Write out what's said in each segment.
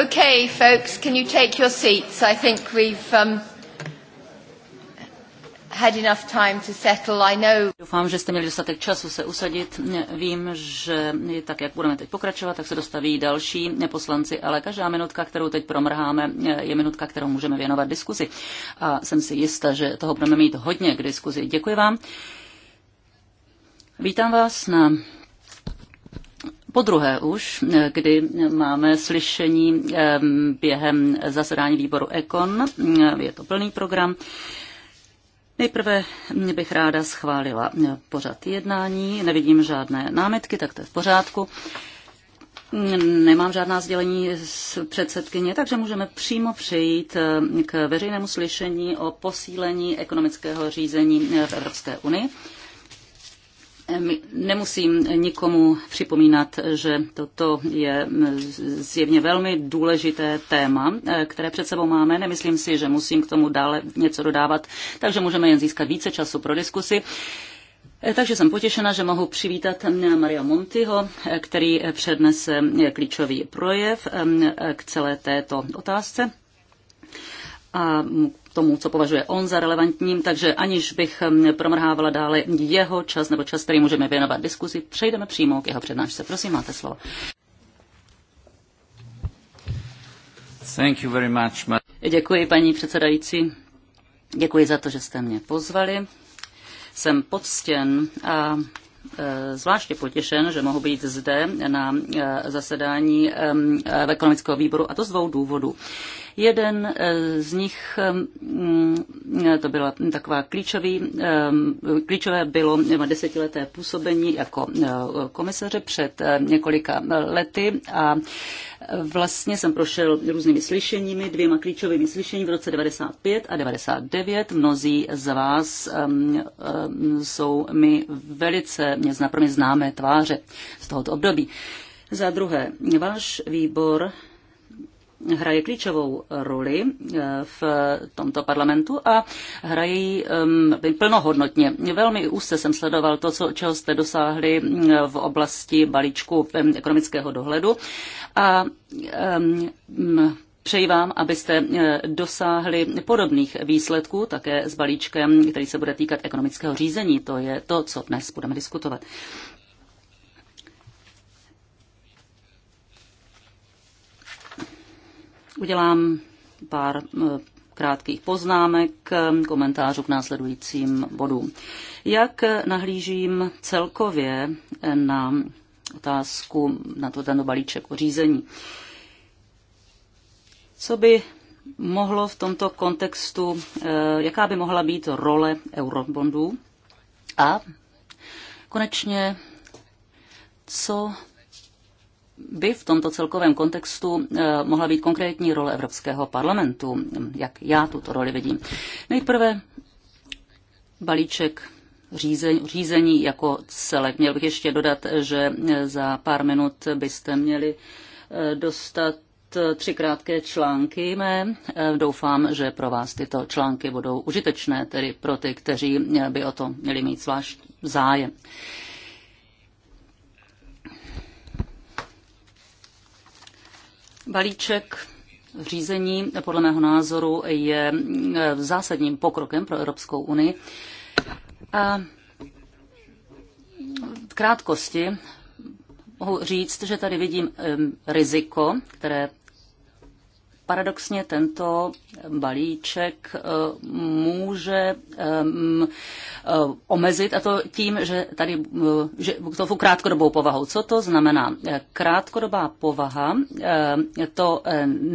Okay, folks, can you take your seats? I think we've um, had enough time to settle. I know. Doufám, že jste měli dostatek času se usadit. Vím, že tak, jak budeme teď pokračovat, tak se dostaví další poslanci, ale každá minutka, kterou teď promrháme, je minutka, kterou můžeme věnovat diskuzi. A jsem si jista, že toho budeme mít hodně k diskuzi. Děkuji vám. Vítám vás na po druhé už, kdy máme slyšení během zasedání výboru Ekon, je to plný program, Nejprve bych ráda schválila pořad jednání, nevidím žádné námitky, tak to je v pořádku. Nemám žádná sdělení s předsedkyně, takže můžeme přímo přejít eh, k veřejnému slyšení o posílení ekonomického řízení v Evropské unii. Eh, nemusím nikomu připomínat, že toto je mm, zjevně velmi důležité téma, eh, které před sebou máme. Nemyslím si, že musím k tomu dále něco dodávat, takže můžeme jen získat více času pro diskusi. Eh, takže jsem potěšena, že mohu přivítat mm, Maria Montiho, který přednese klíčový projev mm, k celé této otázce a tomu, co považuje on za relevantním, takže aniž bych promrhávala dále jeho čas nebo čas, který můžeme věnovat diskuzi, přejdeme přímo k jeho přednášce. Prosím, máte slovo. Thank you very much. Děkuji, paní předsedající. Děkuji za to, že jste mě pozvali. Jsem poctěn a e, zvláště potěšen, že mohu být zde na e, zasedání e, ekonomického výboru a to z dvou důvodů. Jeden eh, z nich, eh, mm, to byla taková klíčový, eh, klíčové bylo desetileté působení jako komisaře před několika lety a vlastně jsem prošel různými slyšeními, dvěma klíčovými slyšeními v roce 95 a 99. Mnozí z vás ehm, ehm, jsou mi velice mě zná, pro mě známé tváře z tohoto období. Za druhé, váš výbor hraje klíčovou roli eh, v tomto parlamentu a hraje ehm, plnohodnotně. Velmi úzce jsem sledoval to, co, čeho jste dosáhli mm, v oblasti balíčku ehm, ekonomického dohledu a ehm, mm, Přeji vám, abyste eh, dosáhli podobných výsledků také s balíčkem, který se bude týkat ekonomického řízení. To je to, co dnes budeme diskutovat. Udělám pár eh, krátkých poznámek, eh, komentářů k následujícím bodům. Jak eh, nahlížím celkově na otázku na to ten balíček o řízení? Co by mohlo v tomto kontextu, jaká by mohla být role eurobondů? A konečně, co by v tomto celkovém kontextu eh, mohla být konkrétní role Evropského parlamentu, jak já tuto roli vidím. Nejprve balíček řízení, řízení jako celek. Měl bych ještě dodat, že eh, za pár minut byste měli eh, dostat tři krátké články mé. Doufám, že pro vás tyto články budou užitečné, tedy pro ty, kteří by o to měli mít zvlášť zájem. Balíček řízení podle mého názoru je eh, zásadním pokrokem pro Evropskou unii. A v krátkosti mohu říct, že tady vidím eh, riziko, které paradoxně tento balíček eh, může eh, omezit a to tím, že tady eh, že to krátkodobou povahou. Co to znamená? Krátkodobá povaha, to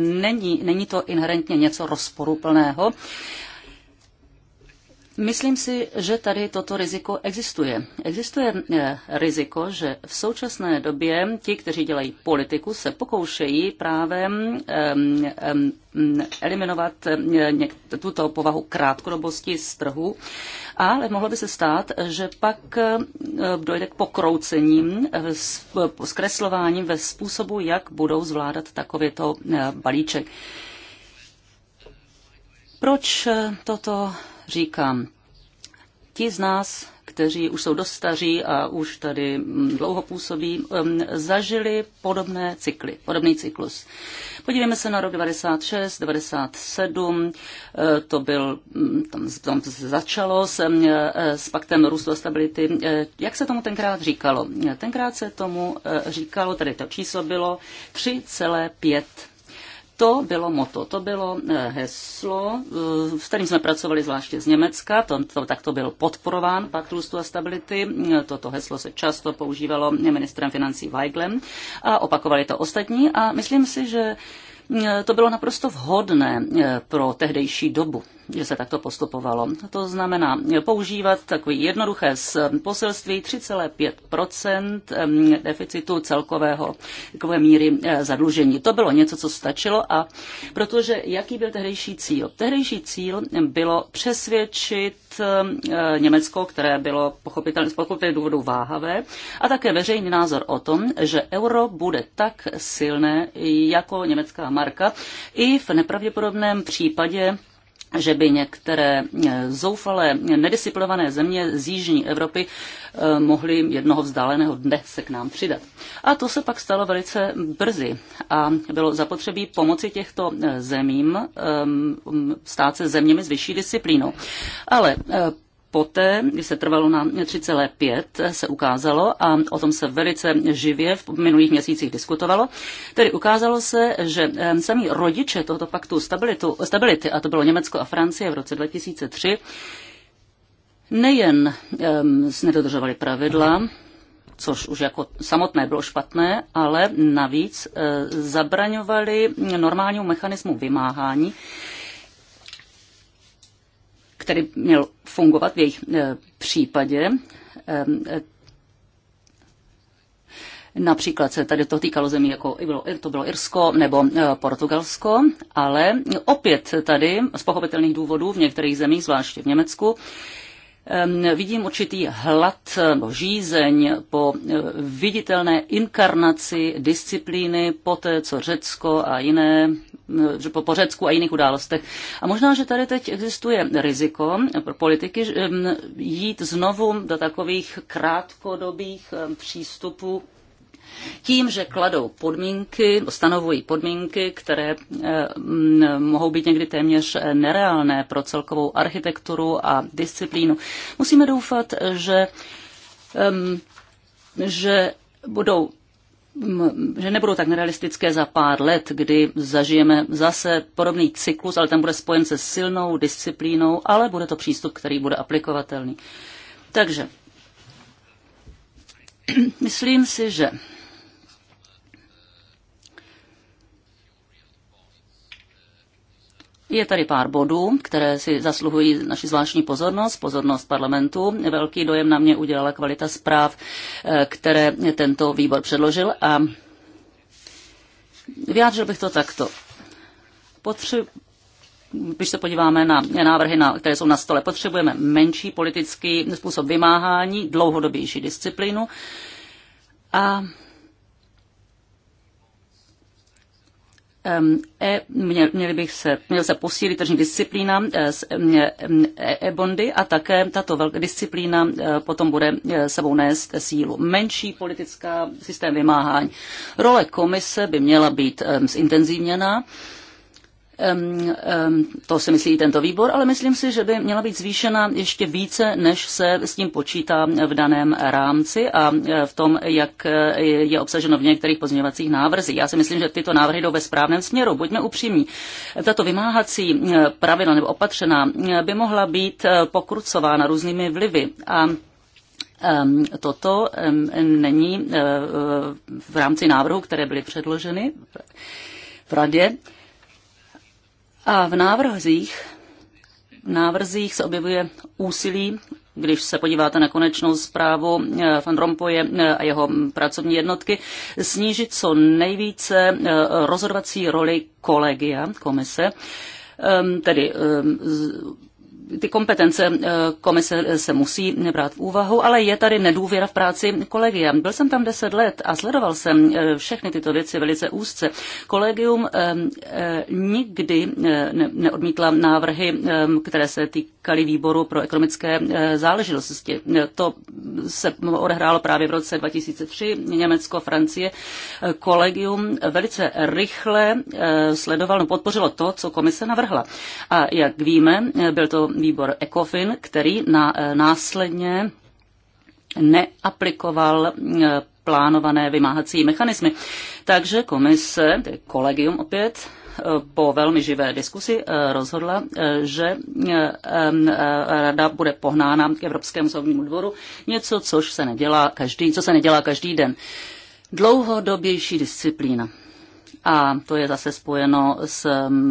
není, není to inherentně něco rozporuplného. Myslím si, že tady toto riziko existuje. Existuje eh, riziko, že v současné době ti, kteří dělají politiku, se pokoušejí právě um, um, eliminovat eh, tuto povahu krátkodobosti z trhu, ale mohlo by se stát, že pak eh, dojde k pokroucením, zkreslováním ve způsobu, jak budou zvládat takovýto balíček. Proč toto říkám, ti z nás, kteří už jsou dost staří a už tady mm, dlouho působí, mm, zažili podobné cykly, podobný cyklus. Podívejme se na rok 96, 97, eh, to byl, mm, tam, tam začalo s, eh, s paktem růstu a stability. Eh, jak se tomu tenkrát říkalo? Tenkrát se tomu říkalo, tady to číslo bylo 3,5 to bylo moto, to bylo eh, heslo, eh, s kterým jsme pracovali zvláště z Německa, to, to, tak to byl podporován pakt růstu a stability. Eh, toto heslo se často používalo ministrem financí Weiglem a opakovali to ostatní a myslím si, že to bylo naprosto vhodné pro tehdejší dobu že se takto postupovalo. To znamená používat takové jednoduché poselství 3,5 deficitu celkového takové míry eh, zadlužení. To bylo něco, co stačilo a protože jaký byl tehdejší cíl? Tehdejší cíl bylo přesvědčit eh, Německo, které bylo pochopitelně z pochopitelných důvodů váhavé, a také veřejný názor o tom, že euro bude tak silné jako německá marka i v nepravděpodobném případě že by některé eh, zoufalé, nedisciplinované země z jižní Evropy eh, mohly jednoho vzdáleného dne se k nám přidat. A to se pak stalo velice brzy a bylo zapotřebí pomoci těchto eh, zemím ehm, stát se zeměmi s vyšší disciplínou. Ale poté, když se trvalo na 3,5, se ukázalo, a o tom se velice živě v minulých měsících diskutovalo, tedy ukázalo se, že eh, sami rodiče tohoto paktu stabilitu, stability, a to bylo Německo a Francie v roce 2003, nejen um, nedodržovali pravidla, což už jako samotné bylo špatné, ale navíc e, zabraňovali normálnímu mechanismu vymáhání, který měl fungovat v jejich eh, případě. Eh, například se tady to týkalo zemí, jako to bylo Irsko nebo eh, Portugalsko, ale opět tady z pochopitelných důvodů v některých zemích, zvláště v Německu, vidím určitý hlad žízeň po viditelné inkarnaci disciplíny po té, co Řecko a jiné po Řecku a jiných událostech. A možná, že tady teď existuje riziko pro politiky jít znovu do takových krátkodobých přístupů tím, že kladou podmínky, stanovují podmínky, které eh, mohou být někdy téměř eh, nereálné pro celkovou architekturu a disciplínu. Musíme doufat, že, že budou že nebudou tak nerealistické za pár let, kdy zažijeme zase podobný cyklus, ale ten bude spojen se silnou disciplínou, ale bude to přístup, který bude aplikovatelný. Takže myslím si, že Je tady pár bodů, které si zasluhují naši zvláštní pozornost, pozornost parlamentu. Velký dojem na mě udělala kvalita zpráv, eh, které tento výbor předložil a vyjádřil bych to takto. Potře- když se podíváme na návrhy, na, které jsou na stole, potřebujeme menší politický způsob vymáhání, dlouhodobější disciplínu a Ehm, e, mě, měli bych se, měl se posílit tržní disciplína eh, s eh, ehm, e, e-bondy a také tato velká disciplína eh, potom bude sebou nést sílu. Menší politická systém vymáhání. Role komise by měla být ehm, zintenzivněná. E, to si myslí i tento výbor, ale myslím si, že by měla být zvýšena ještě více, než se s tím počítá v daném rámci a e, v tom, jak e, je obsaženo v některých pozměňovacích návrzích. Já si myslím, že tyto návrhy jdou ve správném směru. Buďme upřímní. Tato vymáhací e, pravidla nebo opatřená by mohla být pokrucována různými vlivy a Toto není v rámci návrhu, které byly předloženy v radě. A v návrzích, v návrzích se objevuje úsilí když se podíváte na konečnou zprávu eh, Van Rompuye eh, a jeho pracovní jednotky, snížit co nejvíce eh, rozhodovací roli kolegia, komise, ehm, tedy ehm, ty kompetence eh, komise se musí brát v úvahu, ale je tady nedůvěra v práci kolegia. Byl jsem tam deset let a sledoval jsem eh, všechny tyto věci velice úzce. Kolegium eh, nikdy neodmítla návrhy, které se týkaly výboru pro ekonomické záležitosti. To se odehrálo právě v roce 2003, Německo, Francie. Kolegium velice rychle sledovalo, no, podpořilo to, co komise navrhla. A jak víme, byl to výbor ECOFIN, který na, e, následně neaplikoval e, plánované vymáhací mechanismy. Takže komise, kolegium opět, e, po velmi živé diskusi rozhodla, že rada bude pohnána k Evropskému soudnímu dvoru, něco, což se nedělá každý, co se nedělá každý den. Dlouhodobější disciplína a to je zase spojeno s,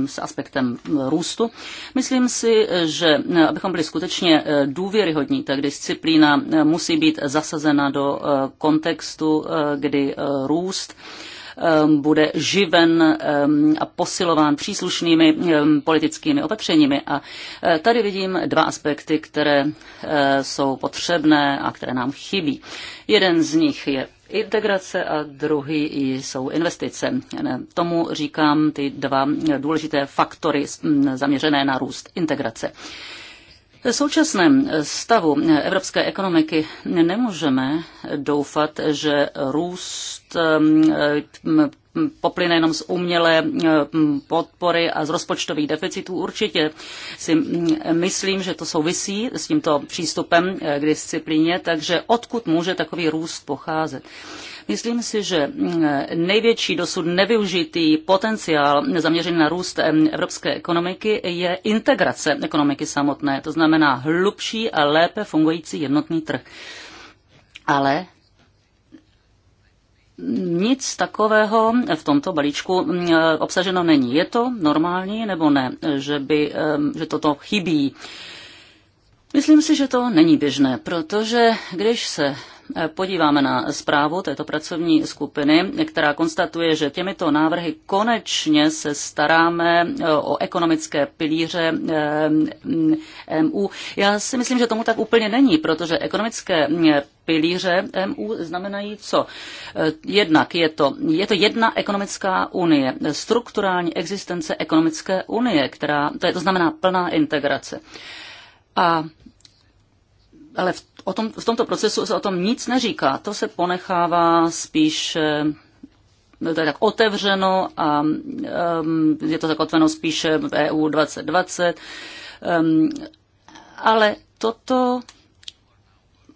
s aspektem růstu. Myslím si, že e, abychom byli skutečně e, důvěryhodní, tak disciplína e, musí být zasazena do kontextu, kdy růst bude živen a posilován příslušnými politickými opatřeními. A tady vidím dva aspekty, které jsou potřebné a které nám chybí. Jeden z nich je Integrace a druhý jsou investice. Tomu říkám ty dva důležité faktory zaměřené na růst integrace. V současném stavu evropské ekonomiky nemůžeme doufat, že růst um, um, poplyne jenom z umělé um, podpory a z rozpočtových deficitů. Určitě si myslím, že to souvisí s tímto přístupem uh, k disciplíně, takže odkud může takový růst pocházet. Myslím si, že mm, největší dosud nevyužitý potenciál zaměřený na růst evropské ekonomiky je integrace ekonomiky samotné, to znamená hlubší a lépe fungující jednotný trh. Ale nic takového v tomto balíčku mm, obsaženo není. Je to normální nebo ne, že, by, že toto chybí? Myslím si, že to není běžné, protože když se podíváme na zprávu této pracovní skupiny, která konstatuje, že těmito návrhy konečně se staráme e, o ekonomické pilíře e, MU. Já si myslím, že tomu tak úplně není, protože ekonomické e, pilíře MU znamenají co? Jednak je to, je to jedna ekonomická unie, strukturální existence ekonomické unie, která, to, je, to znamená plná integrace. A ale v, o tom, v tomto procesu se o tom nic neříká. To se ponechává spíš eh, no, to je tak otevřeno a um, je to zakotveno spíše v EU 2020. Um, ale toto,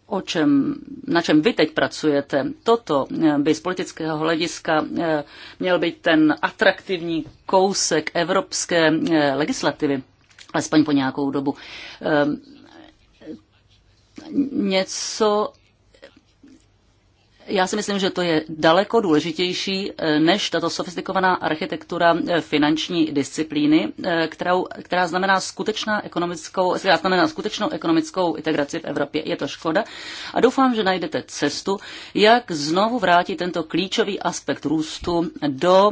o čem, na čem vy teď pracujete, toto eh, by z politického hlediska měl být ten atraktivní kousek evropské legislativy, alespoň po nějakou dobu. Um, něco, já si myslím, že to je daleko důležitější eh, než tato sofistikovaná architektura eh, finanční disciplíny, eh, kterou, která znamená skutečná ekonomickou, která znamená skutečnou ekonomickou integraci v Evropě. Je to škoda a doufám, že najdete cestu, jak znovu vrátit tento klíčový aspekt růstu do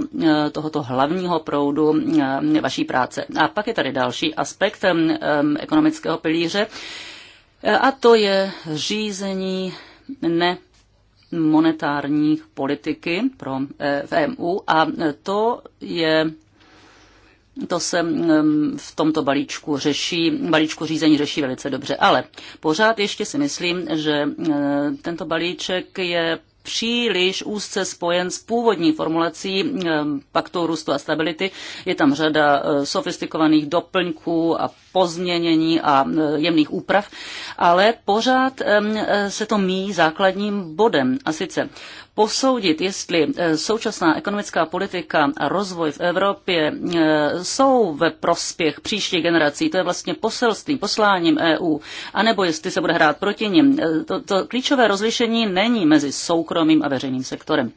tohoto hlavního proudu vaší práce. A pak je tady další aspekt ekonomického pilíře, a to je řízení ne monetární politiky pro, EMU eh, e a to je to se mm, v tomto balíčku řeší, balíčku řízení řeší velice dobře, ale pořád ještě si myslím, že eh, tento balíček je příliš úzce spojen s původní formulací eh, paktu růstu a stability. Je tam řada sofistikovaných doplňků a pozměnění a e, jemných úprav, ale pořád e, e, se to míjí základním bodem. A sice posoudit, jestli současná ekonomická politika a rozvoj v Evropě jsou ve prospěch příští generací, to je vlastně poselstvím, posláním EU, anebo jestli se bude hrát proti nim. To, to klíčové rozlišení není mezi soukromým a veřejným sektorem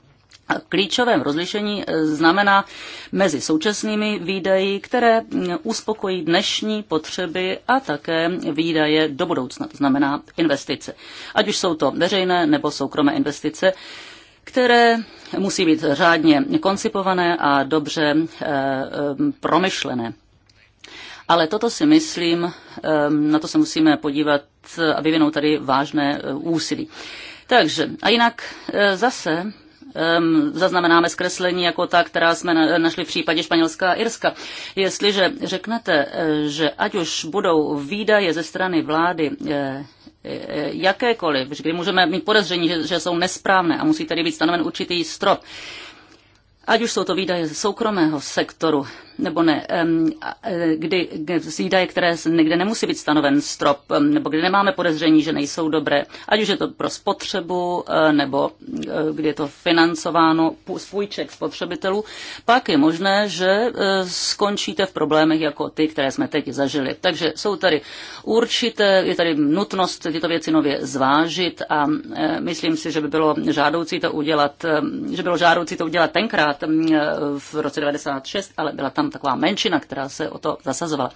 klíčovém rozlišení e, znamená mezi současnými výdaji, které uspokojí dnešní potřeby a také výdaje do budoucna, to znamená investice. Ať už jsou to veřejné nebo soukromé investice, které musí být řádně koncipované a dobře e, e, promyšlené. Ale toto si myslím, na to se musíme podívat a vyvinout tady vážné úsilí. Takže a jinak zase zaznamenáme zkreslení jako ta, která jsme našli v případě Španělska a Irska. Jestliže řeknete, eh, že ať už budou výdaje ze strany vlády eh, eh, jakékoliv, kdy můžeme mít podezření, že, že jsou nesprávné a musí tedy být stanoven určitý strop, ať už jsou to výdaje soukromého sektoru, nebo ne, e, kdy výdaje, které někde nemusí být stanoven strop, nebo kdy nemáme podezření, že nejsou dobré, ať už je to pro spotřebu, e, nebo e, kdy je to financováno z půjček spotřebitelů, pak je možné, že skončíte v problémech jako ty, které jsme teď zažili. Takže jsou tady určité, je tady nutnost tyto věci nově zvážit a myslím si, že by bylo žádoucí to udělat, že bylo žádoucí to udělat tenkrát v roce 96, ale byla tam taková menšina, která se o to zasazovala.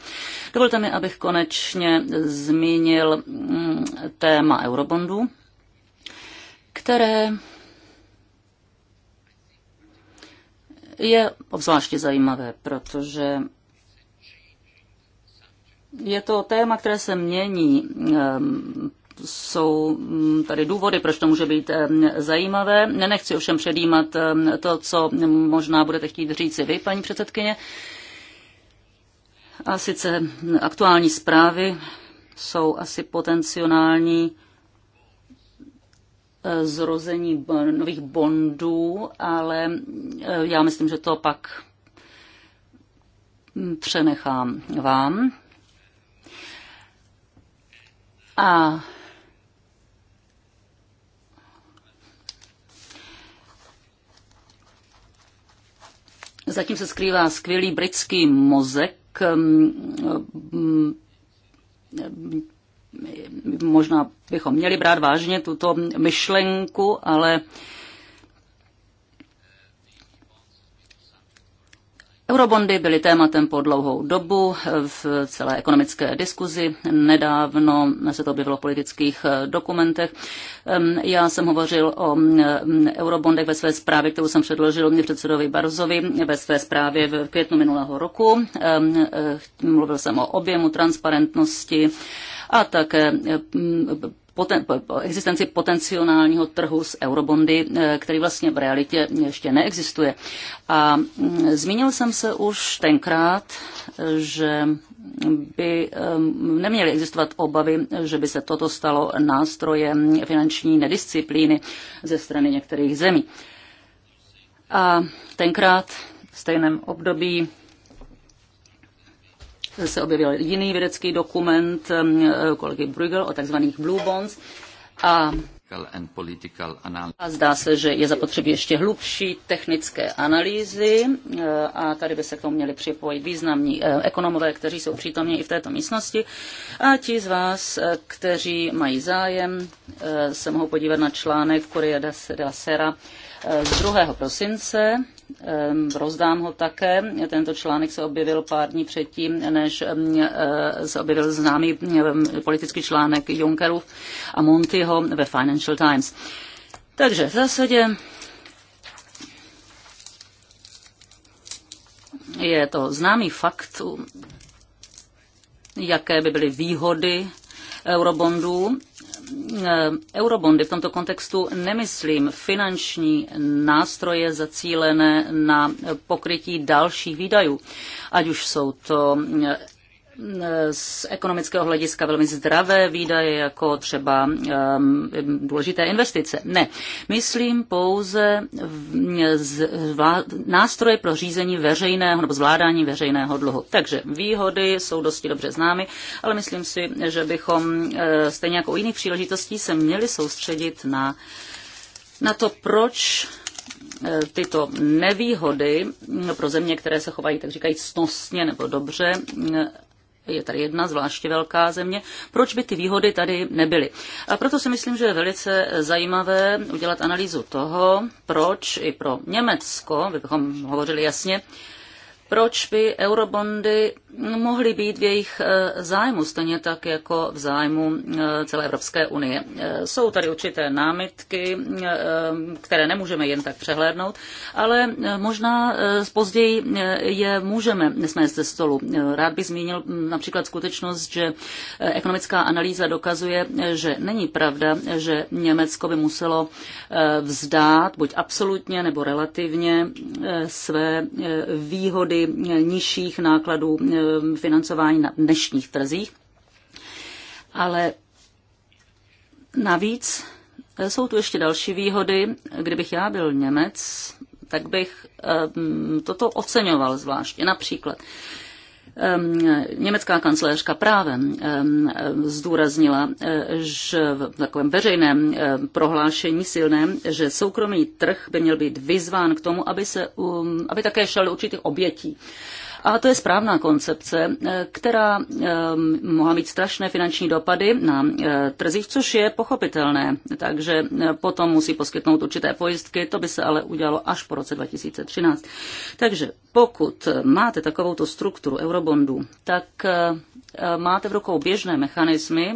Dovolte mi, abych konečně zmínil mm, téma eurobondů, které je obzvláště zajímavé, protože je to téma, které se mění ehm, jsou mm, tady důvody, proč to může být zajímavé. Nechci ovšem předjímat to, co možná budete chtít i vy, paní předsedkyně. A sice aktuální zprávy jsou asi potenciální eh, zrození nových bondů, ale eh, já myslím, že to pak mm, přenechám vám. A Zatím se skrývá skvělý britský mozek, um, um, možná bychom měli brát vážně tuto myšlenku, ale Eurobondy byly tématem po dlouhou dobu v celé ekonomické diskuzi. Nedávno se to objevilo v politických eh, dokumentech. Ehm, já jsem hovořil o mm, eh, eurobondech ve své zprávě, kterou jsem předložil mě předsedovi Barzovi ve své zprávě v květnu minulého roku. Ehm, eh, mluvil jsem o objemu transparentnosti a také poten, po existenci potenciálního trhu s eurobondy, eh, který vlastně v realitě ještě neexistuje. A mm, zmínil jsem se už tenkrát, že by eh, neměly existovat obavy, že by se toto stalo nástrojem finanční nedisciplíny ze strany některých zemí. A tenkrát v stejném období se objevil jiný vědecký dokument um, eh, kolegy Bruegel o tzv. Blue Bonds. A a zdá se, že je zapotřebí ještě hlubší technické analýzy eh, a tady by se k tomu měli připojit významní eh, ekonomové, kteří jsou přítomni i v této místnosti. A ti z vás, kteří mají zájem, se mohou podívat na článek de la Sera z 2. prosince Ehm, rozdám ho také. Tento článek se objevil pár dní předtím, než ehm, eh, se objevil známý ehm, politický článek Junckerův a Montyho ve Financial Times. Takže v zásadě je to známý fakt, jaké by byly výhody eurobondů Eh, eurobondy v tomto kontextu nemyslím finanční nástroje zacílené na pokrytí dalších výdajů, ať už jsou to eh, z ekonomického hlediska velmi zdravé výdaje, jako třeba ehm, důležité investice. Ne, myslím pouze z nástroje pro řízení veřejného nebo zvládání veřejného dluhu. Takže výhody jsou dosti dobře známy, ale myslím si, že bychom eh, stejně jako u jiných příležitostí se měli soustředit na, na to, proč eh, tyto nevýhody pro země, které se chovají, tak říkají, snosně nebo dobře, eh, je tady jedna zvláště velká země, proč by ty výhody tady nebyly. A proto si myslím, že je velice zajímavé udělat analýzu toho, proč i pro Německo, bychom hovořili jasně, proč by eurobondy mohly být v jejich eh, zájmu, stejně tak jako v zájmu eh, celé Evropské unie. Eh, jsou tady určité námitky, které nemůžeme jen tak přehlédnout, ale možná později je můžeme smést ze stolu. Rád bych zmínil hm, například skutečnost, že ekonomická analýza dokazuje, že není pravda, že Německo by muselo vzdát buď absolutně nebo relativně své výhody tedy nižších nákladů eh, financování na dnešních trzích. Ale navíc eh, jsou tu ještě další výhody. Kdybych já byl Němec, tak bych eh, toto oceňoval zvláště. Například Německá kancelářka právě zdůraznila eh, že v takovém veřejném eh, prohlášení silném, že soukromý trh by měl být vyzván k tomu, aby, se, um, aby také šel do určitých obětí a to je správná koncepce, eh, která eh, mohla mít strašné finanční dopady na eh, trzích, což je pochopitelné. Takže potom musí poskytnout určité pojistky, to by se ale udělalo až po roce 2013. Takže pokud máte takovouto strukturu eurobondů, tak máte v rukou běžné mechanismy,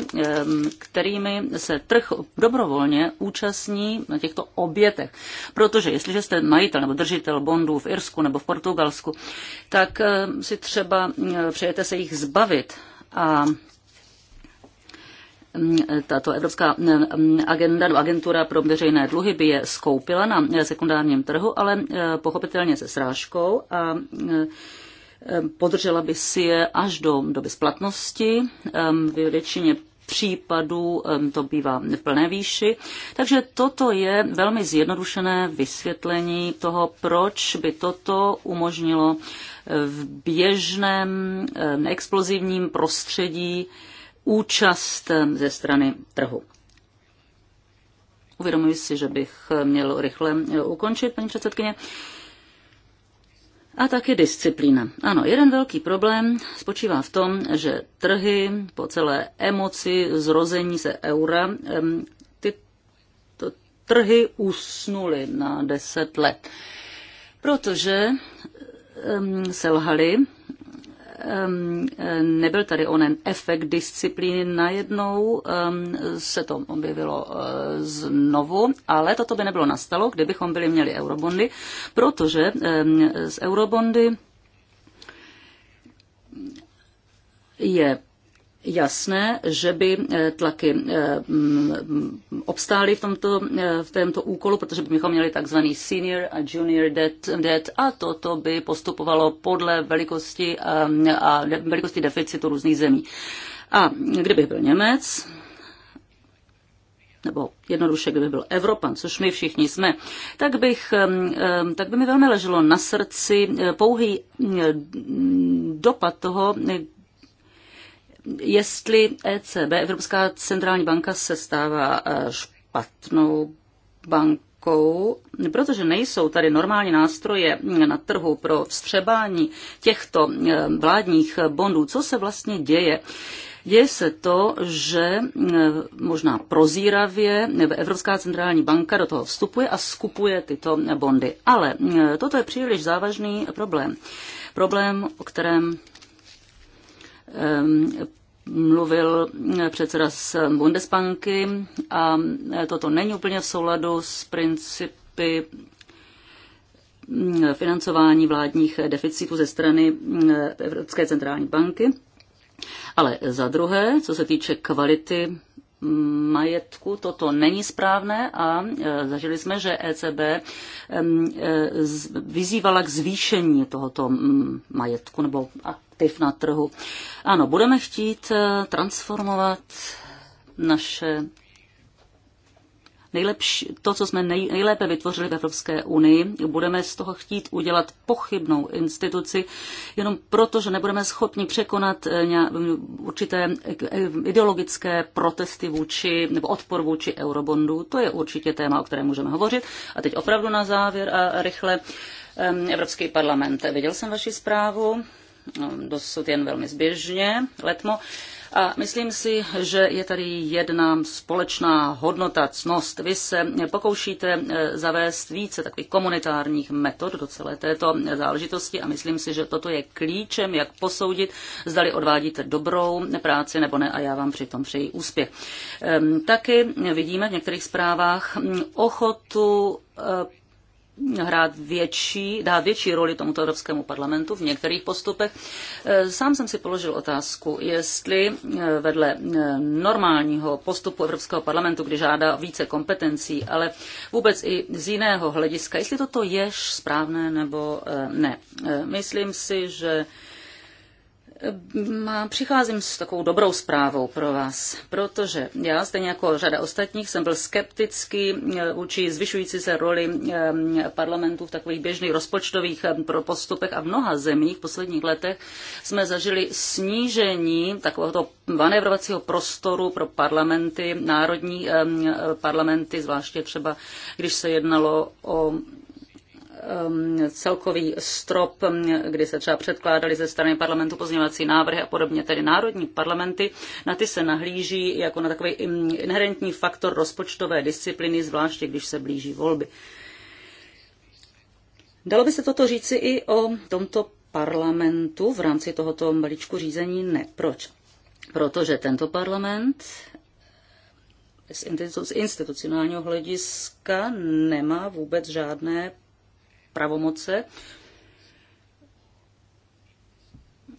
kterými se trh dobrovolně účastní na těchto obětech. Protože jestliže jste majitel nebo držitel bondů v Irsku nebo v Portugalsku, tak Eh, si třeba eh, přejete se jich zbavit a mm, tato Evropská mm, mm, agenda, agentura pro veřejné dluhy by je skoupila na eh, sekundárním trhu, ale pochopitelně se srážkou a podržela by si je až do doby splatnosti. V většině případů to bývá v plné výši. Takže toto je velmi zjednodušené vysvětlení toho, proč by toto umožnilo v běžném explozivním prostředí účast ze strany trhu. Uvědomuji si, že bych měl rychle eh, ukončit, paní předsedkyně. A také disciplína. Ano, jeden velký problém spočívá v tom, že trhy po celé emoci zrození se eura, ty trhy usnuly na deset let. Protože Um, um, Nebyl tady onen efekt disciplíny. Najednou um, se to objevilo uh, znovu, ale toto by nebylo nastalo, kdybychom byli měli eurobondy, protože um, z eurobondy je jasné, že by eh, tlaky eh, mm, obstály v tomto, eh, v tomto úkolu, protože bychom měli takzvaný senior a junior debt, debt a toto by postupovalo podle velikosti a, velikosti deficitu různých zemí. A kdybych byl Němec, nebo jednoduše, kdyby byl Evropan, což my všichni jsme, tak, bych, tak by mi velmi leželo na srdci pouhý dopad toho, jestli ECB, Evropská centrální banka, se stává eh, špatnou bankou, protože nejsou tady normální nástroje na trhu pro vstřebání těchto eh, vládních bondů. Co se vlastně děje? Děje se to, že eh, možná prozíravě Evropská centrální banka do toho vstupuje a skupuje tyto bondy. Ale toto je příliš závažný problém. Problém, o kterém mluvil předseda z Bundesbanky a toto není úplně v souladu s principy financování vládních deficitů ze strany Evropské centrální banky. Ale za druhé, co se týče kvality majetku, toto není správné a e, zažili jsme, že ECB e, vyzývala k zvýšení tohoto majetku nebo aktiv na trhu. Ano, budeme chtít eh, transformovat naše nejlepší, to, co jsme nej, nejlépe vytvořili v Evropské unii, budeme z toho chtít udělat pochybnou instituci, jenom proto, že nebudeme schopni překonat eh, nějak, mm, určité eh, ideologické protesty vůči, nebo odpor vůči eurobondu. To je určitě téma, o kterém můžeme hovořit. A teď opravdu na závěr a rychle. Evropský parlament. Viděl jsem vaši zprávu No, dosud jen velmi zběžně letmo. A myslím si, že je tady jedna společná hodnota, cnost. Vy se pokoušíte eh, zavést více takových komunitárních metod do celé této záležitosti a myslím si, že toto je klíčem, jak posoudit, zdali odvádíte dobrou práci nebo ne a já vám přitom přeji úspěch. Ehm, taky vidíme v některých zprávách mm, ochotu eh, hrát větší, dát větší roli tomuto Evropskému parlamentu v některých postupech. E, sám jsem si položil otázku, jestli e, vedle e, normálního postupu Evropského parlamentu, kdy žádá více kompetencí, ale vůbec i z jiného hlediska, jestli toto je správné nebo ne. Myslím si, že Přicházím s takovou dobrou zprávou pro vás, protože já, stejně jako řada ostatních, jsem byl skeptický eh, vůči zvyšující se roli eh, parlamentů v takových běžných rozpočtových eh, postupech a v mnoha zemích v posledních letech jsme zažili snížení takového manévrovacího prostoru pro parlamenty, národní parlamenty, zvláště třeba když se jednalo o Um, celkový strop, um, kdy se třeba předkládali ze strany parlamentu pozměňovací návrhy a podobně, tedy národní parlamenty, na ty se nahlíží jako na takový inherentní faktor rozpočtové disciplíny, zvláště když se blíží volby. Dalo by se toto říci i o tomto parlamentu v rámci tohoto balíčku řízení? Ne. Proč? Protože tento parlament z institucionálního hlediska nemá vůbec žádné pravomoce,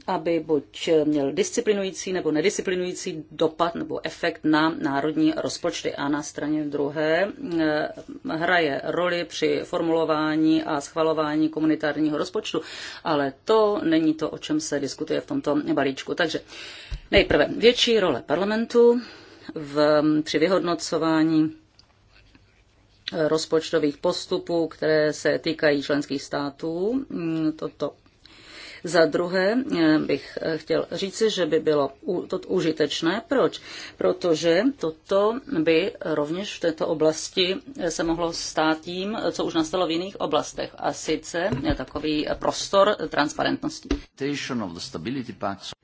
aby buď měl disciplinující nebo nedisciplinující dopad nebo efekt na národní rozpočty. A na straně druhé eh, hraje roli při formulování a schvalování komunitárního rozpočtu, ale to není to, o čem se diskutuje v tomto balíčku. Takže nejprve větší role parlamentu v, při vyhodnocování rozpočtových postupů, které se týkají členských států. Mm, toto za druhé eh, bych eh, chtěl říci, že by bylo to užitečné. Proč? Protože toto by rovněž v této oblasti eh, se mohlo stát tím, co už nastalo v jiných oblastech, a sice takový prostor transparentnosti.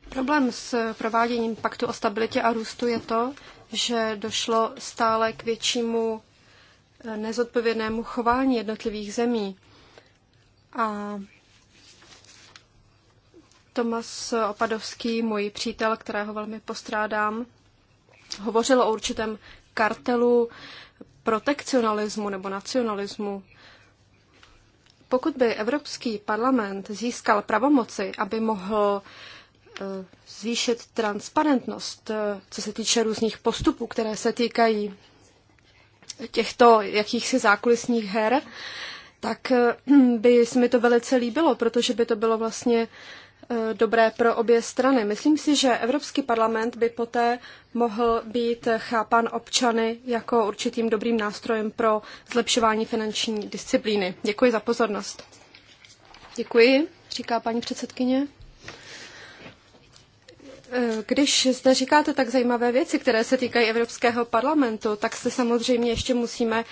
Problém s prováděním paktu o stabilitě a růstu je to, že došlo stále k většímu nezodpovědnému chování jednotlivých zemí. A Tomas Opadovský, můj přítel, kterého velmi postrádám, hovořil o určitém kartelu protekcionalismu nebo nacionalismu. Pokud by Evropský parlament získal pravomoci, aby mohl eh, zvýšit transparentnost, eh, co se týče různých postupů, které se týkají těchto jakýchsi zákulisních her, tak hm, by se mi to velice líbilo, protože by to bylo vlastně eh, dobré pro obě strany. Myslím si, že Evropský parlament by poté mohl být chápan občany jako určitým dobrým nástrojem pro zlepšování finanční disciplíny. Děkuji za pozornost. Děkuji, říká paní předsedkyně. Eh, když zde říkáte tak zajímavé věci, které se týkají Evropského parlamentu, tak se samozřejmě ještě musíme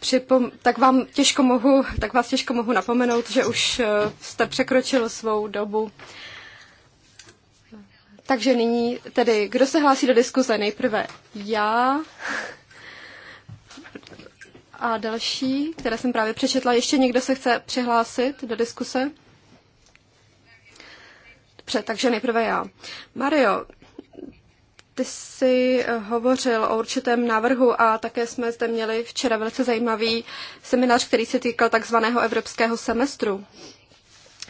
připom... tak, vám těžko mohu, tak vás těžko mohu napomenout, že už eh, jste překročil svou dobu. Takže nyní tedy, kdo se hlásí do diskuze? Nejprve já a další, které jsem právě přečetla. Ještě někdo se chce přihlásit do diskuse? Dobře, takže nejprve já. Mario, ty jsi eh, hovořil o určitém návrhu a také jsme zde měli včera velice zajímavý seminář, který se týkal takzvaného evropského semestru.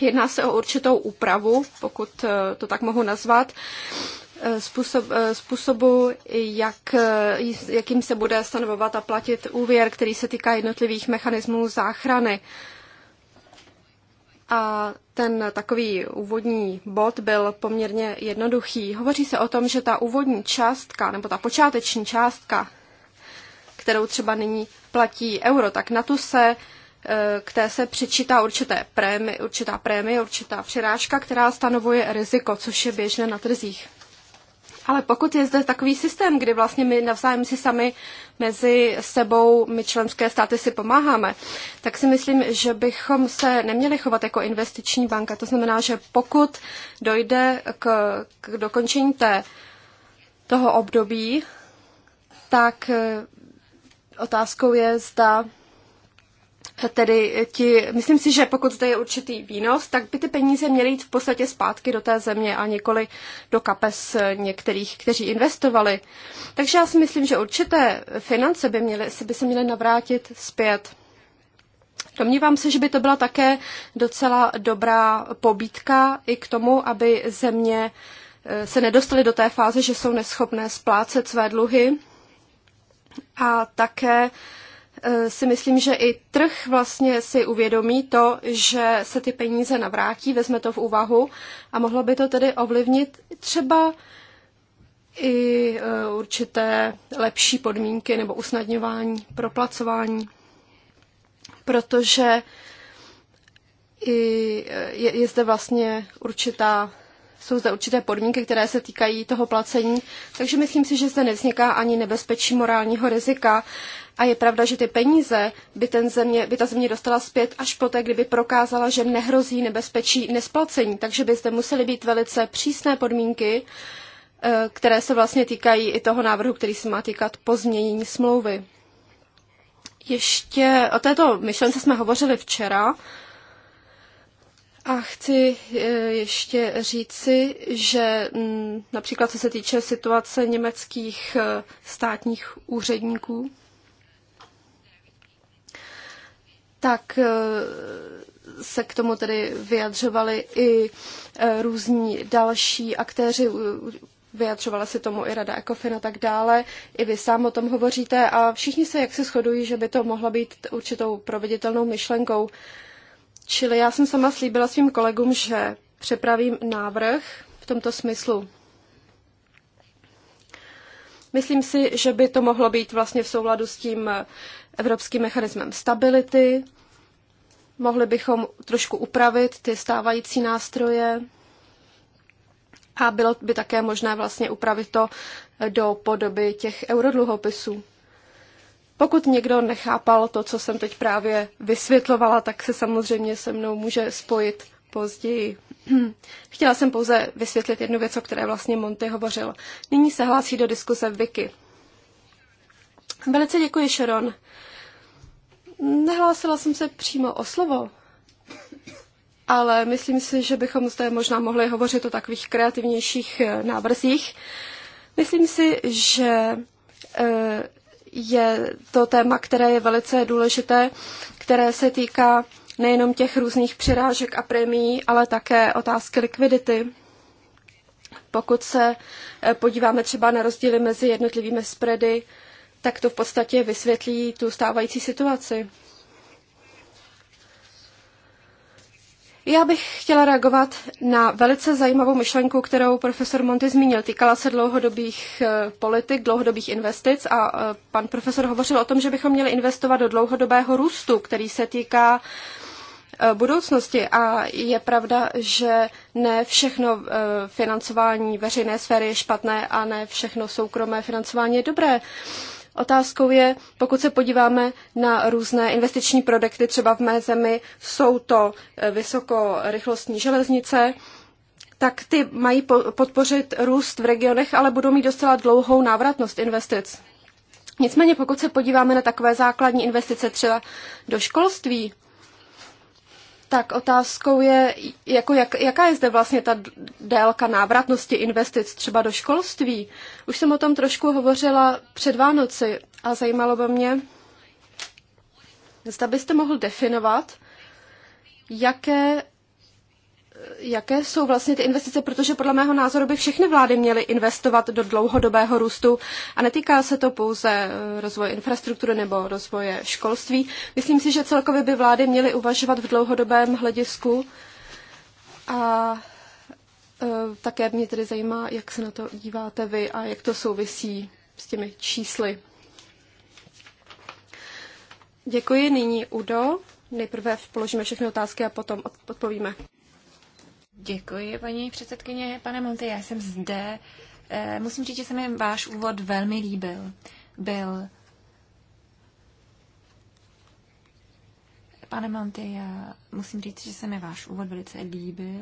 Jedná se o určitou úpravu, pokud eh, to tak mohu nazvat, eh, způsob, způsobu, jak, jakým se bude stanovovat a platit úvěr, který se týká jednotlivých mechanismů záchrany. A ten takový úvodní bod byl poměrně jednoduchý. Hovoří se o tom, že ta úvodní částka, nebo ta počáteční částka, kterou třeba nyní platí euro, tak na tu se e, k té se přičítá určité prémy, určitá prémie, určitá přirážka, která stanovuje riziko, což je běžné na trzích. Ale pokud je zde takový systém, kdy vlastně my navzájem si sami mezi sebou, my členské státy si pomáháme, tak si myslím, že bychom se neměli chovat jako investiční banka. To znamená, že pokud dojde k, k dokončení té, toho období, tak eh, otázkou je, zda Eh, tedy eh, ti, myslím si, že pokud zde je určitý výnos, tak by ty peníze měly jít v podstatě zpátky do té země a nikoli do kapes eh, některých, kteří investovali. Takže já si myslím, že určité finance by, měly, by se měly navrátit zpět. Domnívám se, že by to byla také docela dobrá pobítka i k tomu, aby země se nedostaly do té fáze, že jsou neschopné splácet své dluhy. A také Eh, si myslím, že i trh vlastně si uvědomí to, že se ty peníze navrátí, vezme to v úvahu a mohlo by to tedy ovlivnit třeba i eh, určité lepší podmínky nebo usnadňování proplacování, protože i eh, je, je zde vlastně určitá jsou zde určité podmínky, které se týkají toho placení, takže myslím si, že zde nevzniká ani nebezpečí morálního rizika. A je pravda, že ty peníze by, ten země, by ta země dostala zpět až poté, kdyby prokázala, že nehrozí nebezpečí nesplacení. Takže by zde musely být velice přísné podmínky, eh, které se vlastně týkají i toho návrhu, který se má týkat pozměnění smlouvy. Ještě o této myšlence jsme hovořili včera a chci eh, ještě říci, že mm, například co se týče situace německých eh, státních úředníků, tak eh, se k tomu tedy vyjadřovali i eh, různí další aktéři, vyjadřovala se tomu i Rada Ekofin a tak dále. I vy sám o tom hovoříte a všichni se jaksi shodují, že by to mohla být určitou proveditelnou myšlenkou. Čili já jsem sama slíbila svým kolegům, že přepravím návrh v tomto smyslu. Myslím si, že by to mohlo být vlastně v souladu s tím evropským mechanismem stability. Mohli bychom trošku upravit ty stávající nástroje a bylo by také možné vlastně upravit to do podoby těch eurodluhopisů. Pokud někdo nechápal to, co jsem teď právě vysvětlovala, tak se samozřejmě se mnou může spojit později. Chtěla jsem pouze vysvětlit jednu věc, o které vlastně Monty hovořil. Nyní se hlásí do diskuze Vicky. Velice děkuji, Sharon. Nehlásila jsem se přímo o slovo, ale myslím si, že bychom zde možná mohli hovořit o takových kreativnějších eh, návrzích. Myslím si, že eh, je to téma, které je velice důležité, které se týká nejenom těch různých přirážek a premií, ale také otázky likvidity. Pokud se eh, podíváme třeba na rozdíly mezi jednotlivými spready, tak to v podstatě vysvětlí tu stávající situaci. Já bych chtěla reagovat na velice zajímavou myšlenku, kterou profesor Monty zmínil. Týkala se dlouhodobých eh, politik, dlouhodobých investic a eh, pan profesor hovořil o tom, že bychom měli investovat do dlouhodobého růstu, který se týká eh, budoucnosti. A je pravda, že ne všechno financování veřejné sféry je špatné a ne všechno soukromé financování je dobré. Otázkou je, pokud se podíváme na různé investiční produkty, třeba v mé zemi jsou to eh, vysokorychlostní železnice, tak ty mají podpořit růst v regionech, ale budou mít docela dlouhou návratnost investic. Nicméně pokud se podíváme na takové základní investice třeba do školství, tak otázkou je, jako jak, jaká je zde vlastně ta délka návratnosti investic třeba do školství. Už jsem o tom trošku hovořila před Vánoci a zajímalo by mě, zda byste mohl definovat, jaké jaké jsou vlastně ty investice, protože podle mého názoru by všechny vlády měly investovat do dlouhodobého růstu a netýká se to pouze eh, rozvoje infrastruktury nebo rozvoje školství. Myslím si, že celkově by vlády měly uvažovat v dlouhodobém hledisku a eh, také mě tedy zajímá, jak se na to díváte vy a jak to souvisí s těmi čísly. Děkuji. Nyní Udo. Nejprve položíme všechny otázky a potom odpovíme. Děkuji, paní předsedkyně. Pane Monty, já jsem zde. Eh, musím říct, že se mi váš úvod velmi líbil. Byl. Pane Monty, já musím říct, že se mi váš úvod velice líbil.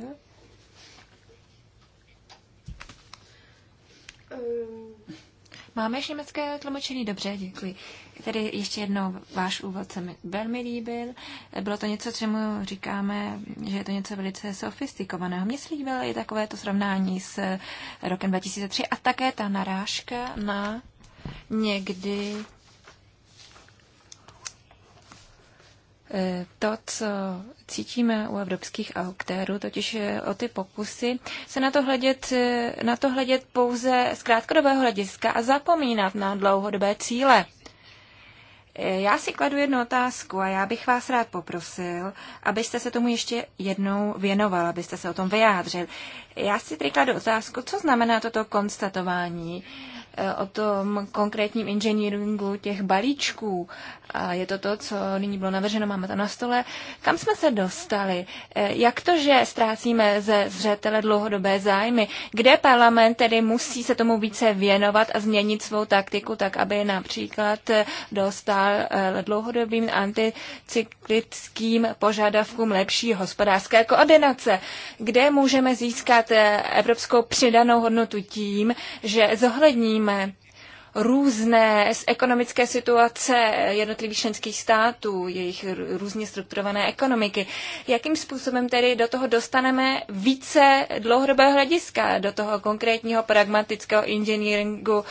Um. Máme ještě německé tlumočení? Dobře, děkuji. Tedy ještě jednou váš úvod se mi velmi líbil. Bylo to něco, čemu říkáme, že je to něco velice sofistikovaného. Mně se líbilo i takové to srovnání s rokem 2003 a také ta narážka na někdy Eh, to, co cítíme u evropských aktérů, totiž eh, o ty pokusy, se na to hledět, eh, na to hledět pouze z krátkodobého hlediska a zapomínat na dlouhodobé cíle. Já si kladu jednu otázku a já bych vás rád poprosil, abyste se tomu ještě jednou věnoval, abyste se o tom vyjádřil. Já si tedy kladu otázku, co znamená toto konstatování o tom konkrétním inženýringu těch balíčků. A je to to, co nyní bylo navrženo, máme to na stole. Kam jsme se dostali? E, jak to, že ztrácíme ze zřetele dlouhodobé zájmy? Kde parlament tedy musí se tomu více věnovat a změnit svou taktiku, tak aby například dostal e, dlouhodobým anticyklickým požadavkům lepší hospodářské koordinace? Kde můžeme získat e, evropskou přidanou hodnotu tím, že zohlední vidíme různé z ekonomické situace jednotlivých členských států, jejich různě strukturované ekonomiky. Jakým způsobem tedy do toho dostaneme více dlouhodobého hlediska, do toho konkrétního pragmatického inženýringu,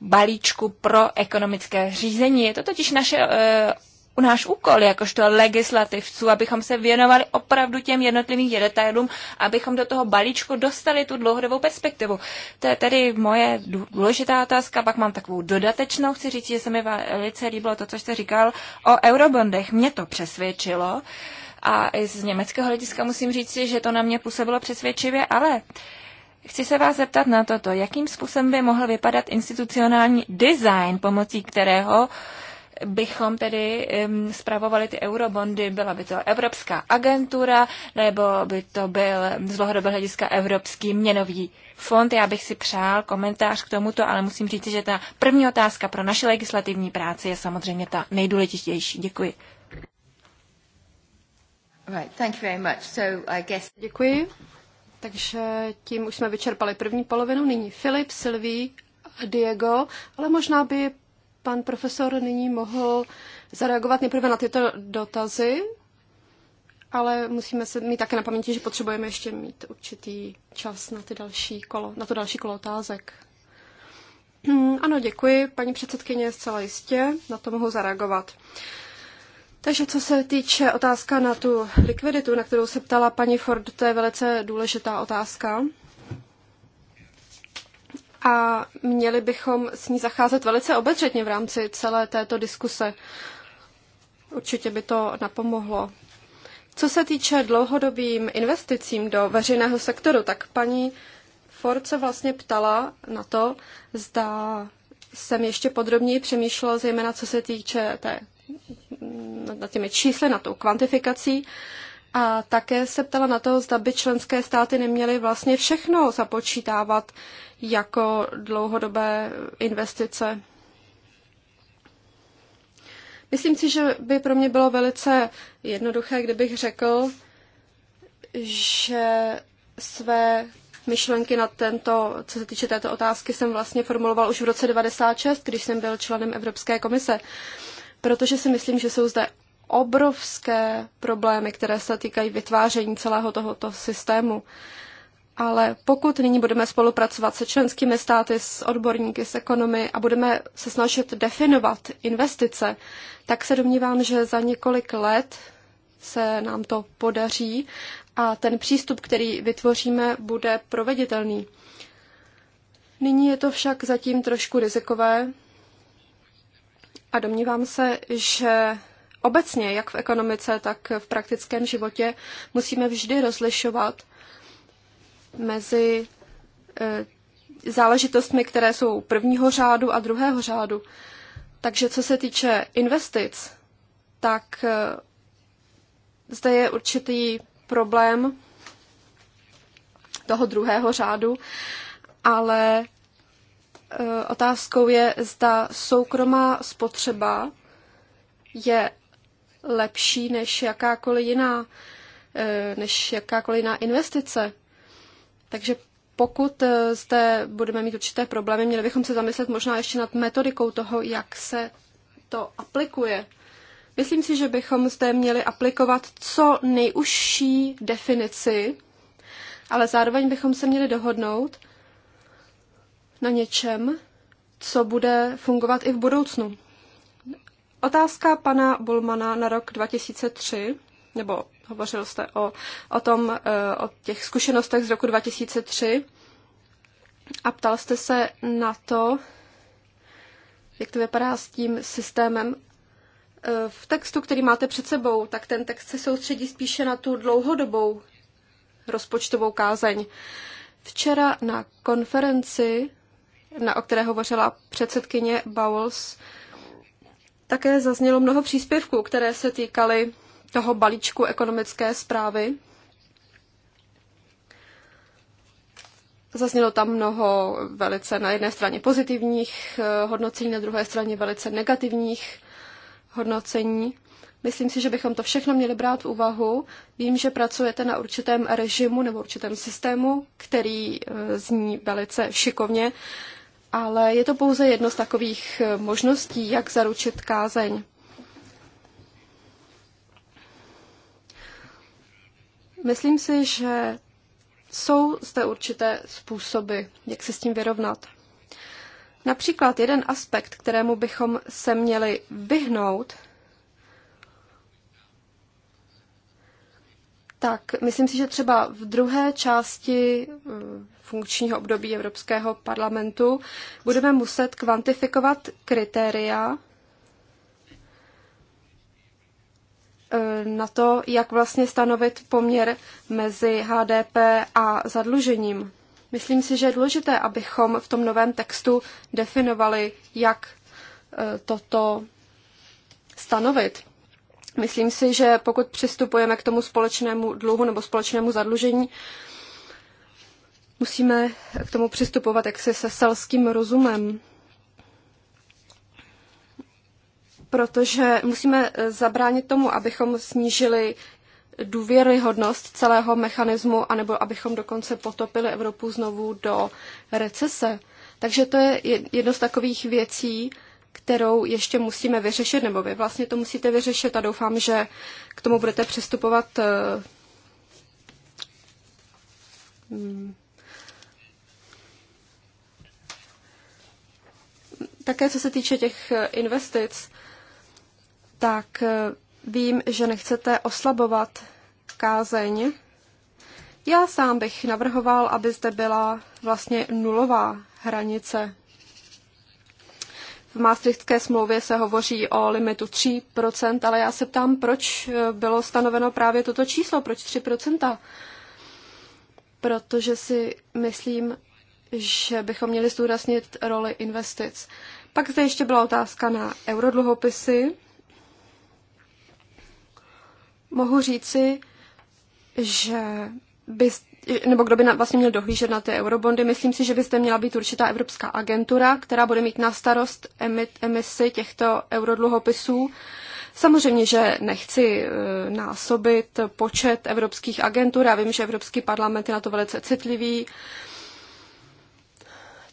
balíčku pro ekonomické řízení. Je to totiž naše e, náš úkol jakožto legislativců, abychom se věnovali opravdu těm jednotlivým detailům, abychom do toho balíčku dostali tu dlouhodobou perspektivu. To je tedy moje důležitá otázka, pak mám takovou dodatečnou, chci říct, že se mi velice líbilo to, co jste říkal o eurobondech. Mě to přesvědčilo a i z německého hlediska musím říct, že to na mě působilo přesvědčivě, ale Chci se vás zeptat na toto, jakým způsobem by mohl vypadat institucionální design, pomocí kterého bychom tedy um, ty eurobondy, byla by to Evropská agentura, nebo by to byl z dlouhodobého hlediska Evropský měnový fond. Já bych si přál komentář k tomuto, ale musím říct, že ta první otázka pro naše legislativní práci je samozřejmě ta nejdůležitější. Děkuji. Right, thank you very much. So Děkuji. Takže tím už jsme vyčerpali první polovinu. Nyní Filip, Sylvie Diego, ale možná by pan profesor nyní mohl zareagovat nejprve na tyto dotazy, ale musíme se mít také na paměti, že potřebujeme ještě mít určitý čas na, ty další kolo, na to další kolo otázek. Hmm, ano, děkuji, paní předsedkyně, zcela jistě, na to mohu zareagovat. Takže co se týče otázka na tu likviditu, na kterou se ptala paní Ford, to je velice důležitá otázka a měli bychom s ní zacházet velice obezřetně v rámci celé této diskuse. Určitě by to napomohlo. Co se týče dlouhodobým investicím do veřejného sektoru, tak paní Ford se vlastně ptala na to, zda jsem ještě podrobněji přemýšlela, zejména co se týče té, nad těmi čísly, na tou kvantifikací. Uh, a také se ptala na to, zda by členské státy neměly vlastně všechno započítávat jako dlouhodobé investice. Myslím si, že by pro mě bylo velice jednoduché, kdybych řekl, že své myšlenky na tento, co se týče této otázky, jsem vlastně formuloval už v roce 96, když jsem byl členem Evropské komise, protože si myslím, že jsou zde obrovské problémy, které se týkají vytváření celého tohoto systému. Ale pokud nyní budeme spolupracovat se členskými státy, s odborníky, s ekonomy a budeme se snažit definovat investice, tak se domnívám, že za několik let se nám to podaří a ten přístup, který vytvoříme, bude proveditelný. Nyní je to však zatím trošku rizikové a domnívám se, že obecně, jak v ekonomice, tak v praktickém životě, musíme vždy rozlišovat mezi eh, záležitostmi, které jsou prvního řádu a druhého řádu. Takže co se týče investic, tak eh, zde je určitý problém toho druhého řádu, ale eh, otázkou je, zda soukromá spotřeba je lepší než jakákoliv jiná, eh, než jakákoliv jiná investice. Takže pokud eh, zde budeme mít určité problémy, měli bychom se zamyslet možná ještě nad metodikou toho, jak se to aplikuje. Myslím si, že bychom zde měli aplikovat co nejužší definici, ale zároveň bychom se měli dohodnout na něčem, co bude fungovat i v budoucnu. Otázka pana Bulmana na rok 2003, nebo hovořil jste o, o, tom, eh, o těch zkušenostech z roku 2003 a ptal jste se na to, jak to vypadá s tím systémem. Eh, v textu, který máte před sebou, tak ten text se soustředí spíše na tu dlouhodobou rozpočtovou kázeň. Včera na konferenci, na, o které hovořila předsedkyně Bowles, také zaznělo mnoho příspěvků, které se týkaly toho balíčku ekonomické zprávy. Zaznělo tam mnoho velice na jedné straně pozitivních eh, hodnocení, na druhé straně velice negativních hodnocení. Myslím si, že bychom to všechno měli brát v úvahu. Vím, že pracujete na určitém režimu nebo určitém systému, který eh, zní velice šikovně ale je to pouze jedno z takových eh, možností, jak zaručit kázeň. Myslím si, že jsou zde určité způsoby, jak se s tím vyrovnat. Například jeden aspekt, kterému bychom se měli vyhnout, tak myslím si, že třeba v druhé části mm, funkčního období Evropského parlamentu budeme muset kvantifikovat kritéria eh, na to, jak vlastně stanovit poměr mezi HDP a zadlužením. Myslím si, že je důležité, abychom v tom novém textu definovali, jak eh, toto stanovit. Myslím si, že pokud přistupujeme k tomu společnému dluhu nebo společnému zadlužení, musíme k tomu přistupovat jaksi se selským rozumem. Protože musíme eh, zabránit tomu, abychom snížili důvěryhodnost celého mechanismu, anebo abychom dokonce potopili Evropu znovu do recese. Takže to je jedno z takových věcí, kterou ještě musíme vyřešit, nebo vy vlastně to musíte vyřešit a doufám, že k tomu budete přistupovat eh, mm, také co se týče těch eh, investic, tak eh, vím, že nechcete oslabovat kázeň. Já sám bych navrhoval, aby zde byla vlastně nulová hranice v Maastrichtské smlouvě se hovoří o limitu 3%, ale já se ptám, proč eh, bylo stanoveno právě toto číslo, proč 3%? Protože si myslím, že bychom měli zdůraznit roli investic. Pak zde ještě byla otázka na eurodluhopisy. Mohu říci, že by nebo kdo by na, vlastně měl dohlížet na ty eurobondy. Myslím si, že byste měla být určitá evropská agentura, která bude mít na starost emit, emisy těchto eurodluhopisů. Samozřejmě, že nechci e, násobit počet evropských agentur. Já vím, že Evropský parlament je na to velice citlivý.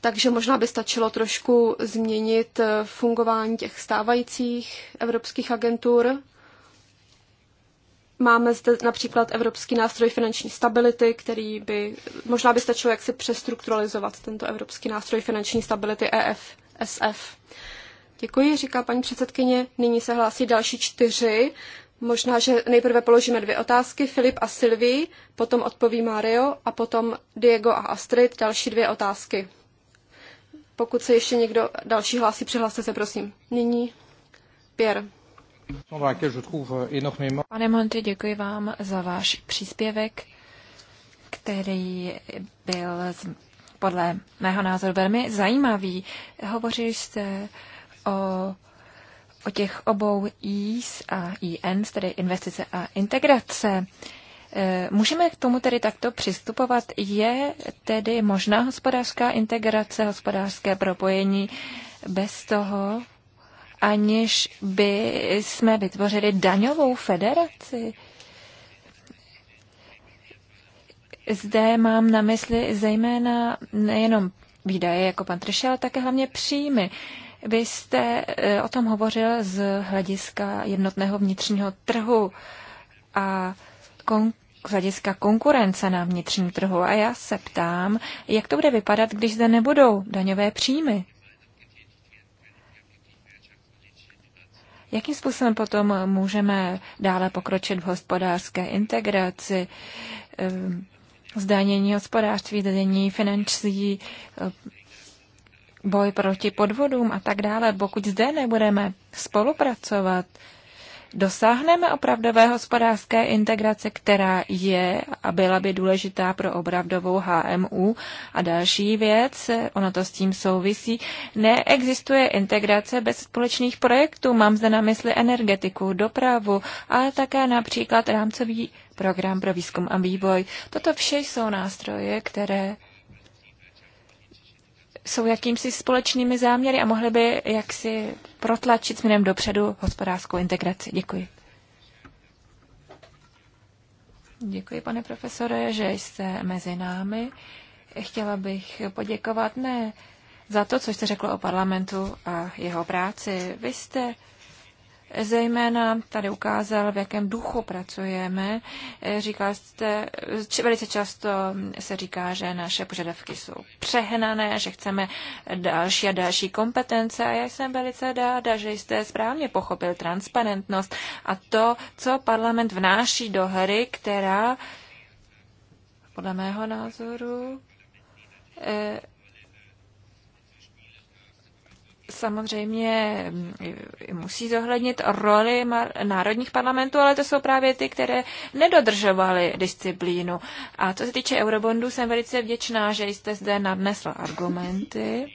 Takže možná by stačilo trošku změnit e, fungování těch stávajících evropských agentur, Máme zde například Evropský nástroj finanční stability, který by možná by stačilo jaksi přestrukturalizovat tento Evropský nástroj finanční stability EFSF. Děkuji, říká paní předsedkyně. Nyní se hlásí další čtyři. Možná, že nejprve položíme dvě otázky, Filip a Sylvie, potom odpoví Mario a potom Diego a Astrid další dvě otázky. Pokud se ještě někdo další hlásí, přihlaste se, prosím. Nyní Pierre. Euh, Pane Monty, děkuji vám za váš příspěvek, který byl podle mého názoru velmi zajímavý. Hovořili jste o, o těch obou I's a IN, tedy investice a integrace. Eh, můžeme k tomu tedy takto přistupovat? Je tedy možná hospodářská integrace, hospodářské propojení bez toho, aniž by jsme vytvořili daňovou federaci. Zde mám na mysli zejména nejenom výdaje jako pan Trše, ale také hlavně příjmy. Vy jste e, o tom hovořil z hlediska jednotného vnitřního trhu a kon- z hlediska konkurence na vnitřním trhu. A já se ptám, jak to bude vypadat, když zde nebudou daňové příjmy. Jakým způsobem potom můžeme dále pokročit v hospodářské integraci, ehm, zdanění hospodářství, zdanění financí, eh, boj proti podvodům a tak dále, pokud zde nebudeme spolupracovat, dosáhneme opravdové hospodářské integrace, která je a byla by důležitá pro opravdovou HMU. A další věc, ono to s tím souvisí, neexistuje integrace bez společných projektů. Mám zde na mysli energetiku, dopravu, ale také například rámcový program pro výzkum a vývoj. Toto vše jsou nástroje, které jsou jakýmsi společnými záměry a mohly by jaksi protlačit směrem dopředu hospodářskou integraci. Děkuji. Děkuji, pane profesore, že jste mezi námi. Chtěla bych poděkovat ne za to, co jste řekl o parlamentu a jeho práci. Vy jste Zejména tady ukázal, v jakém duchu pracujeme. Eh, Říkal jste, velice často se říká, že naše požadavky jsou přehnané, že chceme další a další kompetence a já jsem velice dáda, že jste správně pochopil transparentnost a to, co parlament vnáší do hry, která podle mého názoru eh, samozřejmě musí zohlednit roli národních parlamentů, ale to jsou právě ty, které nedodržovaly disciplínu. A co se týče eurobondů, jsem velice vděčná, že jste zde nadnesl argumenty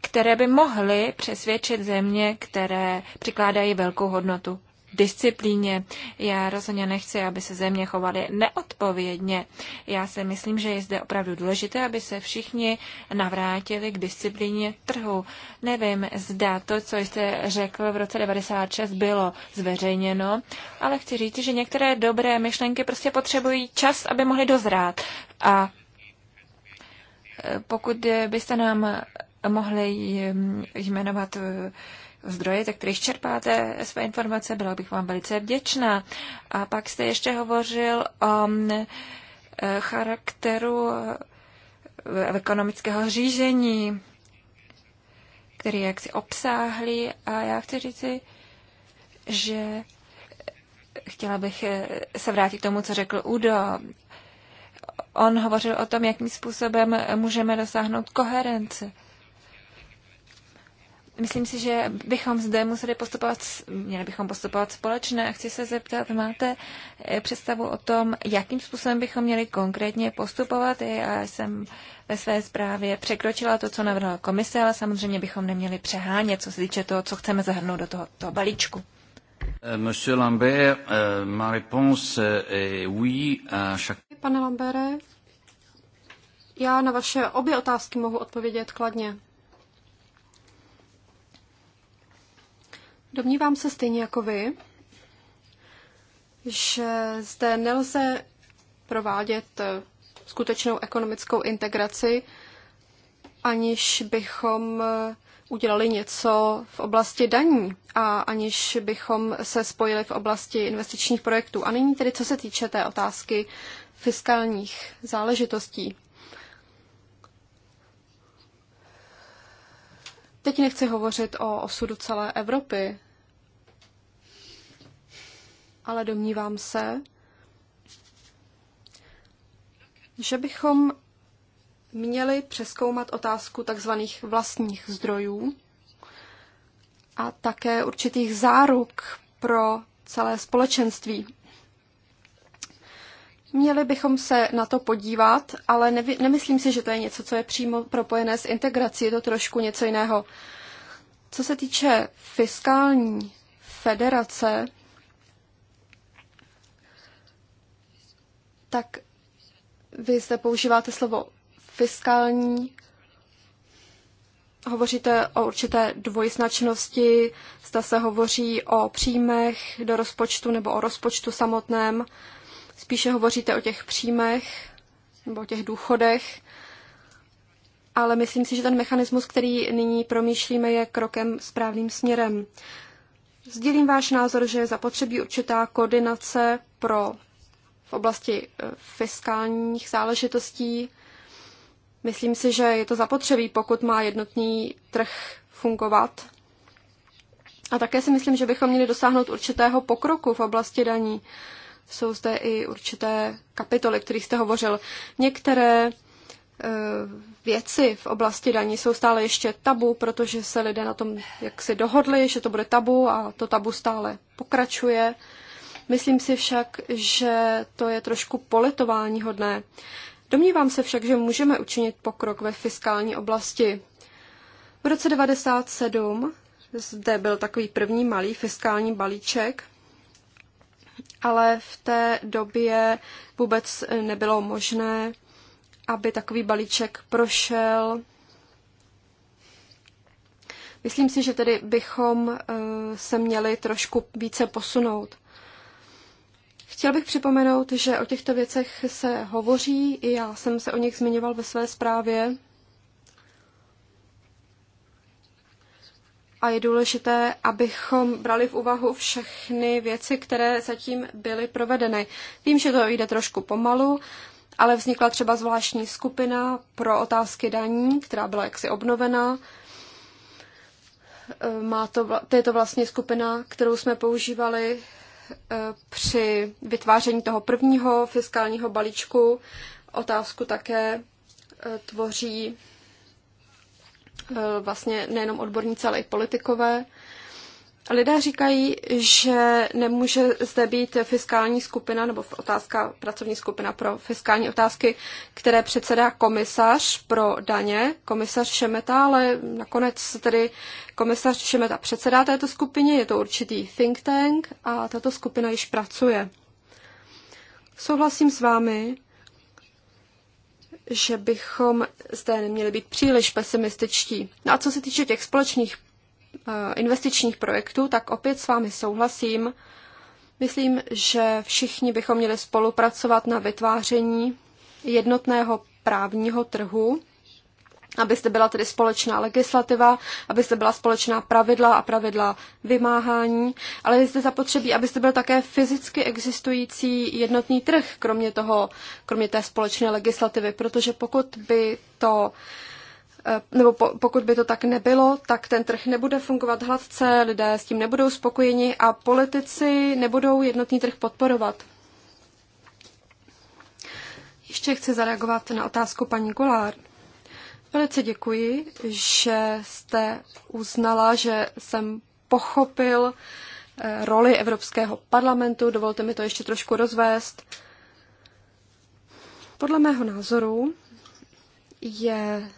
které by mohly přesvědčit země, které přikládají velkou hodnotu disciplíně. Já rozhodně nechci, aby se země chovaly neodpovědně. Já si myslím, že je zde opravdu důležité, aby se všichni navrátili k disciplíně trhu. Nevím, zda to, co jste řekl v roce 96, bylo zveřejněno, ale chci říct, že některé dobré myšlenky prostě potřebují čas, aby mohly dozrát. A e, pokud byste nám mohli hm, jmenovat e, zdroje, ze kterých čerpáte své informace, byla bych vám velice vděčná. A pak jste ještě hovořil o mm, eh, charakteru eh, ekonomického řízení, který je jaksi obsáhli a já chci říci, že chtěla bych eh, se vrátit k tomu, co řekl Udo. On hovořil o tom, jakým způsobem můžeme dosáhnout koherence. Myslím si, že bychom zde museli postupovat, měli bychom postupovat společně a chci se zeptat, máte eh, představu o tom, jakým způsobem bychom měli konkrétně postupovat? Já jsem ve své zprávě překročila to, co navrhla komise, ale samozřejmě bychom neměli přehánět, co se týče toho, co chceme zahrnout do toho, toho balíčku. Eh, monsieur Lambert, eh, ma réponse est oui à chaque... Pane Lambert, já na vaše obě otázky mohu odpovědět kladně. Domnívám se stejně jako vy, že zde nelze provádět skutečnou ekonomickou integraci, aniž bychom udělali něco v oblasti daní a aniž bychom se spojili v oblasti investičních projektů. A nyní tedy, co se týče té otázky fiskálních záležitostí. Teď nechci hovořit o osudu celé Evropy, ale domnívám se, že bychom měli přeskoumat otázku takzvaných vlastních zdrojů a také určitých záruk pro celé společenství. Měli bychom se na to podívat, ale nevy, nemyslím si, že to je něco, co je přímo propojené s integrací, je to trošku něco jiného. Co se týče fiskální federace, tak vy zde používáte slovo fiskální, hovoříte o určité dvojznačnosti, zda se hovoří o příjmech do rozpočtu nebo o rozpočtu samotném. Spíše hovoříte o těch příjmech nebo o těch důchodech, ale myslím si, že ten mechanismus, který nyní promýšlíme, je krokem správným směrem. Sdělím váš názor, že je zapotřebí určitá koordinace pro v oblasti e, fiskálních záležitostí. Myslím si, že je to zapotřebí, pokud má jednotný trh fungovat. A také si myslím, že bychom měli dosáhnout určitého pokroku v oblasti daní jsou zde i určité kapitoly, kterých jste hovořil. Některé eh, věci v oblasti daní jsou stále ještě tabu, protože se lidé na tom jak si dohodli, že to bude tabu a to tabu stále pokračuje. Myslím si však, že to je trošku politování hodné. Domnívám se však, že můžeme učinit pokrok ve fiskální oblasti. V roce 1997 zde byl takový první malý fiskální balíček, ale v té době vůbec nebylo možné, aby takový balíček prošel. Myslím si, že tedy bychom eh, se měli trošku více posunout. Chtěl bych připomenout, že o těchto věcech se hovoří, i já jsem se o nich zmiňoval ve své zprávě. a je důležité, abychom brali v úvahu všechny věci, které zatím byly provedeny. Vím, že to jde trošku pomalu, ale vznikla třeba zvláštní skupina pro otázky daní, která byla jaksi obnovena. E, má to, to je to vlastně skupina, kterou jsme používali e, při vytváření toho prvního fiskálního balíčku. Otázku také e, tvoří E, vlastně nejenom odborníci, ale i politikové. Lidé říkají, že nemůže zde být fiskální skupina nebo otázka, pracovní skupina pro fiskální otázky, které předsedá komisař pro daně, komisař Šemeta, ale nakonec tedy komisař Šemeta předsedá této skupině, je to určitý think tank a tato skupina již pracuje. Souhlasím s vámi, že bychom zde neměli být příliš pesimističtí. No a co se týče těch společných eh, investičních projektů, tak opět s vámi souhlasím. Myslím, že všichni bychom měli spolupracovat na vytváření jednotného právního trhu abyste byla tedy společná legislativa, abyste byla společná pravidla a pravidla vymáhání, ale je zde zapotřebí, abyste byl také fyzicky existující jednotný trh, kromě, toho, kromě té společné legislativy, protože pokud by to eh, nebo po, pokud by to tak nebylo, tak ten trh nebude fungovat hladce, lidé s tím nebudou spokojeni a politici nebudou jednotný trh podporovat. Ještě chci zareagovat na otázku paní Golár. Velice děkuji, že jste uznala, že jsem pochopil eh, roli Evropského parlamentu. Dovolte mi to ještě trošku rozvést. Podle mého názoru je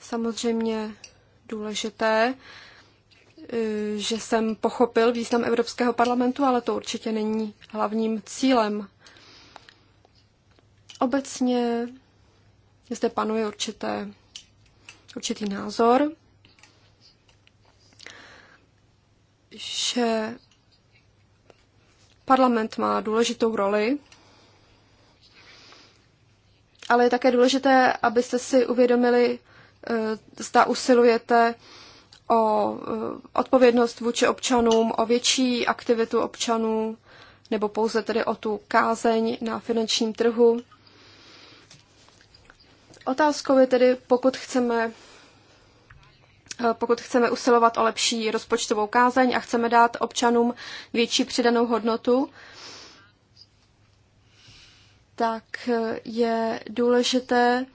samozřejmě důležité, eh, že jsem pochopil význam Evropského parlamentu, ale to určitě není hlavním cílem. Obecně zde panuje určité určitý názor, že parlament má důležitou roli, ale je také důležité, abyste si uvědomili, eh, zda usilujete o eh, odpovědnost vůči občanům, o větší aktivitu občanů, nebo pouze tedy o tu kázeň na finančním trhu. Otázkou je tedy, pokud chceme eh, pokud chceme usilovat o lepší rozpočtovou kázeň a chceme dát občanům větší přidanou hodnotu, tak eh, je důležité,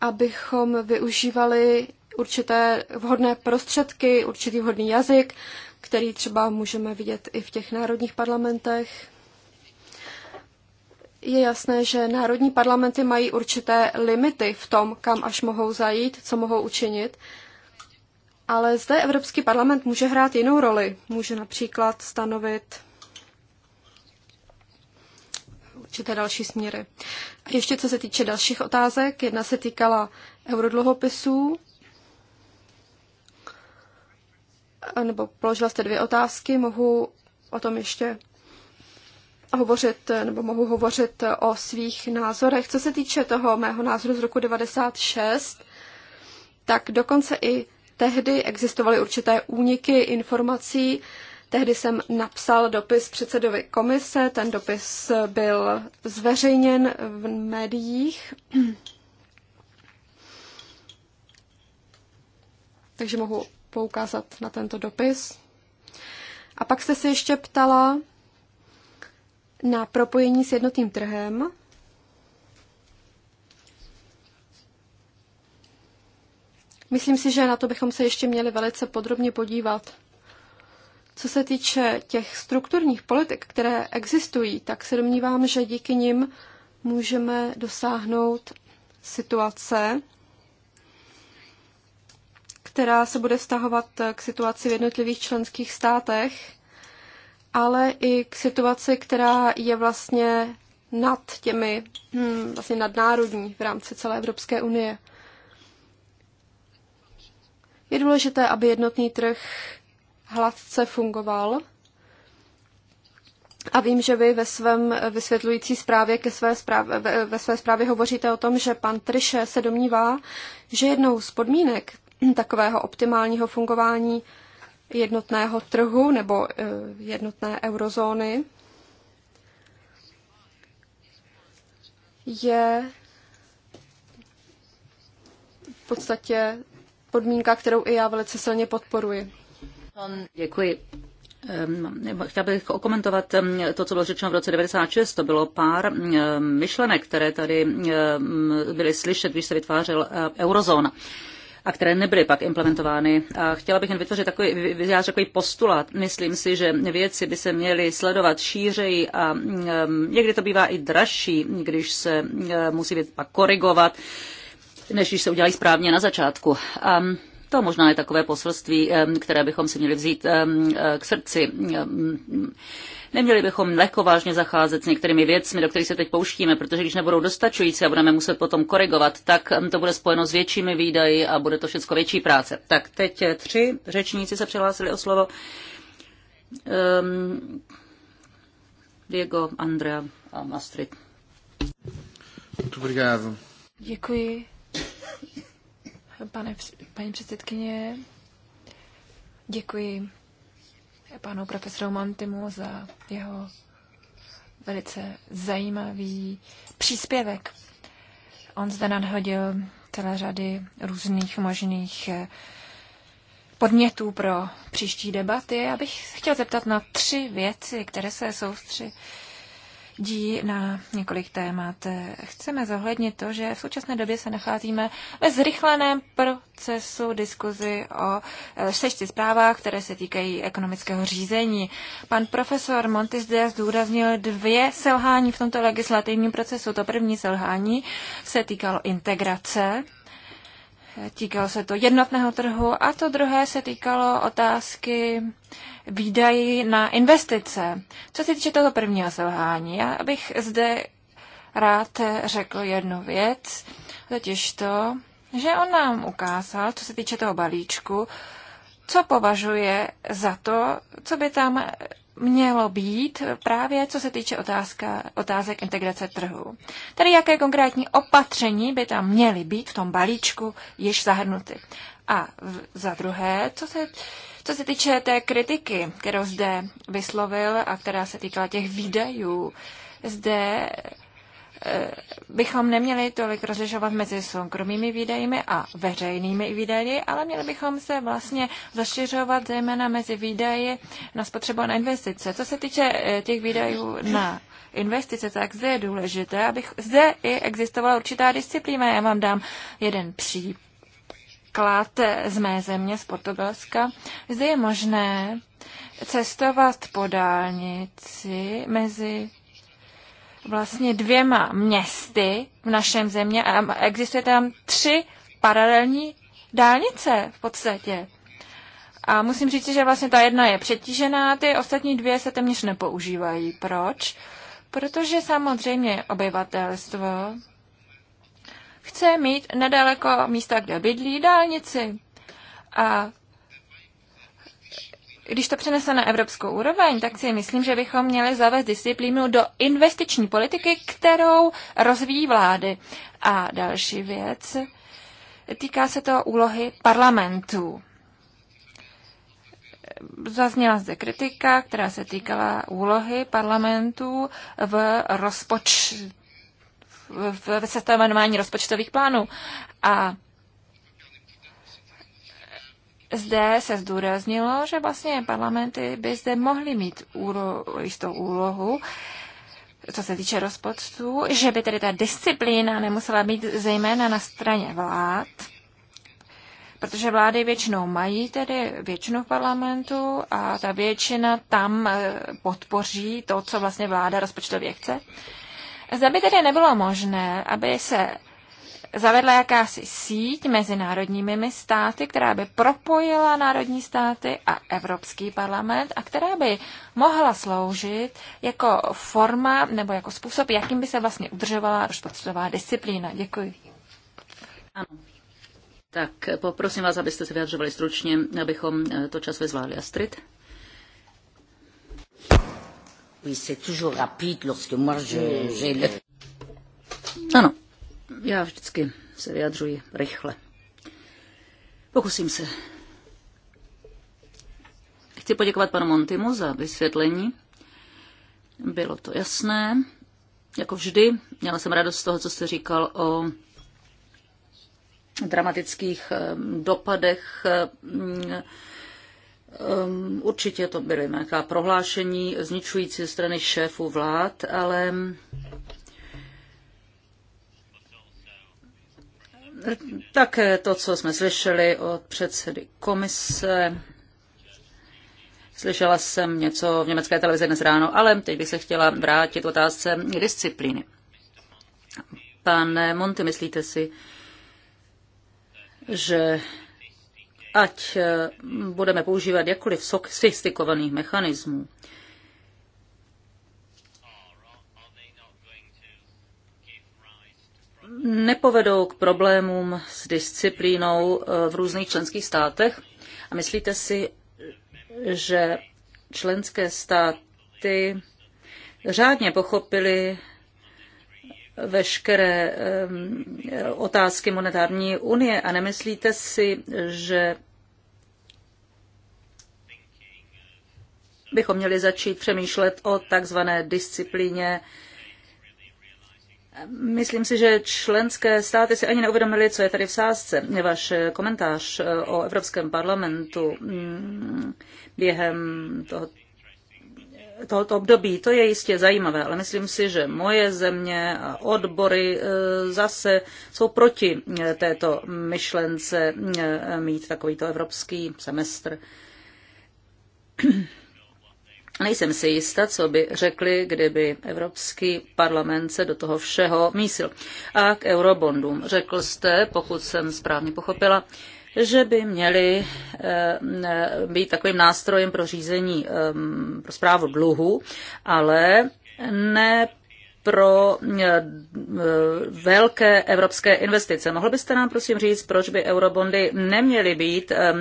abychom využívali určité vhodné prostředky, určitý vhodný jazyk, který třeba můžeme vidět i v těch národních parlamentech je jasné, že národní parlamenty mají určité limity v tom, kam až mohou zajít, co mohou učinit. Ale zde Evropský parlament může hrát jinou roli. Může například stanovit určité další směry. A ještě co se týče dalších otázek, jedna se týkala eurodluhopisů, nebo položila jste dvě otázky, mohu o tom ještě hovořit, nebo mohu hovořit o svých názorech. Co se týče toho mého názoru z roku 96, tak dokonce i tehdy existovaly určité úniky informací. Tehdy jsem napsal dopis předsedovi komise, ten dopis byl zveřejněn v médiích. Takže mohu poukázat na tento dopis. A pak jste se ještě ptala, na propojení s jednotným trhem. Myslím si, že na to bychom se ještě měli velice podrobně podívat. Co se týče těch strukturních politik, které existují, tak se domnívám, že díky nim můžeme dosáhnout situace, která se bude vztahovat k situaci v jednotlivých členských státech ale i k situaci, která je vlastně nad těmi, hmm, vlastně nadnárodní v rámci celé Evropské unie. Je důležité, aby jednotný trh hladce fungoval. A vím, že vy ve svém vysvětlující zprávě, ke své zprávě ve své zprávě hovoříte o tom, že pan Triše se domnívá, že jednou z podmínek takového optimálního fungování jednotného trhu nebo eh, jednotné eurozóny je v podstatě podmínka, kterou i já velice silně podporuji. Děkuji. Ehm, chtěla bych okomentovat ehm, to, co bylo řečeno v roce 96. To bylo pár ehm, myšlenek, které tady byly slyšet, když se vytvářel eurozóna a které nebyly pak implementovány. A chtěla bych jen vytvořit takový, vyjádřit takový postulát. Myslím si, že věci by se měly sledovat šířeji a mm, eh, někdy to bývá i dražší, když se eh, musí věc pak korigovat než když se udělají správně na začátku. Um, to možná je takové poselství, které bychom si měli vzít e, k srdci. Neměli bychom lehko vážně zacházet s některými věcmi, do kterých se teď pouštíme, protože když nebudou dostačující a budeme muset potom korigovat, tak to bude spojeno s většími výdaji a bude to všechno větší práce. Tak teď eh, tři řečníci se přihlásili o slovo. Um, Diego, Andrea a Astrid. Děkuji pane, paní předsedkyně. Děkuji panu profesoru Mantimu za jeho velice zajímavý příspěvek. On zde nadhodil celé řady různých možných eh, podnětů pro příští debaty. Já bych chtěl zeptat na tři věci, které se soustředí Dí na několik témat. Chceme zohlednit to, že v současné době se nacházíme ve zrychleném procesu diskuzi o eh, sešti zprávách, které se týkají ekonomického řízení. Pan profesor Montis zde zdůraznil dvě selhání v tomto legislativním procesu. To první selhání se týkalo integrace Týkalo se to jednotného trhu a to druhé se týkalo otázky výdají na investice. Co se týče toho prvního selhání, já bych zde rád řekl jednu věc, totiž to, že on nám ukázal, co se týče toho balíčku, co považuje za to, co by tam mělo být právě co se týče otázka, otázek integrace trhu. Tedy jaké konkrétní opatření by tam měly být v tom balíčku již zahrnuty. A za druhé, co se, co se týče té kritiky, kterou zde vyslovil a která se týkala těch výdajů, zde Eh, bychom neměli tolik rozlišovat mezi soukromými výdajmi a veřejnými výdaji, ale měli bychom se vlastně zašiřovat zejména mezi výdaji na spotřebu a na investice. Co se týče eh, těch výdajů na investice, tak zde je důležité, abych zde i existovala určitá disciplína. Já vám dám jeden příklad eh, z mé země, z Portugalska. Zde je možné cestovat po dálnici mezi vlastně dvěma městy v našem země a existuje tam tři paralelní dálnice v podstatě. A musím říct, že vlastně ta jedna je přetížená, ty ostatní dvě se téměř nepoužívají. Proč? Protože samozřejmě obyvatelstvo chce mít nedaleko místa, kde bydlí, dálnici. A když to přenese na evropskou úroveň, tak si myslím, že bychom měli zavést disciplínu do investiční politiky, kterou rozvíjí vlády. A další věc, týká se to úlohy parlamentů. Zazněla zde kritika, která se týkala úlohy parlamentů v rozpoč v sestavování rozpočtových plánů. A zde se zdůraznilo, že vlastně parlamenty by zde mohly mít úlo, jistou úlohu, co se týče rozpočtu, že by tedy ta disciplína nemusela být zejména na straně vlád, protože vlády většinou mají tedy většinu v parlamentu a ta většina tam eh, podpoří to, co vlastně vláda rozpočtově chce. Zda by tedy nebylo možné, aby se zavedla jakási síť mezi národními státy, která by propojila národní státy a Evropský parlament a která by mohla sloužit jako forma nebo jako způsob, jakým by se vlastně udržovala rozpočtová disciplína. Děkuji. Ano. Tak poprosím vás, abyste se vyjadřovali stručně, abychom eh, to čas vyzvali Astrid? Oui, c'est toujours rapide lorsque moi hmm. j'ai le... Ano, já vždycky se vyjadřuji rychle. Pokusím se. Chci poděkovat panu Montimu za vysvětlení. Bylo to jasné. Jako vždy, měla jsem radost z toho, co jste říkal o dramatických eh, dopadech. Eh, mm, eh, určitě to byly nějaká prohlášení zničující strany šéfů vlád, ale Také to, co jsme slyšeli od předsedy komise, slyšela jsem něco v německé televizi dnes ráno, ale teď bych se chtěla vrátit k otázce disciplíny. Pane Monty, myslíte si, že ať budeme používat jakkoliv sofistikovaných mechanismů, nepovedou k problémům s disciplínou eh, v různých členských státech? A myslíte si, že členské státy řádně pochopili veškeré eh, otázky monetární unie a nemyslíte si, že bychom měli začít přemýšlet o takzvané disciplíně Myslím si, že členské státy si ani neuvědomily, co je tady v sázce. Váš komentář eh, o Evropském parlamentu mm, během toho tohoto období. To je jistě zajímavé, ale myslím si, že moje země a odbory eh, zase jsou proti eh, této myšlence mít takovýto evropský semestr. Nejsem si jista, co by řekli, kdyby Evropský parlament se do toho všeho mísil. A k eurobondům. Řekl jste, pokud jsem správně pochopila, že by měly eh, být takovým nástrojem pro řízení, eh, pro zprávu dluhu, ale ne pro eh, eh, velké evropské investice. Mohl byste nám prosím říct, proč by eurobondy neměly být eh,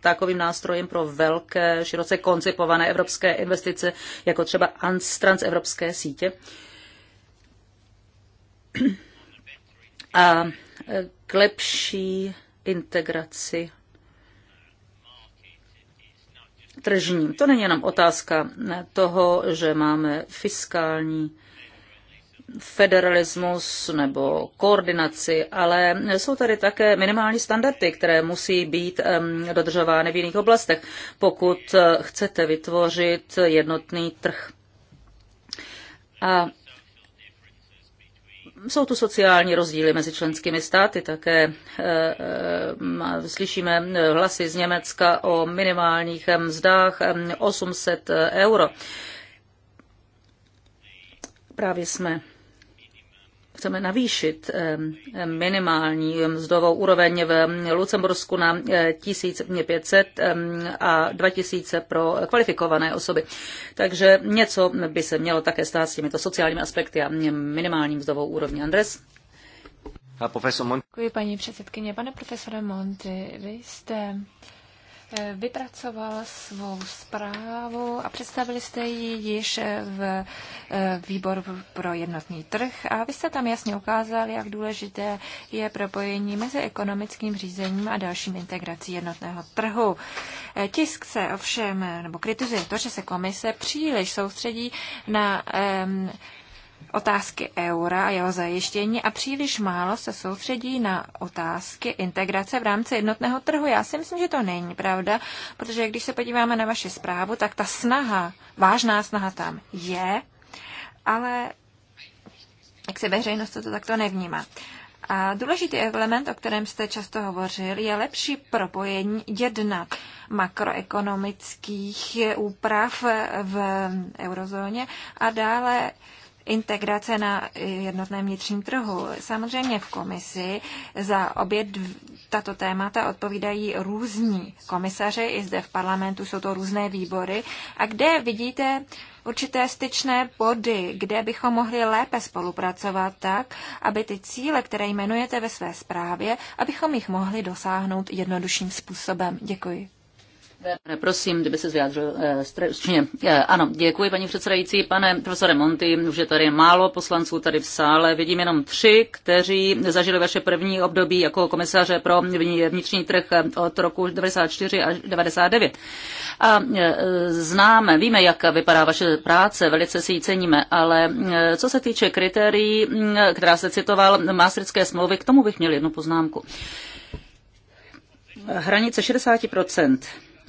takovým nástrojem pro velké, široce koncipované evropské investice, jako třeba transevropské sítě? A k lepší integraci tržní. To není jenom otázka toho, že máme fiskální federalismus nebo koordinaci, ale jsou tady také minimální standardy, které musí být dodržovány v jiných oblastech, pokud eh, chcete vytvořit jednotný trh. A jsou tu sociální rozdíly mezi členskými státy také. Eh, eh, slyšíme hlasy z Německa o minimálních mzdách 800 euro. Právě jsme chceme navýšit minimální mzdovou úroveň v Lucembursku na 1500 e, a 2000 pro kvalifikované osoby. Takže něco by se mělo také stát s těmito sociálními aspekty a minimální mzdovou úrovní. Andres? Děkuji, paní předsedkyně. Pane profesore Monty, vy jste vypracoval svou zprávu a představili jste ji již v eh, výboru pro jednotný trh a vy jste tam jasně ukázali, jak důležité je propojení mezi ekonomickým řízením a dalším integrací jednotného trhu. Eh, tisk se ovšem, nebo kritizuje to, že se komise příliš soustředí na um, otázky eura a jeho zajištění a příliš málo se soustředí na otázky integrace v rámci jednotného trhu. Já si myslím, že to není pravda, protože když se podíváme na vaši zprávu, tak ta snaha, vážná snaha tam je, ale jak se veřejnost to takto nevnímá. A důležitý element, o kterém jste často hovořil, je lepší propojení jednak makroekonomických úprav v eurozóně a dále integrace na jednotném vnitřním trhu. Samozřejmě v komisi za obě tato témata odpovídají různí komisaři, i zde v parlamentu jsou to různé výbory. A kde vidíte určité styčné body, kde bychom mohli lépe spolupracovat tak, aby ty cíle, které jmenujete ve své zprávě, abychom jich mohli dosáhnout jednodušším způsobem. Děkuji. Prosím, kdyby se vyjádřil eh, stručně. Eh, ano, děkuji, paní předsedající. Pane profesore Monty, už je tady málo poslanců tady v sále. Vidím jenom tři, kteří zažili vaše první období jako komisaře pro vnitřní trh eh, od roku 94 až 99. A známe, víme, jak vypadá vaše práce, velice si ji ceníme, ale co se týče kritérií, mm, která se citoval, Maastrichtské smlouvy, k tomu bych měl jednu poznámku. Hranice 60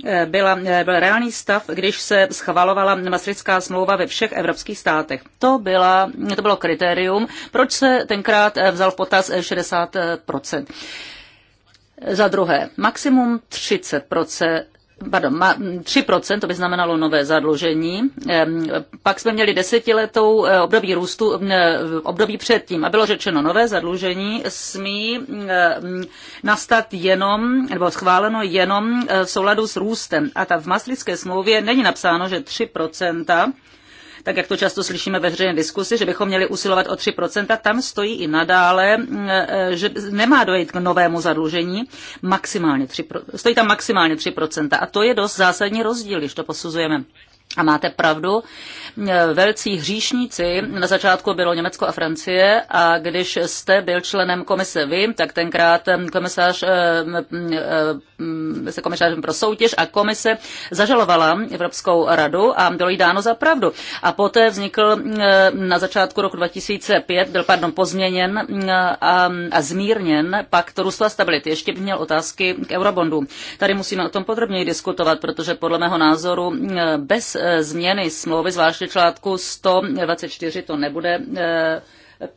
Eh, byla, eh, byl reálný stav, když se schvalovala Maastrichtská smlouva ve všech evropských státech. To, byla, to bylo kritérium, proč se tenkrát eh, vzal v potaz 60%. Za druhé, maximum 30 pardon, 3%, mm, to by znamenalo nové zadlužení. Pak jsme měli desetiletou eh, období růstu, eh, období předtím. A bylo řečeno, nové zadlužení smí eh, nastat jenom, nebo schváleno jenom v souladu s růstem. A ta v Maastrichtské smlouvě není napsáno, že 3% tak jak to často slyšíme ve veřejné diskusi, že bychom měli usilovat o 3%, tam stojí i nadále, e, že nemá dojít k novému zadlužení, maximálně 3%, stojí tam maximálně 3%. A to je dost zásadní rozdíl, když to posuzujeme. A máte pravdu, e, velcí hříšníci na začátku bylo Německo a Francie a když jste byl členem komise vy, tak tenkrát e, komisař, e, se Komisářem pro soutěž a komise zažalovala Evropskou radu a bylo jí dáno za pravdu. A poté vznikl na začátku roku 2005, byl pardon, pozměněn a, a zmírněn pakt růstu a stability. Ještě bych měl otázky k eurobondům. Tady musíme o tom podrobněji diskutovat, protože podle mého názoru bez E, změny smlouvy, zvláště článku 124 e, to nebude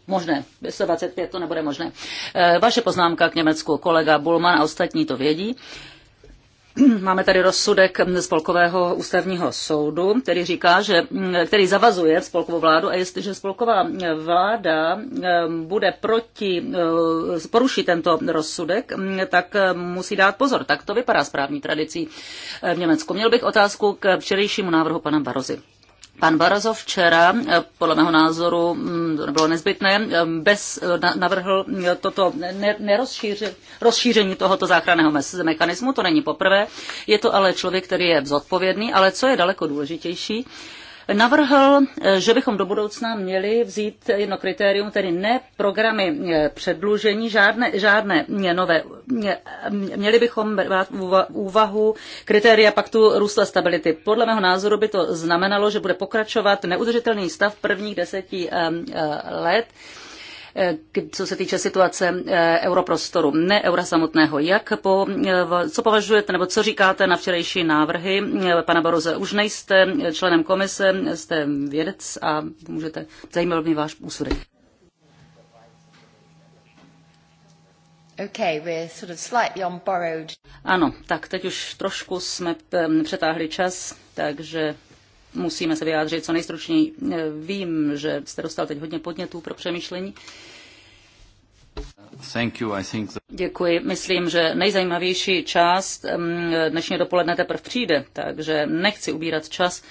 možné. 125 to nebude možné. Vaše poznámka k Německu, kolega Bulman a ostatní to vědí. Máme tady rozsudek spolkového ústavního soudu, který říká, že, mm, který zavazuje spolkovou vládu a jestliže spolková mm, vláda mm, bude proti, poruší tento rozsudek, tak musí dát pozor. Tak to vypadá správní tradicí v Německu. Měl bych otázku k včerejšímu návrhu pana Barozy. Pan Barazov včera, eh, podle mého názoru, mm, to nebylo nezbytné, eh, bez, eh, navrhl toto rozšíření tohoto záchranného mechanismu, to není poprvé. Je to ale člověk, který je zodpovědný, ale co je daleko důležitější, navrhl, eh, že bychom do budoucna měli vzít jedno kritérium, tedy ne programy eh, předlužení, žádné, žádné eh, nové. Měli bychom brát úvahu kritéria paktu růstla stability. Podle mého názoru by to znamenalo, že bude pokračovat neudržitelný stav prvních deseti let Eh, co se týče situace eh, europrostoru, ne eura samotného. Jak po, eh, co považujete nebo co říkáte na včerejší návrhy pana Baroze? Už nejste členem komise, jste vědec a můžete, zajímal mě váš úsudek. Okay, we're sort of slightly on borrowed. Ano, tak teď už trošku jsme přetáhli čas, takže musíme se vyjádřit co nejstručněji. Eh, vím, že jste dostal teď hodně podnětů pro přemýšlení. That... Děkuji. Myslím, že nejzajímavější část mm, dnešního dopoledne teprve přijde, takže nechci ubírat čas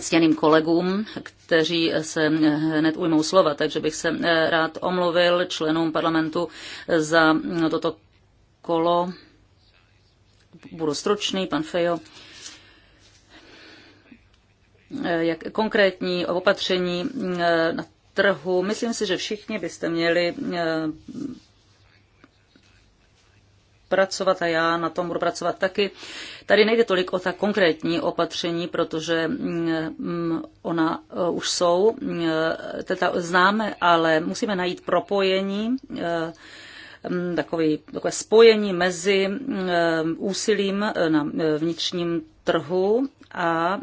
ctěným kolegům, kteří se hned ujmou slova, takže bych se eh, rád omluvil členům parlamentu za toto kolo. Budu stručný, pan Fejo. Eh, jak konkrétní opatření eh, na trhu. Myslím si, že všichni byste měli eh, pracovat a já na tom budu pracovat taky. Tady nejde tolik o ta konkrétní opatření, protože mm, mm, ona už jsou, teda známe, ale musíme najít propojení, mm, takový, takové spojení mezi úsilím na vnitřním trhu a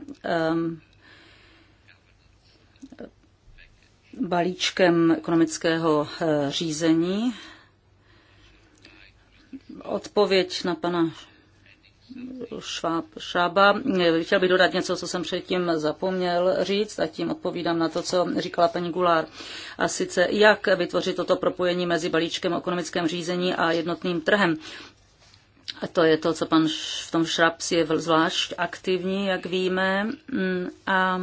balíčkem ekonomického eh, řízení. Odpověď na pana Šváb, Šába. Chtěl bych dodat něco, co jsem předtím zapomněl říct a tím odpovídám na to, co říkala paní Gulár. A sice, jak vytvořit toto propojení mezi balíčkem o ekonomickém řízení a jednotným trhem. A to je to, co pan v tom Šraps je zvlášť aktivní, jak víme. Mm, a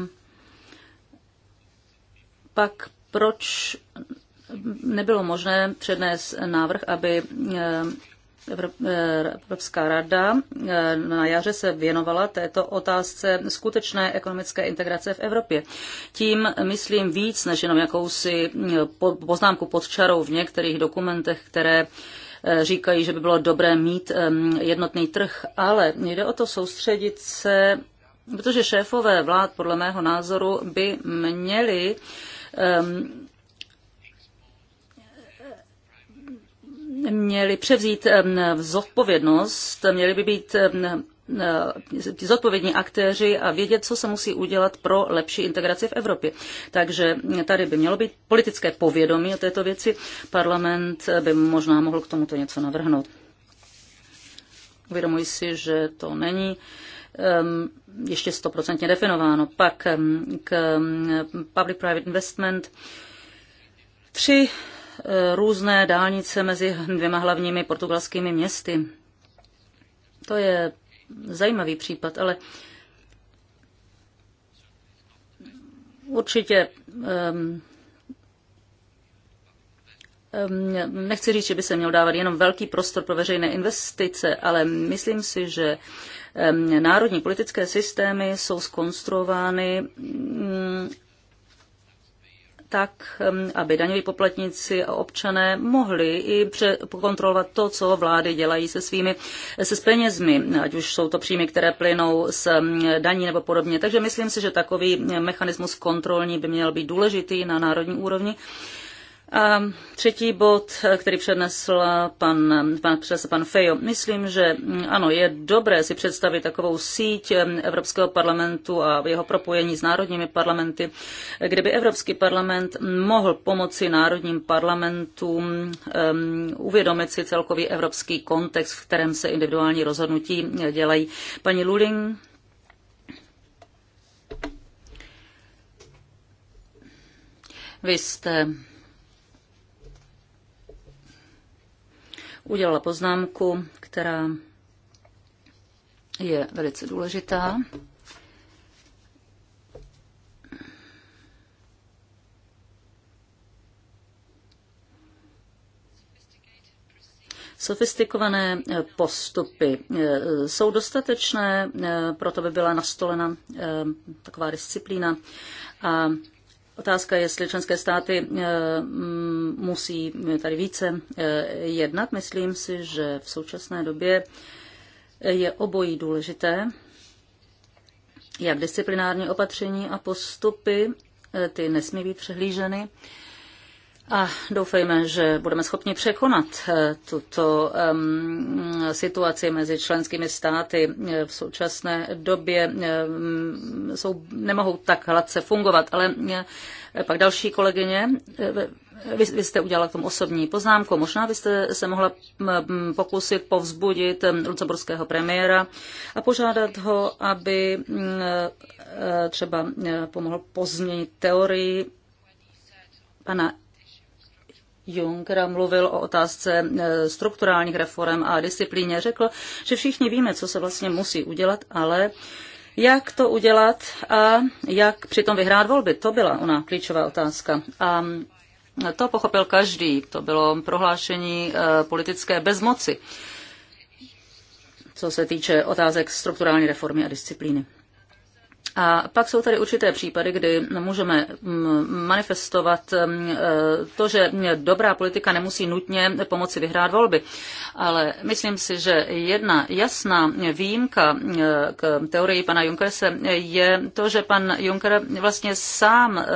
pak proč nebylo možné přednést návrh, aby eh, eh, Evropská rada eh, na jaře se věnovala této otázce skutečné ekonomické integrace v Evropě. Tím myslím víc než jenom jakousi poznámku pod čarou v některých dokumentech, které říkají, že by bylo dobré mít ehm, jednotný trh, ale jde o to soustředit se, protože šéfové vlád podle mého názoru by měli uh, Ehm, měli převzít ehm, zodpovědnost, měli by být ti ehm, zodpovědní aktéři a vědět, co se musí udělat pro lepší integraci v Evropě. Takže tady by mělo být politické povědomí o této věci. Parlament by možná mohl k tomuto něco navrhnout. Uvědomuji si, že to není Ehm, ještě stoprocentně definováno. Pak ehm, k ehm, public-private investment. Tři eh, různé dálnice mezi dvěma hlavními portugalskými městy. To je zajímavý případ, ale určitě nechci říct, že by se měl dávat jenom velký prostor pro veřejné investice, ale myslím si, že národní politické systémy jsou skonstruovány mm, tak, aby daňoví poplatníci a občané mohli i kontrolovat to, co vlády dělají se svými, se s penězmi, ať už jsou to příjmy, které plynou z daní nebo podobně. Takže myslím si, že takový mechanismus kontrolní by měl být důležitý na národní úrovni. A třetí bod, který přednesl pan, pan, přednesl pan Fejo. Myslím, že mm, ano, je dobré si představit takovou síť Evropského parlamentu a jeho propojení s národními parlamenty, kdyby Evropský parlament mohl pomoci národním parlamentům um, uvědomit si celkový evropský kontext, v kterém se individuální rozhodnutí dělají. Paní Luling, vy jste udělala poznámku, která je velice důležitá. Sofistikované eh, postupy eh, jsou dostatečné, eh, proto by byla nastolena taková disciplína a Otázka, jestli členské státy eh, mm, musí tady více eh, jednat. Myslím si, že v současné době je obojí důležité, jak disciplinární opatření a postupy, eh, ty nesmí být přehlíženy. A doufejme, že budeme schopni překonat eh, tuto um, situaci mezi členskými státy. Eh, v současné době um, jsou, nemohou tak hladce fungovat, ale eh, pak další kolegyně, vy, vy jste udělala k tomu osobní poznámku. Možná byste se mohla pokusit povzbudit lucemburského premiéra a požádat ho, aby třeba pomohl pozměnit teorii pana Juncker mluvil o otázce e, strukturálních reform a disciplíně, řekl, že všichni víme, co se vlastně musí udělat, ale jak to udělat a jak přitom vyhrát volby, to byla ona klíčová otázka. A to pochopil každý, to bylo prohlášení e, politické bezmoci, co se týče otázek strukturální reformy a disciplíny. A pak jsou tady určité případy, kdy můžeme mm, manifestovat mm, eh, to, že dobrá politika nemusí nutně pomoci vyhrát volby. Ale myslím si, že jedna jasná výjimka eh, k teorii pana Junkerse je to, že pan Juncker vlastně sám eh,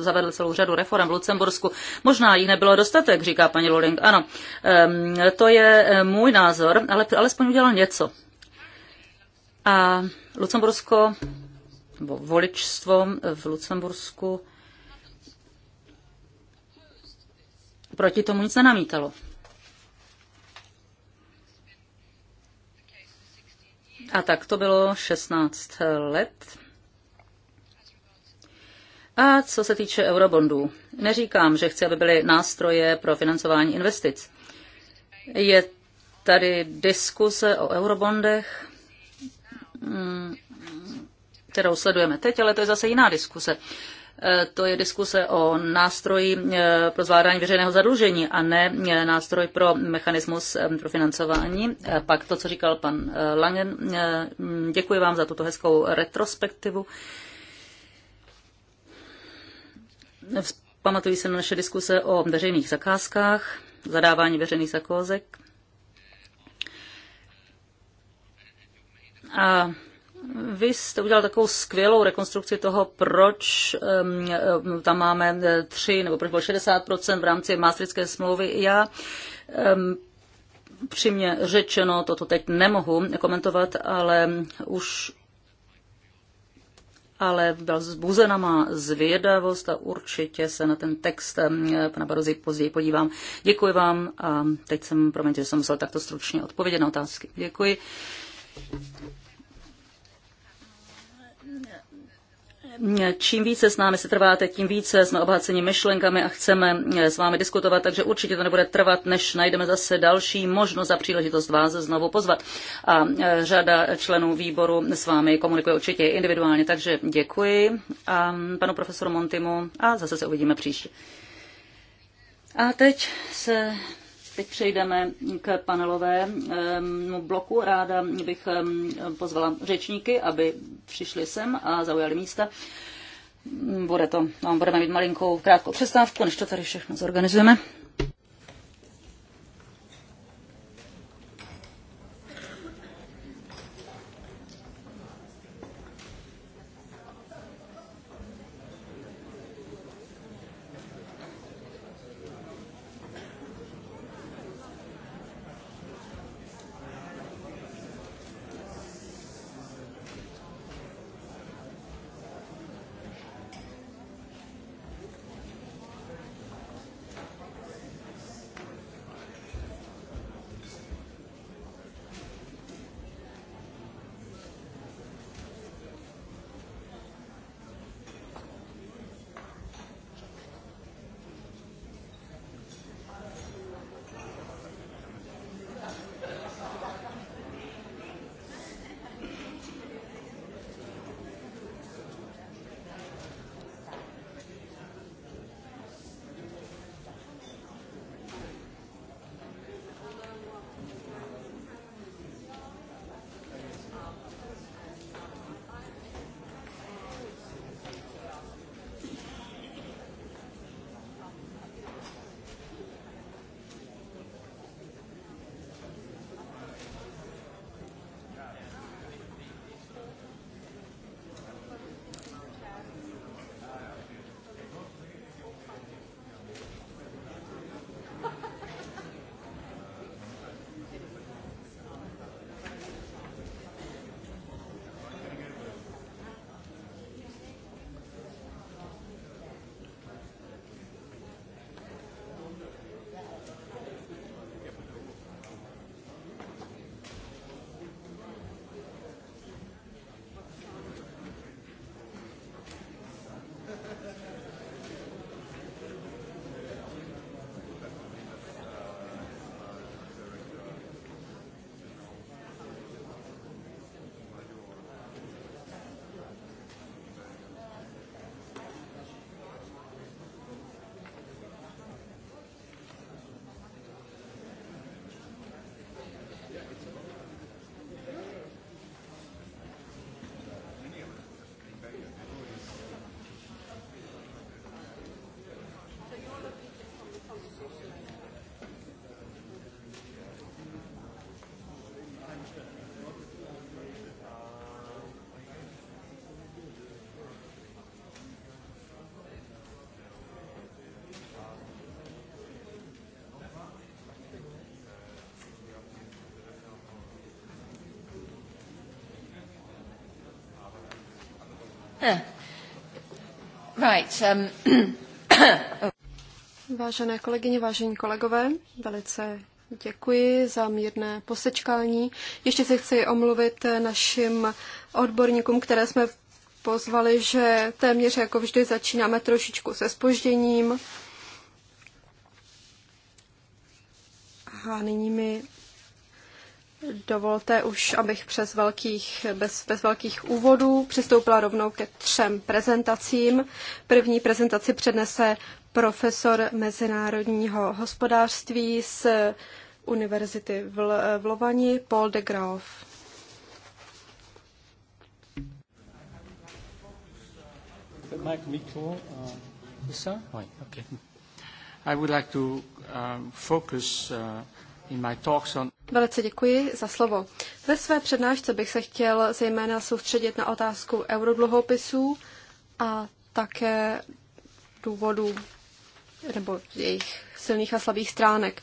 zavedl celou řadu reform v Lucembursku. Možná jich nebylo dostatek, říká paní Luling. Ano, to je můj názor, ale alespoň udělal něco. A Lucembursko, nebo voličstvo v Lucembursku, proti tomu nic nenamítalo. A tak to bylo 16 let. A co se týče eurobondů, neříkám, že chci, aby byly nástroje pro financování investic. Je tady diskuse o eurobondech. Mm, kterou sledujeme teď, ale to je zase jiná diskuse. E, to je diskuse o nástroji e, pro zvládání veřejného zadlužení a ne e, nástroj pro mechanismus pro financování. Pak to, co říkal pan Langen, mm, děkuji vám za tuto hezkou retrospektivu. Pamatuji se na naše diskuse o veřejných zakázkách, zadávání veřejných zakázek A vy jste udělal takovou skvělou rekonstrukci toho, proč um, tam máme e, tři nebo proč bylo 60% v rámci Maastrichtské smlouvy. Já um, přímě řečeno, toto teď nemohu komentovat, ale už ale byla zbuzena má zvědavost a určitě se na ten text pana Barozy později podívám. Děkuji vám a teď jsem, promiňte, že jsem musel takto stručně odpovědět na otázky. Děkuji. čím více s námi se trváte, tím více jsme obohaceni myšlenkami a chceme eh, s vámi diskutovat, takže určitě to nebude trvat, než najdeme zase další možnost a příležitost vás znovu pozvat. A eh, řada členů výboru s vámi komunikuje určitě individuálně, takže děkuji a ehm, panu profesoru Montimu a zase se uvidíme příště. A teď se Teď přejdeme k panelovému ehm, bloku. Ráda bych ehm, pozvala řečníky, aby přišli sem a zaujali místa. Bude to, no, budeme mít malinkou krátkou přestávku, než to tady všechno zorganizujeme. Um, Vážené kolegyně, vážení kolegové, velice děkuji za mírné posečkání. Ještě se chci omluvit našim odborníkům, které jsme pozvali, že téměř jako vždy začínáme trošičku se spožděním. Dovolte už, abych přes velkých, bez, bez velkých úvodů přistoupila rovnou ke třem prezentacím. První prezentaci přednese profesor mezinárodního hospodářství z Univerzity v, v Lovani, Paul de Graaf. Uh, I would like to um, focus uh, in my talks on Velice děkuji za slovo. Ve své přednášce bych se chtěl zejména soustředit na otázku eurodluhopisů a také důvodů nebo jejich silných a slabých stránek.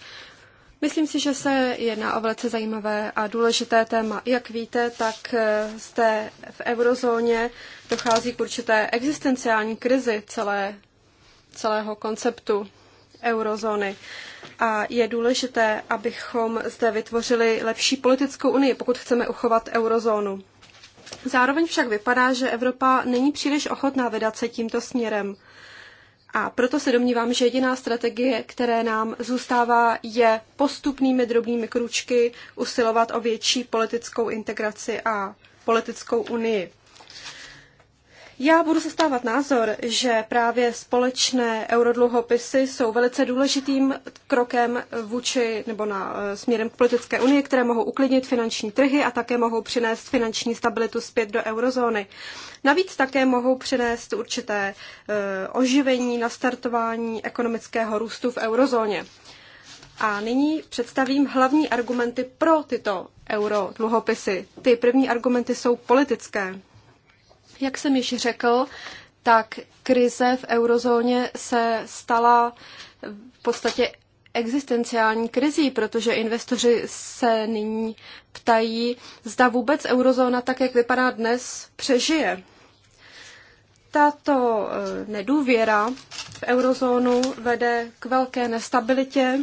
Myslím si, že se jedná o velice zajímavé a důležité téma. Jak víte, tak zde v eurozóně dochází k určité existenciální krizi celé, celého konceptu eurozóny. A je důležité, abychom zde vytvořili lepší politickou unii, pokud chceme uchovat eurozónu. Zároveň však vypadá, že Evropa není příliš ochotná vydat se tímto směrem. A proto se domnívám, že jediná strategie, které nám zůstává, je postupnými drobnými kručky usilovat o větší politickou integraci a politickou unii. Já budu zastávat názor, že právě společné eurodluhopisy jsou velice důležitým krokem vůči nebo na, eh, směrem k politické unii, které mohou uklidnit finanční trhy a také mohou přinést finanční stabilitu zpět do eurozóny. Navíc také mohou přinést určité e, oživení, nastartování ekonomického růstu v eurozóně. A nyní představím hlavní argumenty pro tyto eurodluhopisy. Ty první argumenty jsou politické. Jak jsem již řekl, tak krize v eurozóně se stala v podstatě existenciální krizí, protože investoři se nyní ptají, zda vůbec eurozóna tak, jak vypadá dnes, přežije. Tato eh, nedůvěra v eurozónu vede k velké nestabilitě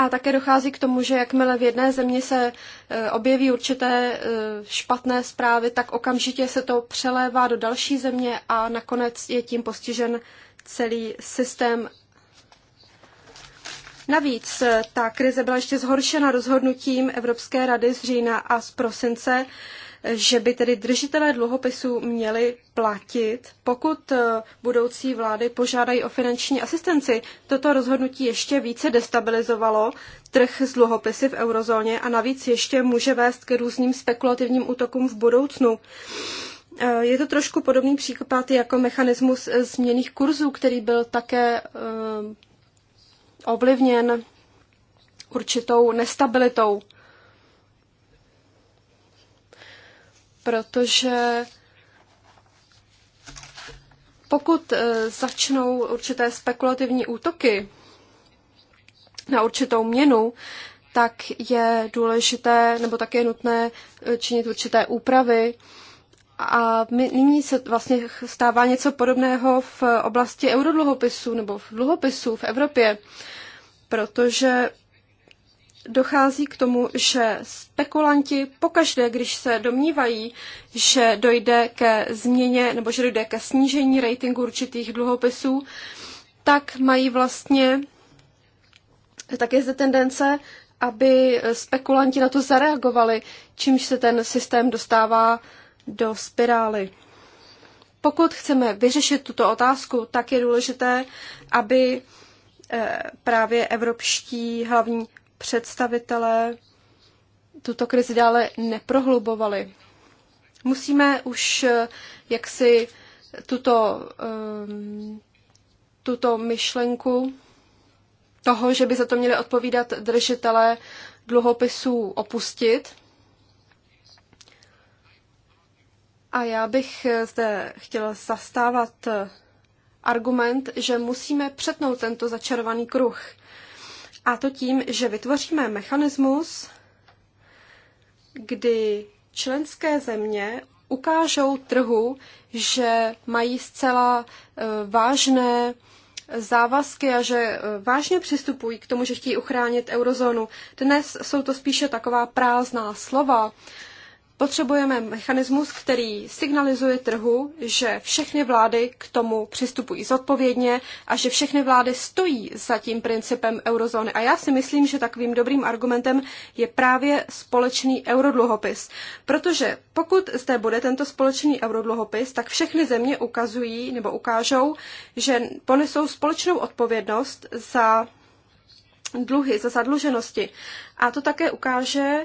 a také dochází k tomu, že jakmile v jedné zemi se e, objeví určité e, špatné zprávy, tak okamžitě se to přelévá do další země a nakonec je tím postižen celý systém. Navíc e, ta krize byla ještě zhoršena rozhodnutím Evropské rady z října a z prosince, že by tedy držitelé dluhopisů měli platit, pokud eh, budoucí vlády požádají o finanční asistenci. Toto rozhodnutí ještě více destabilizovalo trh s dluhopisy v eurozóně a navíc ještě může vést k různým spekulativním útokům v budoucnu. Eh, je to trošku podobný příklad jako mechanismus změných kurzů, který byl také eh, ovlivněn určitou nestabilitou protože pokud eh, začnou určité spekulativní útoky na určitou měnu, tak je důležité, nebo tak je nutné eh, činit určité úpravy. A my, nyní se vlastně stává něco podobného v oblasti eurodluhopisů nebo v dluhopisů v Evropě, protože dochází k tomu, že spekulanti pokaždé, když se domnívají, že dojde ke změně nebo že dojde ke snížení ratingu určitých dluhopisů, tak mají vlastně, tak je zde tendence, aby spekulanti na to zareagovali, čímž se ten systém dostává do spirály. Pokud chceme vyřešit tuto otázku, tak je důležité, aby eh, právě evropští hlavní představitelé tuto krizi dále neprohlubovali. Musíme už eh, jaksi tuto, ehm, tuto myšlenku toho, že by za to měli odpovídat držitelé dluhopisů, opustit. A já bych eh, zde chtěla zastávat argument, že musíme přetnout tento začarovaný kruh – a to tím, že vytvoříme mechanismus, kdy členské země ukážou trhu, že mají zcela e, vážné závazky a že e, vážně přistupují k tomu, že chtějí uchránit eurozónu. Dnes jsou to spíše taková prázdná slova, Potřebujeme mechanismus, který signalizuje trhu, že všechny vlády k tomu přistupují zodpovědně a že všechny vlády stojí za tím principem eurozóny. A já si myslím, že takovým dobrým argumentem je právě společný eurodluhopis. Protože pokud zde bude tento společný eurodluhopis, tak všechny země ukazují nebo ukážou, že ponesou společnou odpovědnost za dluhy, za zadluženosti. A to také ukáže,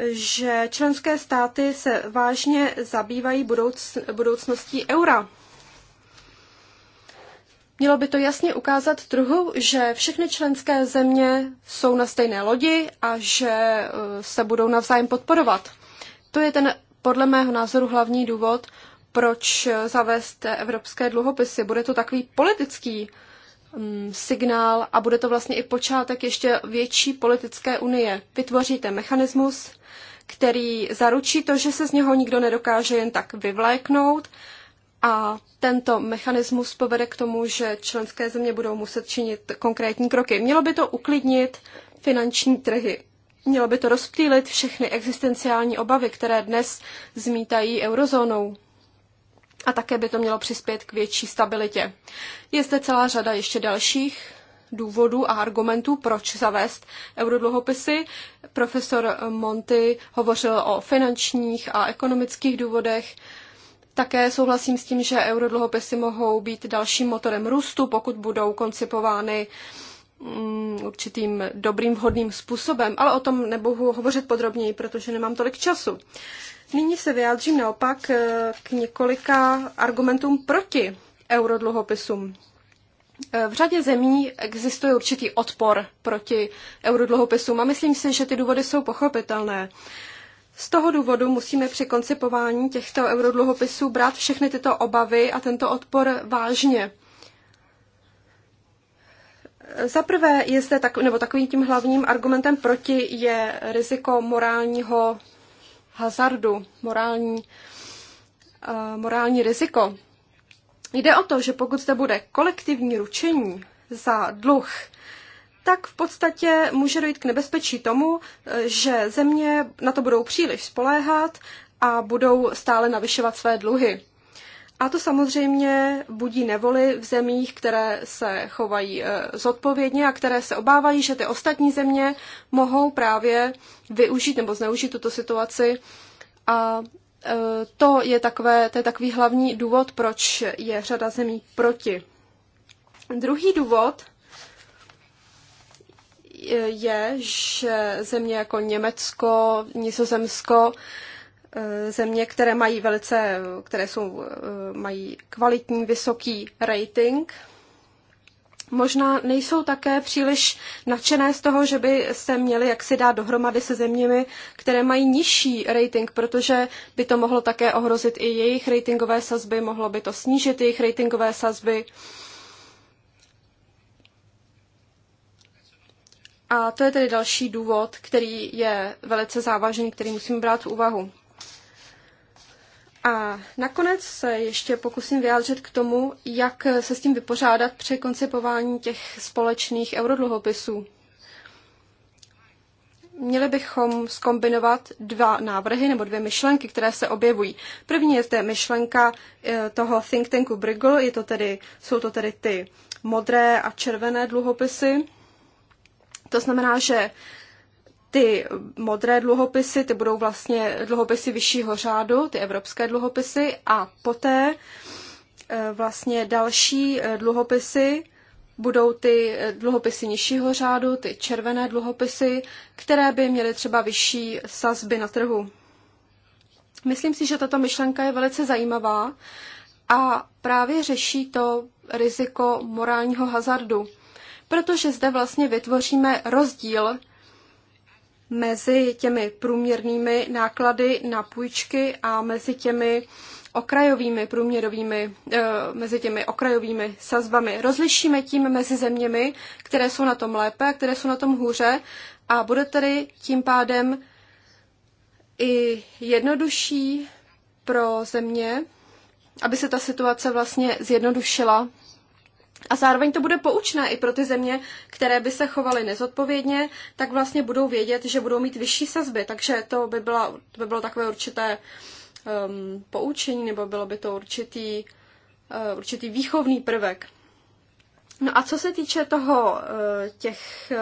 že členské státy se vážně zabývají budoucností eura. Mělo by to jasně ukázat trhu, že všechny členské země jsou na stejné lodi a že e, se budou navzájem podporovat. To je ten podle mého názoru hlavní důvod, proč e, zavést evropské dluhopisy. Bude to takový politický Mm, signál a bude to vlastně i počátek ještě větší politické unie. Vytvoříte mechanismus, který zaručí to, že se z něho nikdo nedokáže jen tak vyvléknout a tento mechanismus povede k tomu, že členské země budou muset činit konkrétní kroky. Mělo by to uklidnit finanční trhy. Mělo by to rozptýlit všechny existenciální obavy, které dnes zmítají eurozónou a také by to mělo přispět k větší stabilitě. Je zde celá řada ještě dalších důvodů a argumentů, proč zavést eurodluhopisy. Profesor Monty hovořil o finančních a ekonomických důvodech. Také souhlasím s tím, že eurodluhopisy mohou být dalším motorem růstu, pokud budou koncipovány uh, Mm, určitým dobrým, vhodným způsobem, ale o tom nebohu hovořit podrobněji, protože nemám tolik času. Nyní se vyjádřím naopak eh, k několika argumentům proti eurodluhopisům. Eh, v řadě zemí existuje určitý odpor proti eurodluhopisům a myslím si, že ty důvody jsou pochopitelné. Z toho důvodu musíme při koncipování těchto eurodluhopisů brát všechny tyto obavy a tento odpor vážně. Za prvé je zde tak, nebo takovým tím hlavním argumentem proti je riziko morálního hazardu, morální, uh, morální riziko. Jde o to, že pokud zde bude kolektivní ručení za dluh, tak v podstatě může dojít k nebezpečí tomu, eh, že země na to budou příliš spoléhat a budou stále navyšovat své dluhy. A to samozřejmě budí nevoli v zemích, které se chovají e, zodpovědně a které se obávají, že ty ostatní země mohou právě využít nebo zneužít tuto situaci. A e, to je, takové, to je takový hlavní důvod, proč je řada zemí proti. Druhý důvod e, je, že země jako Německo, Nizozemsko Eh, země, které mají velice, které jsou, eh, mají kvalitní, vysoký rating, možná nejsou také příliš nadšené z toho, že by se měly jaksi dát dohromady se zeměmi, které mají nižší rating, protože by to mohlo také ohrozit i jejich ratingové sazby, mohlo by to snížit jejich ratingové sazby. A to je tedy další důvod, který je velice závažný, který musíme brát v úvahu. A nakonec se ještě pokusím vyjádřit k tomu, jak se s tím vypořádat při koncipování těch společných eurodluhopisů. Měli bychom skombinovat dva návrhy nebo dvě myšlenky, které se objevují. První je zde myšlenka eh, toho think tanku Briggle, je to tedy, jsou to tedy ty modré a červené dluhopisy. To znamená, že ty modré dluhopisy, ty budou vlastně dluhopisy vyššího řádu, ty evropské dluhopisy a poté eh, vlastně další eh, dluhopisy budou ty eh, dluhopisy nižšího řádu, ty červené dluhopisy, které by měly třeba vyšší sazby na trhu. Myslím si, že tato myšlenka je velice zajímavá a právě řeší to riziko morálního hazardu, protože zde vlastně vytvoříme rozdíl mezi těmi průměrnými náklady na půjčky a mezi těmi okrajovými průměrovými, eh, mezi těmi okrajovými sazbami. Rozlišíme tím mezi zeměmi, které jsou na tom lépe a které jsou na tom hůře a bude tedy tím pádem i jednodušší pro země, aby se ta situace vlastně zjednodušila a zároveň to bude poučné i pro ty země, které by se chovaly nezodpovědně, tak vlastně budou vědět, že budou mít vyšší sazby. Takže to by, byla, to by bylo takové určité um, poučení, nebo bylo by to určitý, uh, určitý výchovný prvek. No a co se týče toho, uh, těch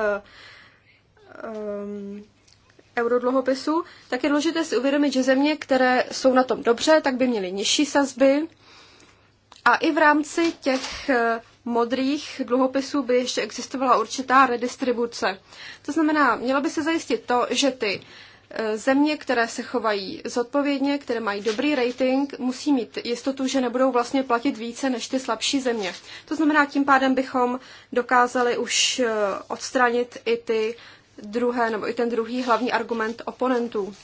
uh, um, eurodluhopisů, tak je důležité si uvědomit, že země, které jsou na tom dobře, tak by měly nižší sazby. A i v rámci těch uh, modrých dluhopisů by ještě existovala určitá redistribuce. To znamená, mělo by se zajistit to, že ty e, země, které se chovají zodpovědně, které mají dobrý rating, musí mít jistotu, že nebudou vlastně platit více než ty slabší země. To znamená, tím pádem bychom dokázali už e, odstranit i ty druhé, nebo i ten druhý hlavní argument oponentů.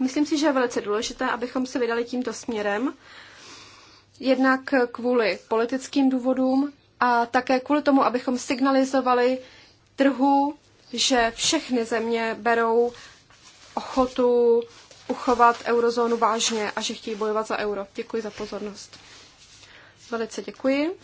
Myslím si, že je velice důležité, abychom se vydali tímto směrem jednak kvůli politickým důvodům a také kvůli tomu, abychom signalizovali trhu, že všechny země berou ochotu uchovat eurozónu vážně a že chtějí bojovat za euro. Děkuji za pozornost. Velice děkuji.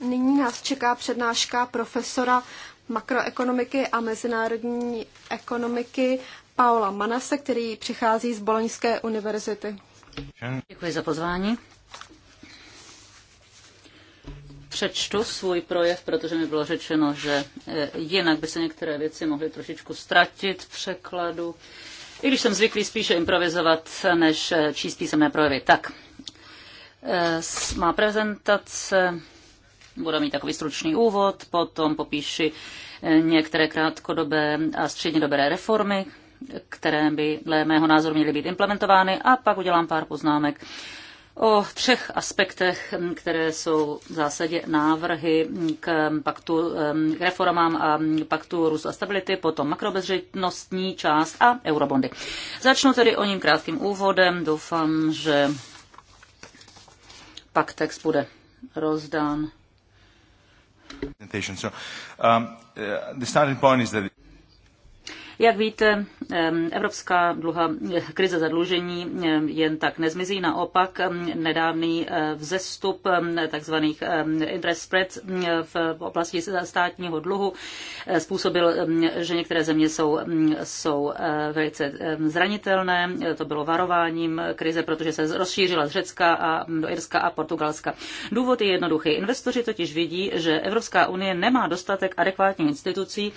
Nyní nás čeká přednáška profesora makroekonomiky a mezinárodní ekonomiky Paola Manase, který přichází z Boloňské univerzity. Děkuji za pozvání. Přečtu svůj projev, protože mi bylo řečeno, že e, jinak by se některé věci mohly trošičku ztratit v překladu. I když jsem zvyklý spíše improvizovat, než e, číst písemné projevy. Tak, e, má prezentace bude mít takový stručný úvod, potom popíši některé krátkodobé a střednědobé reformy, které by dle mého názoru měly být implementovány a pak udělám pár poznámek o třech aspektech, které jsou v zásadě návrhy k paktu k reformám a paktu růstu a stability, potom makrobezřetnostní část a eurobondy. Začnu tedy o ním krátkým úvodem. Doufám, že pak text bude rozdán. So, um, uh, the starting point is that jak víte, evropská dluha, eh, krize zadlužení jen tak nezmizí. Naopak nedávný eh, vzestup tzv. interest spread v oblasti státního dluhu eh, způsobil, že některé země jsou, jsou velice zranitelné. To bylo varováním krize, protože se rozšířila z Řecka a do Irska a Portugalska. Důvod je jednoduchý. Investoři totiž vidí, že Evropská unie nemá dostatek adekvátních institucí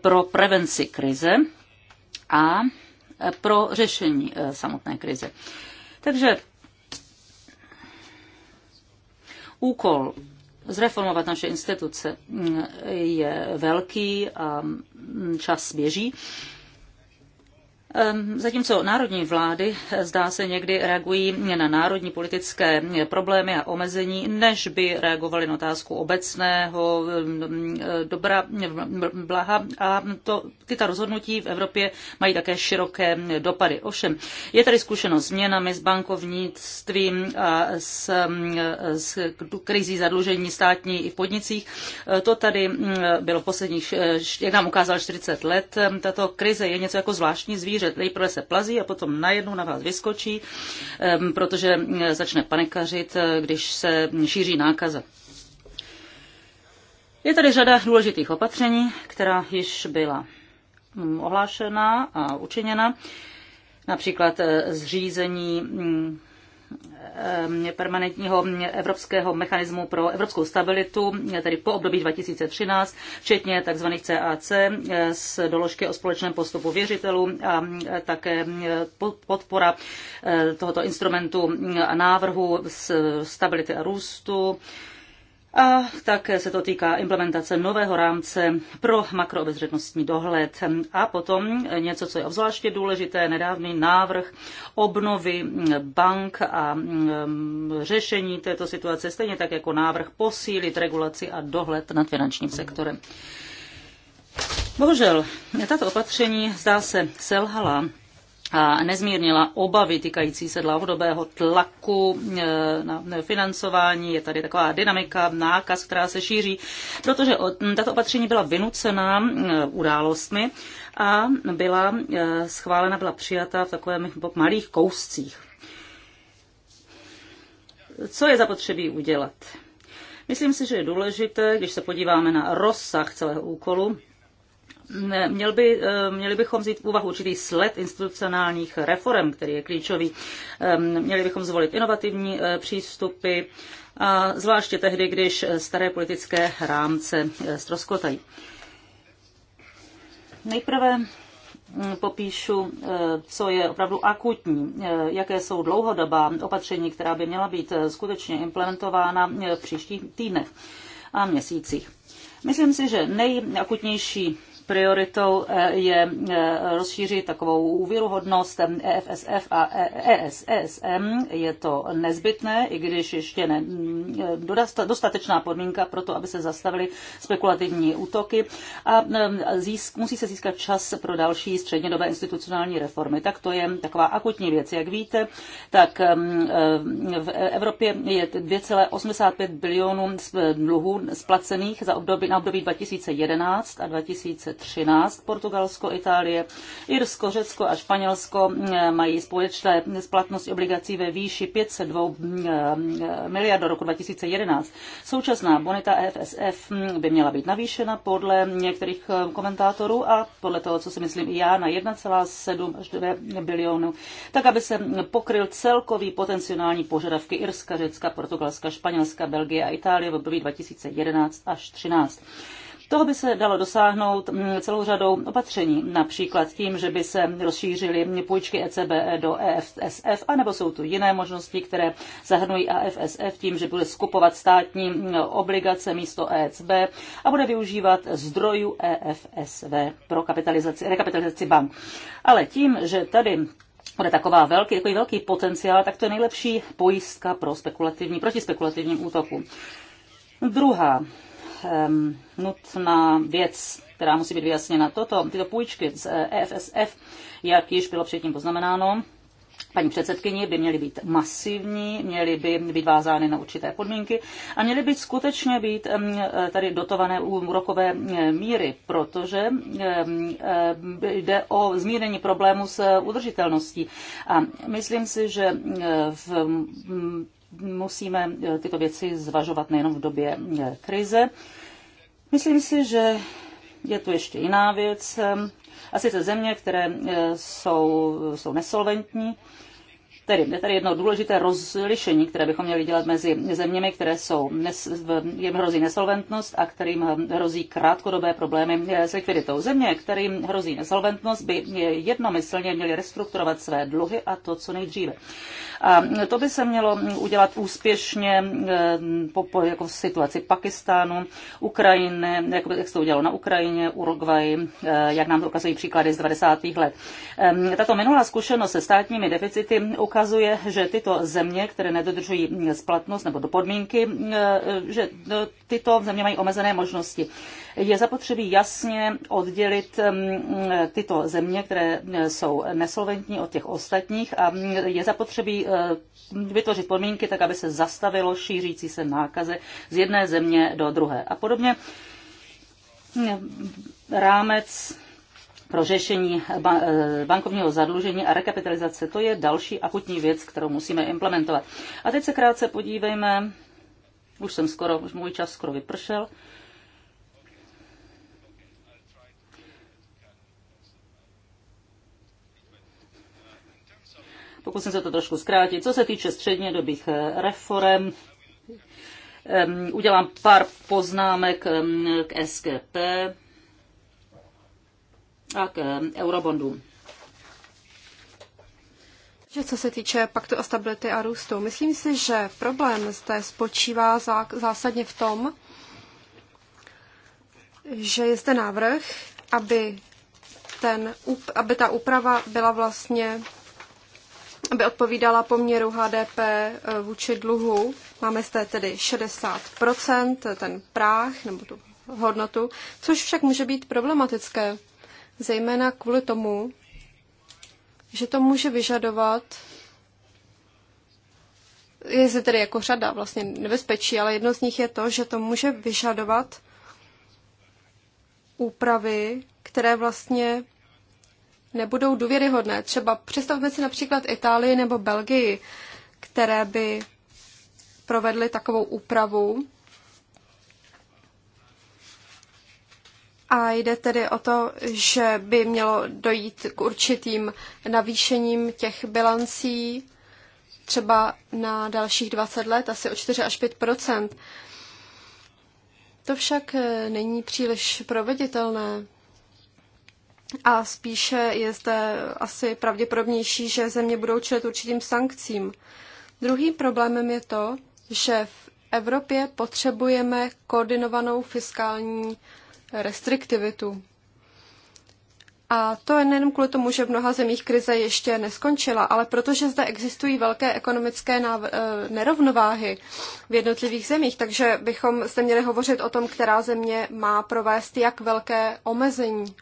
pro prevenci krize krize a pro řešení eh, samotné krize. Takže úkol zreformovat naše instituce mm, je velký a mm, čas běží. Ehm, zatímco národní vlády, eh, zdá se, někdy reagují na národní politické eh, problémy a omezení, než by reagovaly na otázku obecného ehm, eh, dobra, blaha. A to, ty ta rozhodnutí v Evropě mají také široké dopady. Ovšem, je tady zkušenost změnami, s bankovnictvím a s, ehm, s krizí zadlužení státní i v podnicích. To tady mm, bylo posledních, jak nám ukázal 40 let, tato krize je něco jako zvláštní zvíře že nejprve se plazí a potom najednou na vás vyskočí, protože eh, začne panikařit, eh, když se šíří nákaza. Je tady řada důležitých opatření, která již byla mm, ohlášena a učiněna, například eh, zřízení mm, Eh, permanentního evropského mechanismu pro evropskou stabilitu, tedy po období 2013, včetně tzv. CAC eh, s doložky o společném postupu věřitelů a eh, také podpora tohoto instrumentu a návrhu stability a růstu a také se to týká implementace nového rámce pro makroobezřetnostní dohled. A potom něco, co je obzvláště důležité, nedávný návrh obnovy bank a mm, řešení této situace, stejně tak jako návrh posílit regulaci a dohled nad finančním sektorem. Bohužel, tato opatření zdá se selhala nezmírnila obavy týkající se dlouhodobého tlaku e, na financování. Je tady taková dynamika, nákaz, která se šíří, protože tato opatření byla vynucená e, událostmi a byla e, schválena, byla přijata v takových malých kouscích. Co je zapotřebí udělat? Myslím si, že je důležité, když se podíváme na rozsah celého úkolu, měl by, eh, měli bychom vzít v úvahu určitý sled institucionálních reform, který je klíčový. Ehm, měli bychom zvolit inovativní eh, přístupy, a zvláště tehdy, když eh, staré politické rámce stroskotají. Nejprve hm, popíšu, co je opravdu akutní, jaké jsou dlouhodobá opatření, která by měla být skutečně implementována v příštích týdnech a měsících. Myslím si, že nejakutnější prioritou eh, je eh, rozšířit takovou úvěruhodnost EFSF eh, e a ESSM. E je to nezbytné, i když ještě ne, mm, dostatečná podmínka pro to, aby se zastavily spekulativní útoky a získ, musí se získat čas pro další střednědobé institucionální reformy. Tak to je taková akutní věc. Jak víte, tak v Evropě je 2,85 bilionů dluhů splacených za období, na období 2011 a 2013. 13, Portugalsko, Itálie, Irsko, Řecko a Španělsko eh, mají společné splatnosti obligací ve výši 502 eh, miliard do roku 2011. Současná bonita EFSF hm, by měla být navýšena podle některých eh, komentátorů a podle toho, co si myslím i já, na 1,7 až 2 bilionu, tak aby se pokryl celkový potenciální požadavky Irska, Řecka, Portugalska, Španělska, Belgie a Itálie v období 2011 až 2013. Toho by se dalo dosáhnout mm, celou řadou opatření, například tím, že by se rozšířily půjčky ECB do EFSF, anebo jsou tu jiné možnosti, které zahrnují AFSF tím, že bude skupovat státní mm, obligace místo ECB a bude využívat zdrojů EFSV pro kapitalizaci, rekapitalizaci bank. Ale tím, že tady bude taková velký, takový velký potenciál, tak to je nejlepší pojistka pro spekulativní, proti spekulativním útokům. Druhá Ehm, nutná věc, která musí být vyjasněna. Toto, tyto půjčky z EFSF, eh, e jak již bylo předtím poznamenáno, paní předsedkyni by měly být masivní, měly by být vázány na určité podmínky a měly by skutečně být ehm, eh, tady dotované úrokové eh, míry, protože ehm, jde o zmírnění problému s udržitelností. A myslím si, že v musíme eh, tyto věci zvažovat nejenom v době eh, krize. Myslím si, že je tu ještě jiná věc, eh, a sice země, které jsou, jsou nesolventní, Tedy je tady jedno důležité rozlišení, které bychom měli dělat mezi zeměmi, které jsou, jim hrozí nesolventnost a kterým hrozí krátkodobé problémy s likviditou. Země, kterým hrozí nesolventnost, by jednomyslně měly restrukturovat své dluhy a to co nejdříve. A to by se mělo udělat úspěšně eh, jako v situaci Pakistánu, Ukrajiny, jak, jak se to udělalo na Ukrajině, Uruguay, eh, jak nám to ukazují příklady z 90. let. Ehm, tato minulá zkušenost se státními deficity ukazuje, že tyto země, které nedodržují splatnost nebo do podmínky, eh, že tyto země mají omezené možnosti. Je zapotřebí jasně oddělit mm, tyto země, které mm, jsou nesolventní od těch ostatních a mm, je zapotřebí e, vytvořit podmínky tak, aby se zastavilo šířící se nákaze z jedné země do druhé. A podobně rámec pro řešení e, bankovního zadlužení a rekapitalizace. To je další akutní věc, kterou musíme implementovat. A teď se krátce podívejme, už jsem skoro, už můj čas skoro vypršel, Pokusím se to trošku zkrátit. Co se týče střednědobých eh, reform, udělám pár poznámek k SKP a k eurobondům. Že co se týče paktu o stability a růstu, myslím si, že problém zde spočívá zásadně v tom, že je zde návrh, aby, ten, aby ta úprava byla vlastně aby odpovídala poměru HDP eh, vůči dluhu. Máme zde tedy 60%, eh, ten práh nebo tu hodnotu, což však může být problematické, zejména kvůli tomu, že to může vyžadovat, je zde tedy jako řada vlastně nebezpečí, ale jedno z nich je to, že to může vyžadovat úpravy, které vlastně nebudou důvěryhodné. Třeba představme si například Itálii nebo Belgii, které by provedly takovou úpravu. A jde tedy o to, že by mělo dojít k určitým navýšením těch bilancí třeba na dalších 20 let, asi o 4 až 5 To však není příliš proveditelné a spíše je zde asi pravděpodobnější, že země budou čelit určitým sankcím. Druhým problémem je to, že v Evropě potřebujeme koordinovanou fiskální restriktivitu. A to je nejen kvůli tomu, že v mnoha zemích krize ještě neskončila, ale protože zde existují velké ekonomické eh, nerovnováhy v jednotlivých zemích, takže bychom zde měli hovořit o tom, která země má provést jak velké omezení.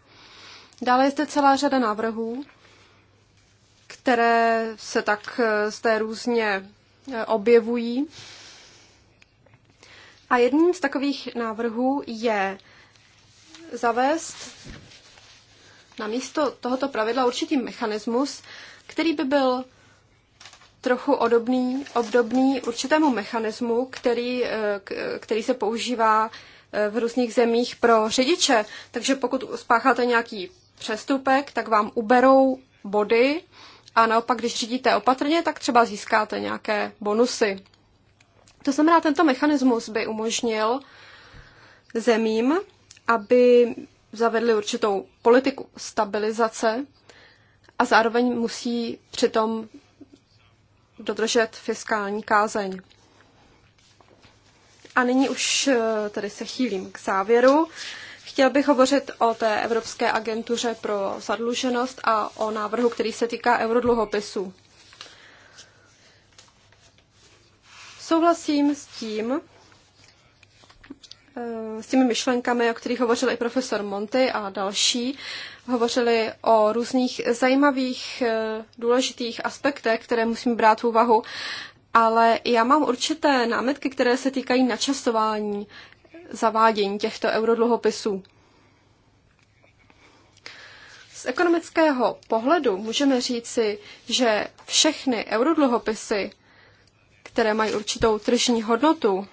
Dále je zde celá řada návrhů, které se tak eh, zde různě eh, objevují. A jedním z takových návrhů je zavést na místo tohoto pravidla určitý mechanismus, který by byl trochu odobný, obdobný určitému mechanismu, který, eh, který se používá v různých zemích pro řidiče. Takže pokud spácháte nějaký přestupek, tak vám uberou body a naopak, když řídíte opatrně, tak třeba získáte nějaké bonusy. To znamená, tento mechanismus by umožnil zemím, aby zavedli určitou politiku stabilizace a zároveň musí přitom dodržet fiskální kázeň. A nyní už eh, tady se chýlím k závěru. Chtěl bych hovořit o té Evropské agentuře pro zadluženost a o návrhu, který se týká eurodluhopisů. Souhlasím s tím, eh, s těmi myšlenkami, o kterých hovořil i profesor Monty a další. Hovořili o různých zajímavých, eh, důležitých aspektech, které musím brát v úvahu, ale já mám určité námitky, které se týkají načasování zavádění těchto eurodluhopisů. Z ekonomického pohledu můžeme říci, že všechny eurodluhopisy, které mají určitou tržní hodnotu,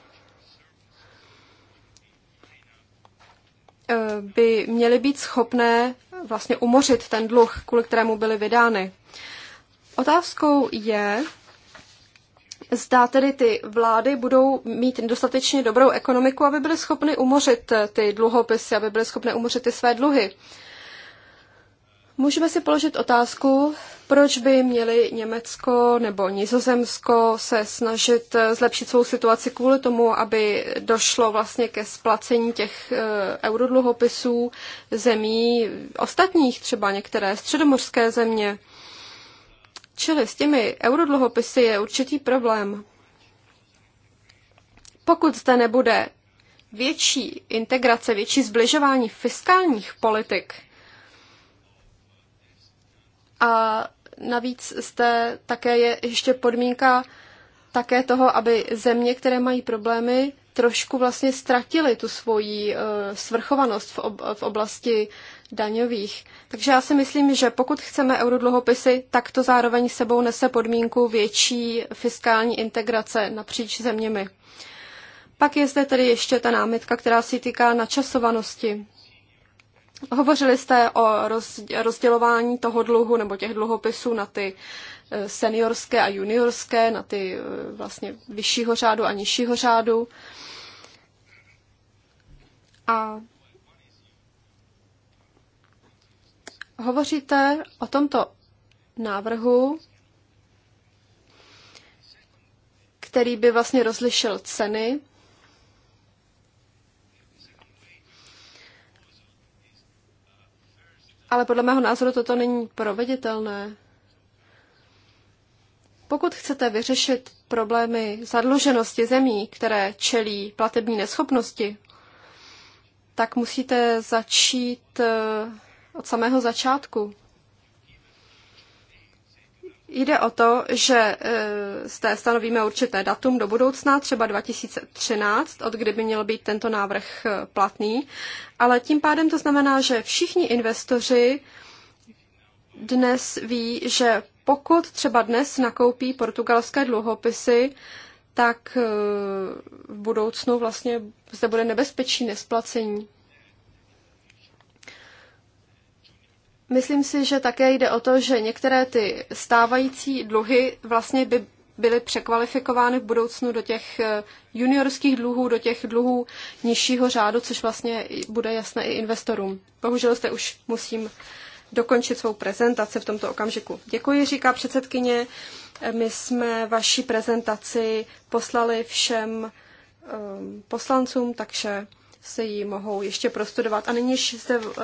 eh, by měly být schopné vlastně umořit ten dluh, kvůli kterému byly vydány. Otázkou je, Zdá tedy ty vlády budou mít dostatečně dobrou ekonomiku, aby byly schopny umořit eh, ty dluhopisy, aby byly schopny umořit ty své dluhy. Můžeme si položit otázku, proč by měli Německo nebo Nizozemsko se snažit eh, zlepšit svou situaci kvůli tomu, aby došlo vlastně ke splacení těch eh, eurodluhopisů zemí ostatních, třeba některé středomořské země. Čili s těmi eurodluhopisy je určitý problém. Pokud zde nebude větší integrace, větší zbližování fiskálních politik a navíc zde také je ještě podmínka také toho, aby země, které mají problémy, trošku vlastně ztratily tu svoji eh, svrchovanost v oblasti daňových. Takže já si myslím, že pokud chceme eurodluhopisy, tak to zároveň sebou nese podmínku větší fiskální integrace napříč zeměmi. Pak je zde tedy ještě ta námitka, která se týká načasovanosti. Hovořili jste o rozdělování toho dluhu nebo těch dluhopisů na ty eh, seniorské a juniorské, na ty eh, vlastně vyššího řádu a nižšího řádu. A Hovoříte o tomto návrhu, který by vlastně rozlišil ceny. Ale podle mého názoru toto není proveditelné. Pokud chcete vyřešit problémy zadluženosti zemí, které čelí platební neschopnosti, tak musíte začít eh, od samého začátku. Jde o to, že té e, stanovíme určité datum do budoucna, třeba 2013, od kdy by měl být tento návrh e, platný, ale tím pádem to znamená, že všichni investoři dnes ví, že pokud třeba dnes nakoupí portugalské dluhopisy, tak e, v budoucnu vlastně zde bude nebezpečí nesplacení. Myslím si, že také jde o to, že některé ty stávající dluhy vlastně by byly překvalifikovány v budoucnu do těch eh, juniorských dluhů, do těch dluhů nižšího řádu, což vlastně bude jasné i investorům. Bohužel zde už musím dokončit svou prezentaci v tomto okamžiku. Děkuji, říká předsedkyně. My jsme vaši prezentaci poslali všem ehm, poslancům, takže se ji mohou ještě prostudovat. A nyní se uh, eh,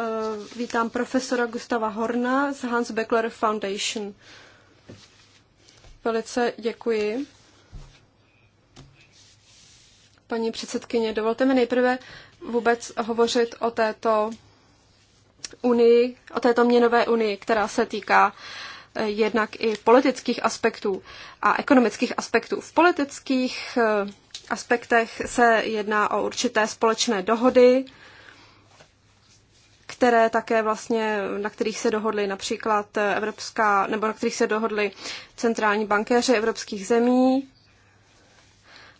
vítám profesora Gustava Horna z Hans Beckler Foundation. Velice děkuji. Paní předsedkyně, dovolte mi nejprve vůbec hovořit o této unii, o této měnové unii, která se týká eh, jednak i politických aspektů a ekonomických aspektů. V politických eh, aspektech se jedná o určité společné dohody, které také vlastně, na kterých se dohodly například Evropská, nebo na kterých se dohodly centrální bankéři evropských zemí.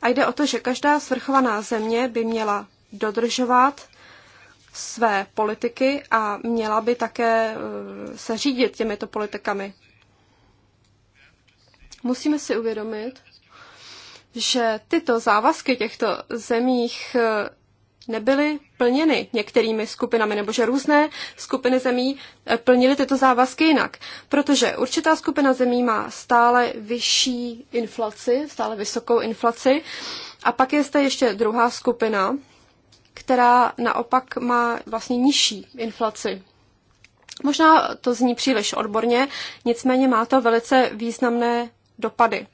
A jde o to, že každá svrchovaná země by měla dodržovat své politiky a měla by také eh, se řídit těmito politikami. Musíme si uvědomit, že tyto závazky těchto zemích eh, nebyly plněny některými skupinami, nebo že různé skupiny zemí eh, plnily tyto závazky jinak. Protože určitá skupina zemí má stále vyšší inflaci, stále vysokou inflaci, a pak je zde ještě druhá skupina, která naopak má vlastně nižší inflaci. Možná to zní příliš odborně, nicméně má to velice významné dopady.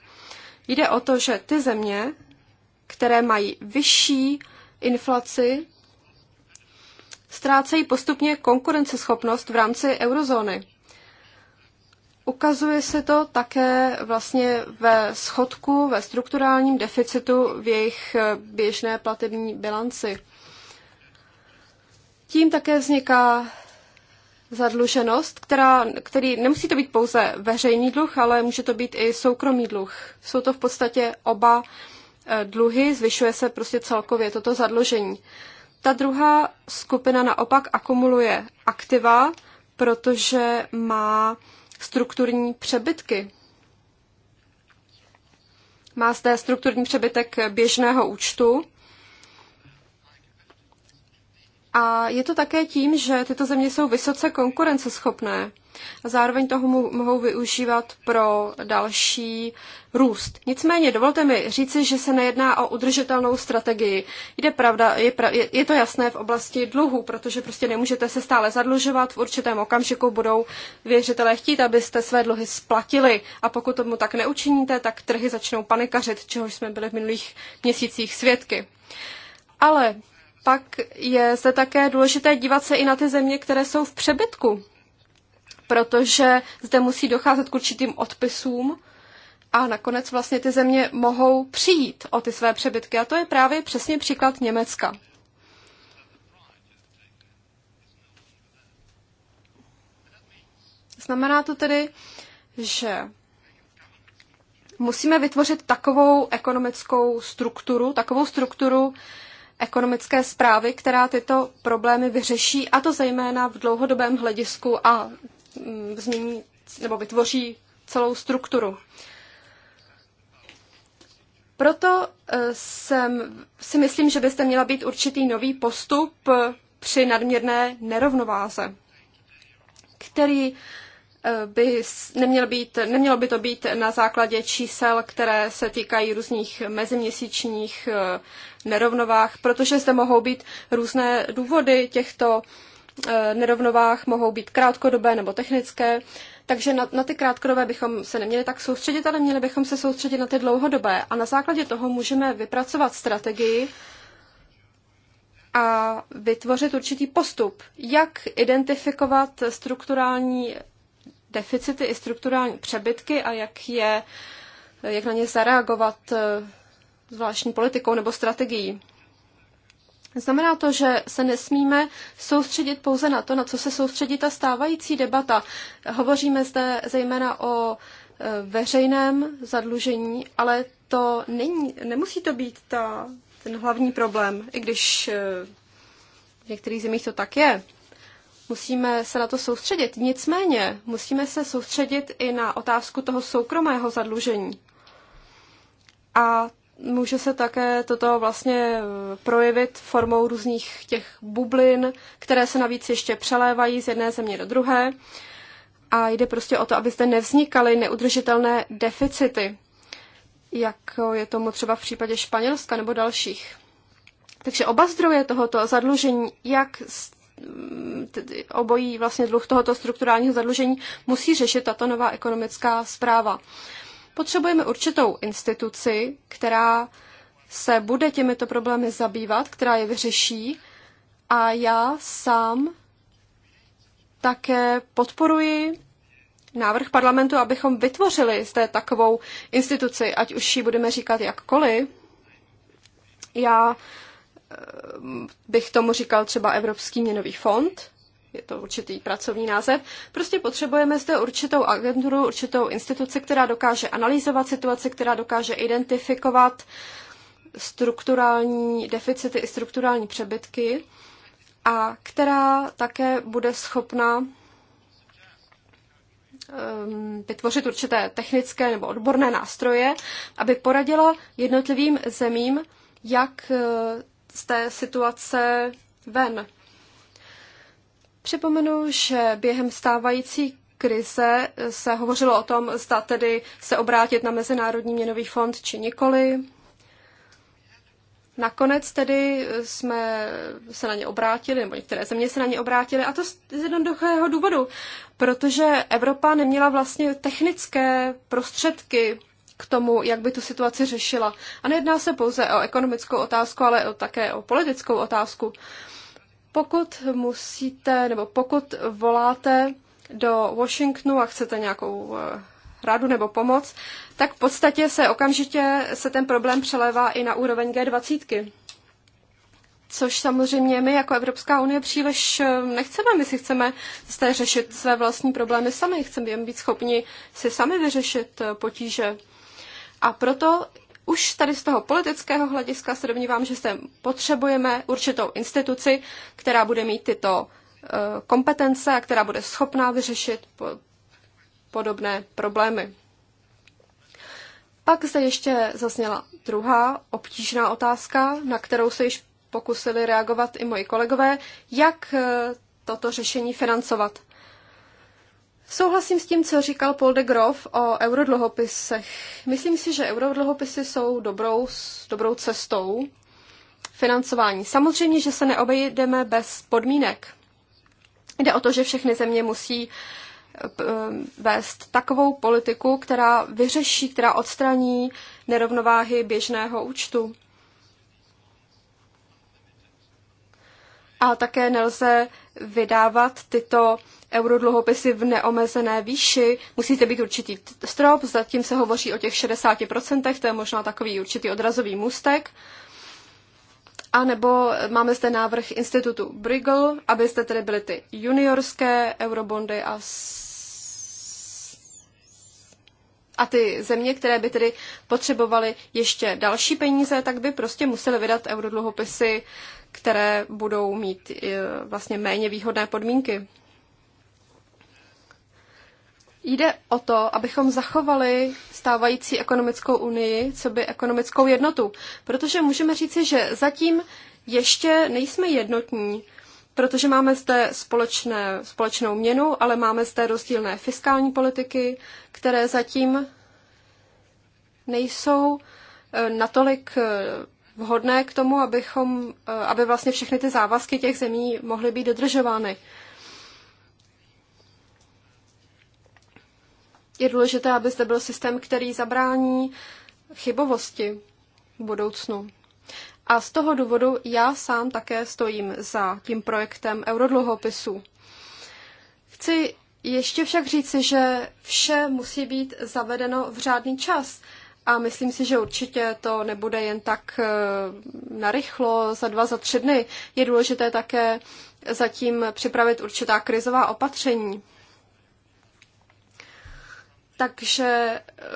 Jde o to, že ty země, které mají vyšší inflaci, ztrácejí postupně konkurenceschopnost v rámci eurozóny. Ukazuje se to také vlastně ve schodku, ve strukturálním deficitu v jejich eh, běžné platební bilanci. Tím také vzniká zadluženost, která, který nemusí to být pouze veřejný dluh, ale může to být i soukromý dluh. Jsou to v podstatě oba e, dluhy, zvyšuje se prostě celkově toto zadlužení. Ta druhá skupina naopak akumuluje aktiva, protože má strukturní přebytky. Má zde strukturní přebytek běžného účtu a je to také tím, že tyto země jsou vysoce konkurenceschopné a zároveň toho mohou využívat pro další růst. Nicméně dovolte mi říci, že se nejedná o udržitelnou strategii. Jde pravda, je, pra, je, je to jasné v oblasti dluhu, protože prostě nemůžete se stále zadlužovat. V určitém okamžiku budou věřitelé chtít, abyste své dluhy splatili a pokud tomu tak neučiníte, tak trhy začnou panikařit, čehož jsme byli v minulých měsících svědky. Ale pak je zde také důležité dívat se i na ty země, které jsou v přebytku, protože zde musí docházet k určitým odpisům a nakonec vlastně ty země mohou přijít o ty své přebytky. A to je právě přesně příklad Německa. Znamená to tedy, že musíme vytvořit takovou ekonomickou strukturu, takovou strukturu, ekonomické zprávy, která tyto problémy vyřeší, a to zejména v dlouhodobém hledisku a mm, změní nebo vytvoří celou strukturu. Proto e, jsem, si myslím, že byste měla být určitý nový postup e, při nadměrné nerovnováze, který Eh, by neměl být, nemělo by to být na základě čísel, které se týkají různých meziměsíčních eh, nerovnovách, protože zde mohou být různé důvody těchto eh, nerovnovách, mohou být krátkodobé nebo technické. Takže na, na ty krátkodobé bychom se neměli tak soustředit, ale měli bychom se soustředit na ty dlouhodobé. A na základě toho můžeme vypracovat strategii a vytvořit určitý postup, jak identifikovat strukturální deficity i strukturální přebytky a jak, je, jak na ně zareagovat eh, zvláštní politikou nebo strategií. Znamená to, že se nesmíme soustředit pouze na to, na co se soustředí ta stávající debata. Hovoříme zde zejména o eh, veřejném zadlužení, ale to není, nemusí to být ta, ten hlavní problém, i když eh, v některých zemích to tak je musíme se na to soustředit. Nicméně musíme se soustředit i na otázku toho soukromého zadlužení. A může se také toto vlastně eh, projevit formou různých těch bublin, které se navíc ještě přelévají z jedné země do druhé. A jde prostě o to, aby zde nevznikaly neudržitelné deficity, jako je tomu třeba v případě Španělska nebo dalších. Takže oba zdroje tohoto zadlužení, jak z obojí vlastně dluh tohoto strukturálního zadlužení musí řešit tato nová ekonomická zpráva. Potřebujeme určitou instituci, která se bude těmito problémy zabývat, která je vyřeší a já sám také podporuji návrh parlamentu, abychom vytvořili z té takovou instituci, ať už ji budeme říkat jakkoliv. Já bych tomu říkal třeba Evropský měnový fond, je to určitý pracovní název. Prostě potřebujeme zde určitou agenturu, určitou instituci, která dokáže analyzovat situaci, která dokáže identifikovat strukturální deficity i strukturální přebytky a která také bude schopna ehm, vytvořit určité technické nebo odborné nástroje, aby poradila jednotlivým zemím, jak eh, z té situace ven. Připomenu, že během stávající krize se hovořilo o tom, zda tedy se obrátit na Mezinárodní měnový fond či nikoli. Nakonec tedy jsme se na ně obrátili, nebo některé země se na ně obrátili, a to z jednoduchého důvodu, protože Evropa neměla vlastně technické prostředky k tomu, jak by tu situaci řešila. A nejedná se pouze o ekonomickou otázku, ale o, také o politickou otázku. Pokud musíte, nebo pokud voláte do Washingtonu a chcete nějakou eh, radu nebo pomoc, tak v podstatě se okamžitě se ten problém přelévá i na úroveň G20. Což samozřejmě my jako Evropská unie příliš eh, nechceme. My si chceme zde řešit své vlastní problémy sami. Chceme být schopni si sami vyřešit eh, potíže. A proto už tady z toho politického hlediska se domnívám, že se potřebujeme určitou instituci, která bude mít tyto e, kompetence a která bude schopná vyřešit podobné problémy. Pak se ještě zazněla druhá obtížná otázka, na kterou se již pokusili reagovat i moji kolegové, jak e, toto řešení financovat. Souhlasím s tím, co říkal Paul de Grof o eurodluhopisech. Myslím si, že eurodluhopisy jsou dobrou, dobrou cestou financování. Samozřejmě, že se neobejdeme bez podmínek. Jde o to, že všechny země musí eh, vést takovou politiku, která vyřeší, která odstraní nerovnováhy běžného účtu. A také nelze vydávat tyto eurodluhopisy v neomezené výši. Musíte být určitý strop, zatím se hovoří o těch 60%, to je možná takový určitý odrazový můstek. A nebo máme zde návrh institutu Briggle, abyste tedy byly ty juniorské eurobondy a a ty země, které by tedy potřebovaly ještě další peníze, tak by prostě musely vydat eurodluhopisy, které budou mít eh, vlastně méně výhodné podmínky. Jde o to, abychom zachovali stávající ekonomickou unii, co by ekonomickou jednotu, protože můžeme říci, že zatím ještě nejsme jednotní, protože máme zde společné, společnou měnu, ale máme zde rozdílné fiskální politiky, které zatím nejsou eh, natolik eh, vhodné k tomu, abychom, eh, aby vlastně všechny ty závazky těch zemí mohly být dodržovány. je důležité, aby zde byl systém, který zabrání chybovosti v budoucnu. A z toho důvodu já sám také stojím za tím projektem eurodluhopisu. Chci ještě však říci, že vše musí být zavedeno v řádný čas. A myslím si, že určitě to nebude jen tak eh, narychlo za dva, za tři dny. Je důležité také zatím připravit určitá krizová opatření. Takže eh,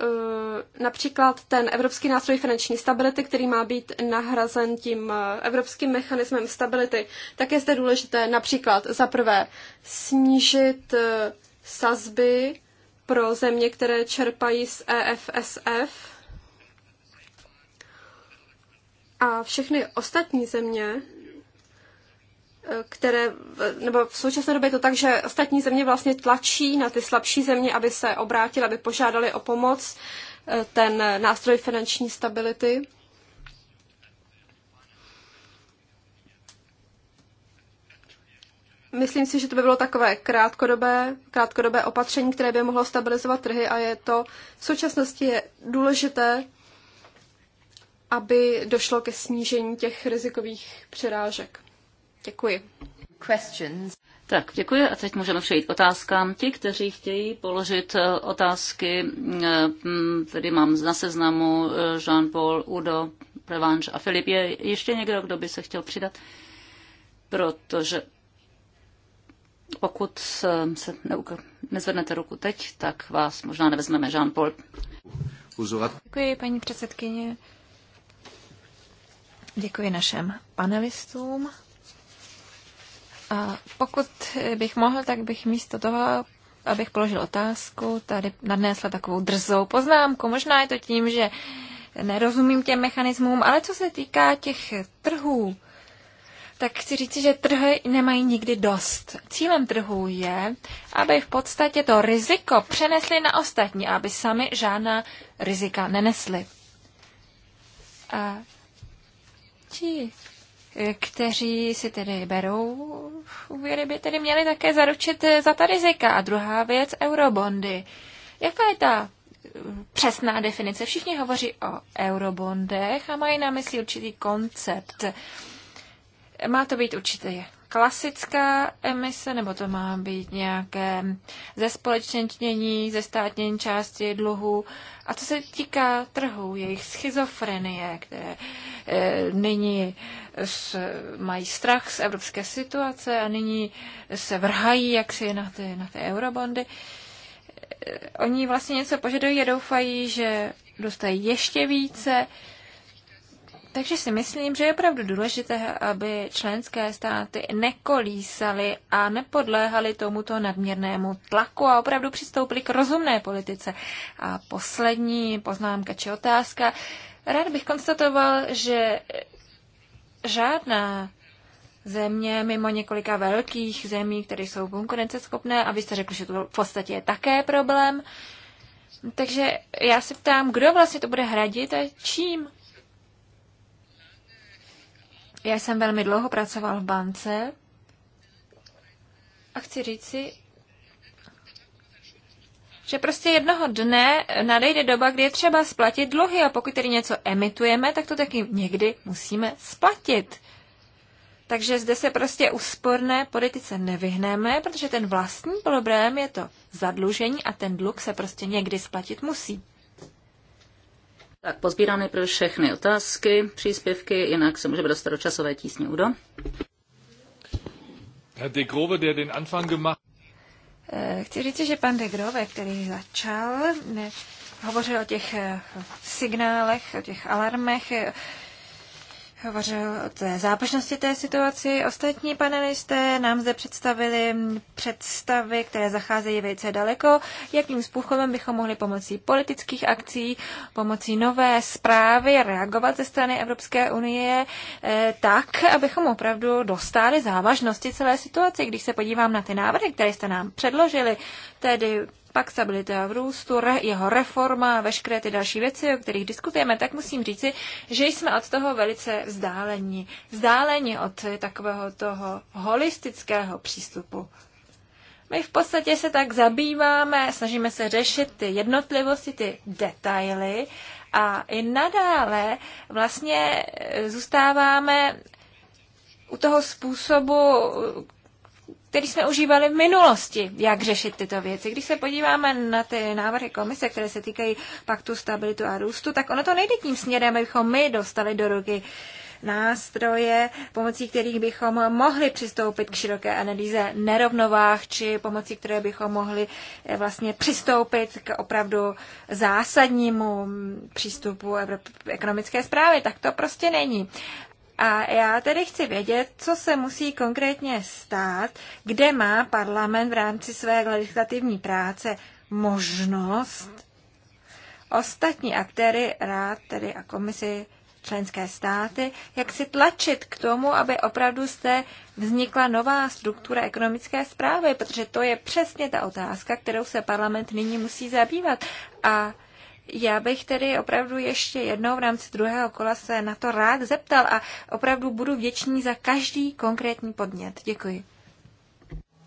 například ten Evropský nástroj finanční stability, který má být nahrazen tím eh, Evropským mechanismem stability, tak je zde důležité například za prvé snížit eh, sazby pro země, které čerpají z EFSF a všechny ostatní země které, nebo v současné době je to tak, že ostatní země vlastně tlačí na ty slabší země, aby se obrátili, aby požádali o pomoc eh, ten nástroj finanční stability. Myslím si, že to by bylo takové krátkodobé, krátkodobé opatření, které by mohlo stabilizovat trhy a je to v současnosti je důležité, aby došlo ke snížení těch rizikových přirážek. Děkuji. Questions. Tak, děkuji a teď můžeme přejít k otázkám. Ti, kteří chtějí položit eh, otázky, eh, tedy mám na seznamu eh, Jean-Paul, Udo, Prevange a Filip. Je ještě někdo, kdo by se chtěl přidat? Protože pokud se nezvednete ruku teď, tak vás možná nevezmeme Jean-Paul. Děkuji, paní předsedkyně. Děkuji našem panelistům. A pokud bych mohl, tak bych místo toho, abych položil otázku, tady nadnesla takovou drzou poznámku. Možná je to tím, že nerozumím těm mechanismům, ale co se týká těch trhů, tak chci říci, že trhy nemají nikdy dost. Cílem trhů je, aby v podstatě to riziko přenesli na ostatní, aby sami žádná rizika nenesli. A ti, kteří si tedy berou úvěry, by tedy měli také zaručit eh, za ta rizika. A druhá věc, eurobondy. Jaká je ta eh, přesná definice? Všichni hovoří o eurobondech a mají na mysli určitý koncept. Má to být určitý klasická emise, nebo to má být nějaké ze společnění, ze státní části dluhu. A co se týká trhu, jejich schizofrenie, které e, nyní s, mají strach z evropské situace a nyní se vrhají jaksi na ty, na ty eurobondy, eh, oni vlastně něco požadují a doufají, že dostají ještě více. E, takže si myslím, že je opravdu důležité, aby členské státy nekolísaly a nepodléhaly tomuto nadměrnému tlaku a opravdu přistoupily k rozumné politice. A poslední poznámka či otázka. Rád bych konstatoval, že žádná země mimo několika velkých zemí, které jsou konkurenceschopné, a vy jste řekl, že to v podstatě je také problém, takže já se ptám, kdo vlastně to bude hradit a čím? Já jsem velmi dlouho pracoval v bance a chci říci, že prostě jednoho dne nadejde doba, kdy je třeba splatit dluhy a pokud tedy něco emitujeme, tak to taky někdy musíme splatit. Takže zde se prostě úsporné politice nevyhneme, protože ten vlastní problém je to zadlužení a ten dluh se prostě někdy splatit musí. Tak pozbírám nejprve všechny otázky, příspěvky, jinak se můžeme dostat do časové tísně. Udo? de Grove, der den Anfang gemacht. Eh, chci říct, že pan de Grove, který začal, ne, hovořil o těch eh, signálech, o těch alarmech, eh, hovořil o té závažnosti té situaci. Ostatní panelisté nám zde představili představy, které zacházejí velice daleko, jakým způsobem bychom mohli pomocí politických akcí, pomocí nové zprávy reagovat ze strany Evropské unie eh, tak, abychom opravdu dostali závažnosti celé situace. Když se podívám na ty návrhy, které jste nám předložili, tedy pak stabilita v růstu, re, jeho reforma, veškeré ty další věci, o kterých diskutujeme, tak musím říci, že jsme od toho velice vzdáleni. Vzdáleni od takového toho holistického přístupu. My v podstatě se tak zabýváme, snažíme se řešit ty jednotlivosti, ty detaily a i nadále vlastně e, zůstáváme u toho způsobu, který jsme užívali v minulosti, jak řešit tyto věci. Když se podíváme na ty návrhy komise, které se týkají paktu stabilitu a růstu, tak ono to nejde tím směrem, abychom my dostali do ruky nástroje, pomocí kterých bychom mohli přistoupit k široké analýze nerovnovách, či pomocí které bychom mohli eh, vlastně přistoupit k opravdu zásadnímu mm, přístupu ekonomické zprávy. Tak to prostě není. A já tedy chci vědět, co se musí konkrétně stát, kde má parlament v rámci své legislativní práce možnost ostatní aktéry, rád tedy a komisi členské státy, jak si tlačit k tomu, aby opravdu zde vznikla nová struktura ekonomické zprávy, protože to je přesně ta otázka, kterou se parlament nyní musí zabývat. A já bych tedy opravdu ještě jednou v rámci druhého kola se na to rád zeptal a opravdu budu vděčný za každý konkrétní podnět. Děkuji.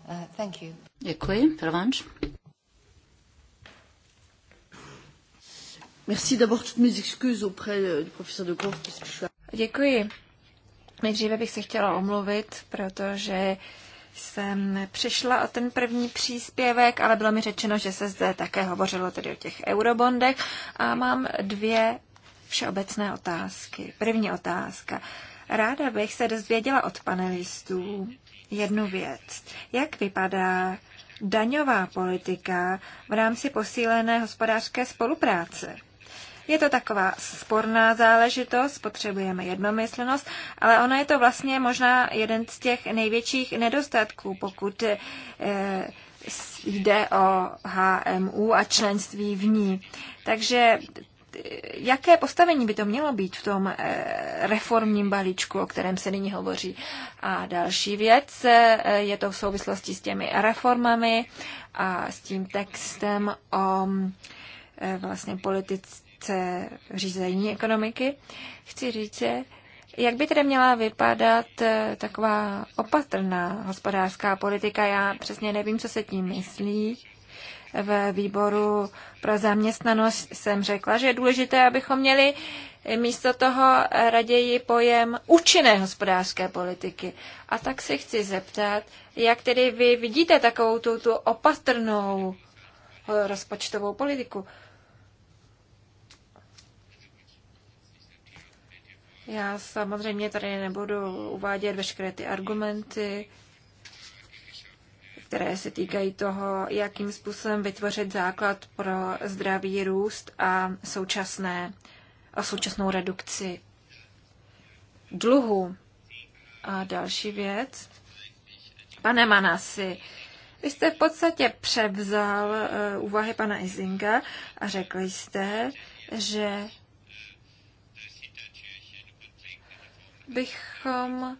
Uh, thank you. Děkuji. Provanč. Merci d'abord toutes mes excuses auprès euh, du professeur de Groff. Děkuji. Nejdříve bych se chtěla omluvit, protože uh, jsem přišla o ten první příspěvek, ale bylo mi řečeno, že se zde také hovořilo tedy o těch eurobondech a mám dvě všeobecné otázky. První otázka. Ráda bych se dozvěděla od panelistů jednu věc. Jak vypadá daňová politika v rámci posílené hospodářské spolupráce? Je to taková sporná záležitost, potřebujeme jednomyslnost, ale ono je to vlastně možná jeden z těch největších nedostatků, pokud eh, jde o HMU a členství v ní. Takže eh, jaké postavení by to mělo být v tom eh, reformním balíčku, o kterém se nyní hovoří. A další věc je to v souvislosti s těmi reformami a s tím textem o vlastně politickém otázce řízení ekonomiky, chci říct, jak by tedy měla vypadat eh, taková opatrná hospodářská politika? Já přesně nevím, co se tím myslí. V výboru pro zaměstnanost jsem řekla, že je důležité, abychom měli eh, místo toho raději pojem účinné hospodářské politiky. A tak se chci zeptat, jak tedy vy vidíte takovou tu, tu opatrnou eh, rozpočtovou politiku. Já samozřejmě tady nebudu uvádět veškeré ty argumenty, které se týkají toho, jakým způsobem vytvořit základ pro zdravý růst a, současné, a současnou redukci dluhu. A další věc. Pane Manasi, vy jste v podstatě převzal uh, úvahy pana Izinga a řekli jste, že bychom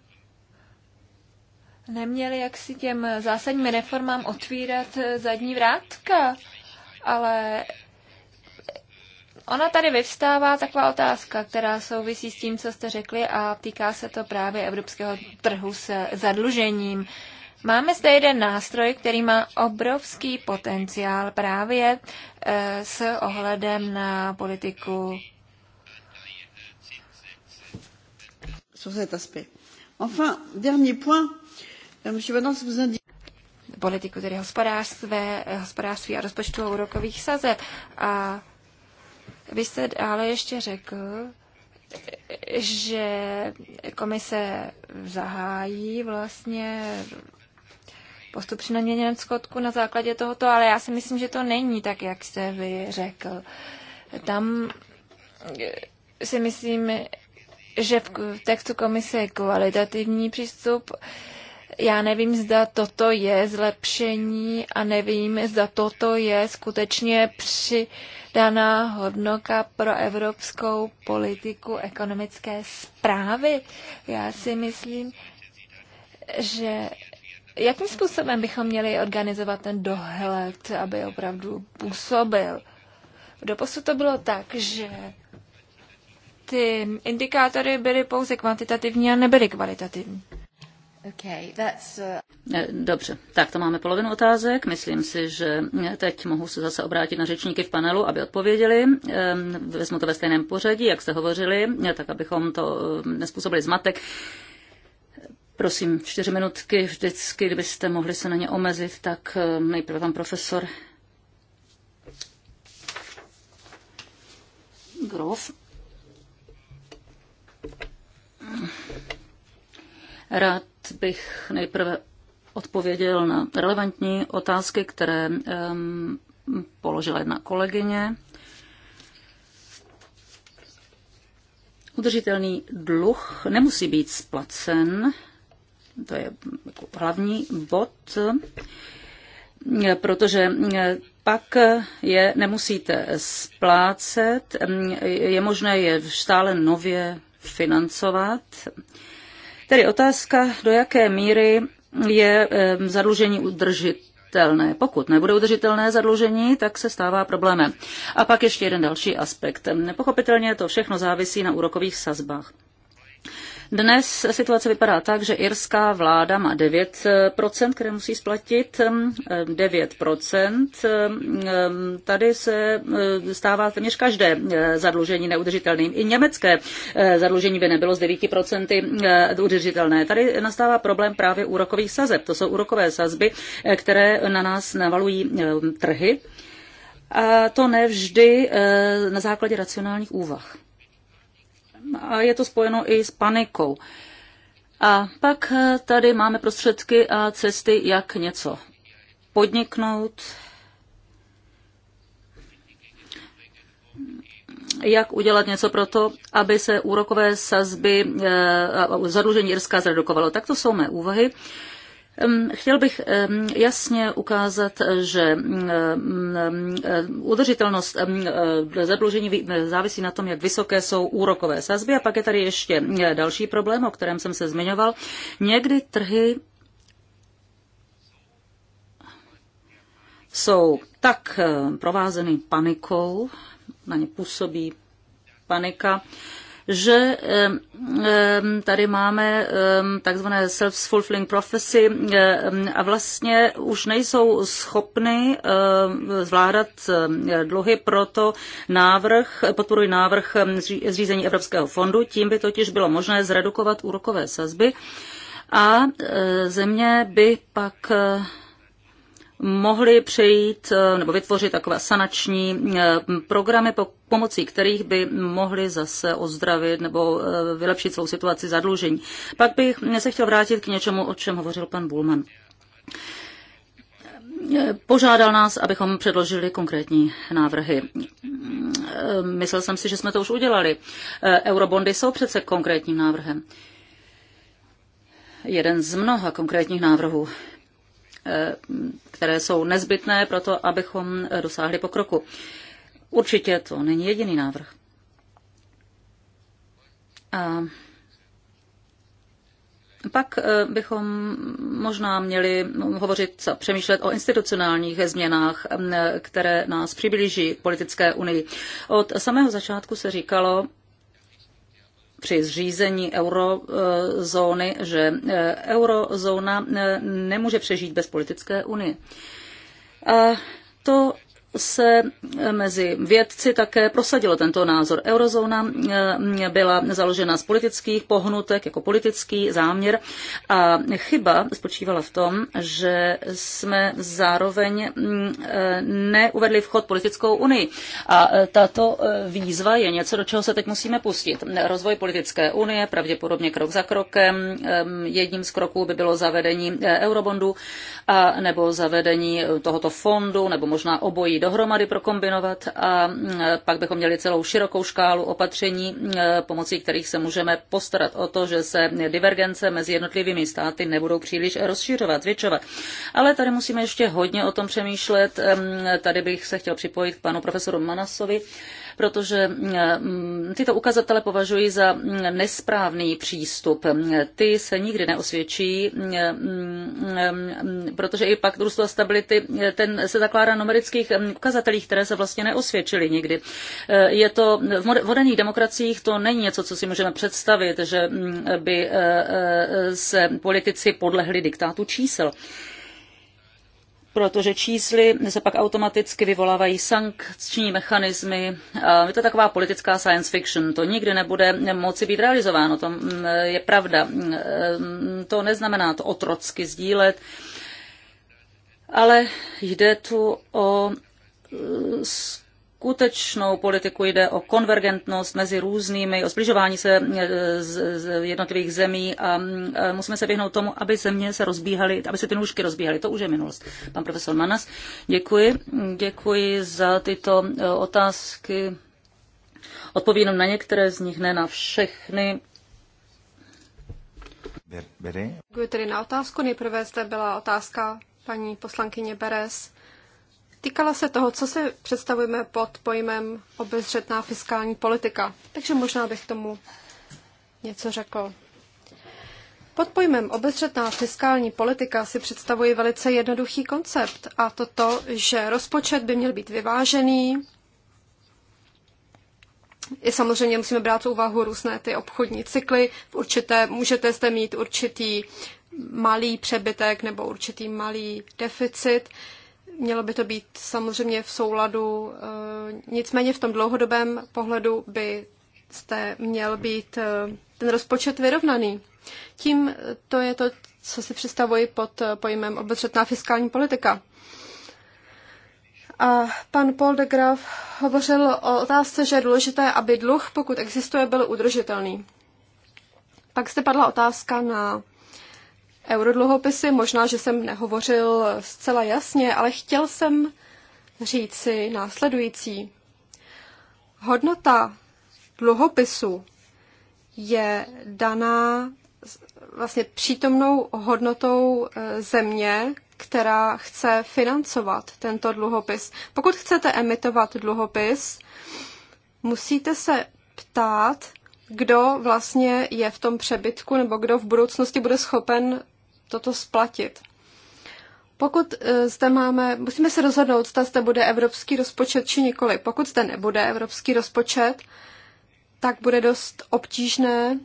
neměli jak si těm zásadním reformám otvírat zadní vrátka, ale ona tady vyvstává taková otázka, která souvisí s tím, co jste řekli a týká se to právě evropského trhu s zadlužením. Máme zde jeden nástroj, který má obrovský potenciál právě eh, s ohledem na politiku sur cet aspect. Enfin, dernier point, euh, Monsieur Valence vous indique politiku, tedy hospodářství, hospodářství a rozpočtu a úrokových sazeb. A vy jste ale ještě řekl, že komise zahájí vlastně postup při naměněném skotku na základě tohoto, ale já si myslím, že to není tak, jak jste vy řekl. Tam si myslím, že v textu komise je kvalitativní přístup. Já nevím, zda toto je zlepšení a nevím, zda toto je skutečně přidaná hodnota pro evropskou politiku ekonomické zprávy. Já si myslím, že jakým způsobem bychom měli organizovat ten dohled, aby opravdu působil. Doposud to bylo tak, že ty indikátory byly pouze kvantitativní a nebyly kvalitativní. Okay, that's, uh... Dobře, tak to máme polovinu otázek. Myslím si, že teď mohu se zase obrátit na řečníky v panelu, aby odpověděli. Ehm, vezmu to ve stejném pořadí, jak jste hovořili, tak abychom to ehm, nespůsobili zmatek. Prosím, čtyři minutky vždycky, kdybyste mohli se na ně omezit, tak ehm, nejprve pan profesor Grof. Rád bych nejprve odpověděl na relevantní otázky, které um, položila jedna kolegyně. Udržitelný dluh nemusí být splacen, to je jako hlavní bod, protože pak je nemusíte splácet, je možné je stále nově financovat. Tedy otázka, do jaké míry je zadlužení udržitelné. Pokud nebude udržitelné zadlužení, tak se stává problémem. A pak ještě jeden další aspekt. Nepochopitelně to všechno závisí na úrokových sazbách. Dnes situace vypadá tak, že irská vláda má 9%, které musí splatit. 9%. Tady se eh, stává téměř každé eh, zadlužení neudržitelným. I německé eh, zadlužení by nebylo z 9% udržitelné. Tady nastává problém právě úrokových sazeb. To jsou úrokové sazby, které na nás navalují trhy. A to nevždy na základě racionálních úvah a je to spojeno i s panikou. A pak tady máme prostředky a cesty, jak něco podniknout, jak udělat něco pro to, aby se úrokové sazby eh, zadlužení Jirska zredukovalo. Tak to jsou mé úvahy. Chtěl bych jasně ukázat, že udržitelnost e, zadlužení závisí na tom, jak vysoké jsou úrokové sazby. A pak je tady ještě další problém, o kterém jsem se zmiňoval. Někdy trhy jsou tak provázeny panikou, na ně působí panika, že tady máme takzvané self-fulfilling prophecy a vlastně už nejsou schopny zvládat dluhy, proto návrh, podporuji návrh zřízení Evropského fondu, tím by totiž bylo možné zredukovat úrokové sazby a e, země by pak mohli přejít eh, nebo vytvořit takové sanační eh, programy, pomocí kterých by mohli zase ozdravit nebo eh, vylepšit svou situaci zadlužení. Pak bych se chtěl vrátit k něčemu, o čem hovořil pan Bulman. Požádal nás, abychom předložili konkrétní návrhy. Myslel jsem si, že jsme to už udělali. Eurobondy jsou přece konkrétním návrhem. Jeden z mnoha konkrétních návrhů, Eh, které jsou nezbytné pro to, abychom dosáhli pokroku. Určitě to není jediný návrh. A pak eh, bychom možná měli hovořit a přemýšlet o institucionálních změnách, eh, které nás přiblíží k politické unii. Od samého začátku se říkalo, při zřízení eurozóny, že eh, eurozóna eh, nemůže přežít bez politické unie. A to se eh, mezi vědci také prosadilo tento názor. Eurozóna eh, byla založena z politických pohnutek jako politický záměr a chyba spočívala v tom, že jsme zároveň mm, eh, neuvedli vchod politickou unii. A tato výzva je něco, do čeho se teď musíme pustit. Rozvoj politické unie, pravděpodobně krok za krokem. Jedním z kroků by bylo zavedení eurobondu a nebo zavedení tohoto fondu, nebo možná obojí do dohromady prokombinovat a mm, pak bychom měli celou širokou škálu opatření, mm, pomocí kterých se můžeme postarat o to, že se divergence mezi jednotlivými státy nebudou příliš rozšiřovat, zvětšovat. Ale tady musíme ještě hodně o tom přemýšlet. Mm, tady bych se chtěl připojit k panu profesoru Manasovi protože eh, mm, tyto ukazatele považuji za mm, nesprávný přístup. Ty se nikdy neosvědčí, eh, mm, eh, protože i pak růstu a stability ten se zakládá na numerických ukazatelích, které se vlastně neosvědčily nikdy. Je to v moderních demokraciích to není něco, co si můžeme představit, že by se politici podlehli diktátu čísel protože čísly se pak automaticky vyvolávají sankční mechanismy. Je to taková politická science fiction, to nikdy nebude moci být realizováno, to mm, je pravda. Mm, to neznamená to otrocky sdílet, ale jde tu o mm, skutečnou politiku, jde o konvergentnost mezi různými, o zbližování se e, z jednotlivých zemí a e, musíme se vyhnout tomu, aby země se rozbíhaly, aby se ty nůžky rozbíhaly. To už je minulost. Pan profesor Manas, děkuji. Děkuji za tyto e, otázky. Odpovím na některé z nich, ne na všechny. Děkuji tedy na otázku. Nejprve zde byla otázka paní poslankyně Beres Týkala se toho, co si představujeme pod pojmem obezřetná fiskální politika. Takže možná bych tomu něco řekl. Pod pojmem obezřetná fiskální politika si představuji velice jednoduchý koncept a to to, že rozpočet by měl být vyvážený. I samozřejmě musíme brát v úvahu různé ty obchodní cykly. V určité, můžete zde mít určitý malý přebytek nebo určitý malý deficit. Mělo by to být samozřejmě v souladu, eh, nicméně v tom dlouhodobém pohledu by jste měl být eh, ten rozpočet vyrovnaný. Tím to je to, co si představuji pod eh, pojmem obezřetná fiskální politika. A pan Paul de Graaf hovořil o otázce, že je důležité, aby dluh, pokud existuje, byl udržitelný. Pak zde padla otázka na eurodluhopisy. Možná, že jsem nehovořil zcela jasně, ale chtěl jsem říci následující. Hodnota dluhopisu je daná vlastně přítomnou hodnotou e, země, která chce financovat tento dluhopis. Pokud chcete emitovat dluhopis, musíte se ptát, kdo vlastně je v tom přebytku nebo kdo v budoucnosti bude schopen toto splatit. Pokud e, zde máme, musíme se rozhodnout, zda zde bude evropský rozpočet či nikoli. Pokud zde nebude evropský rozpočet, tak bude dost obtížné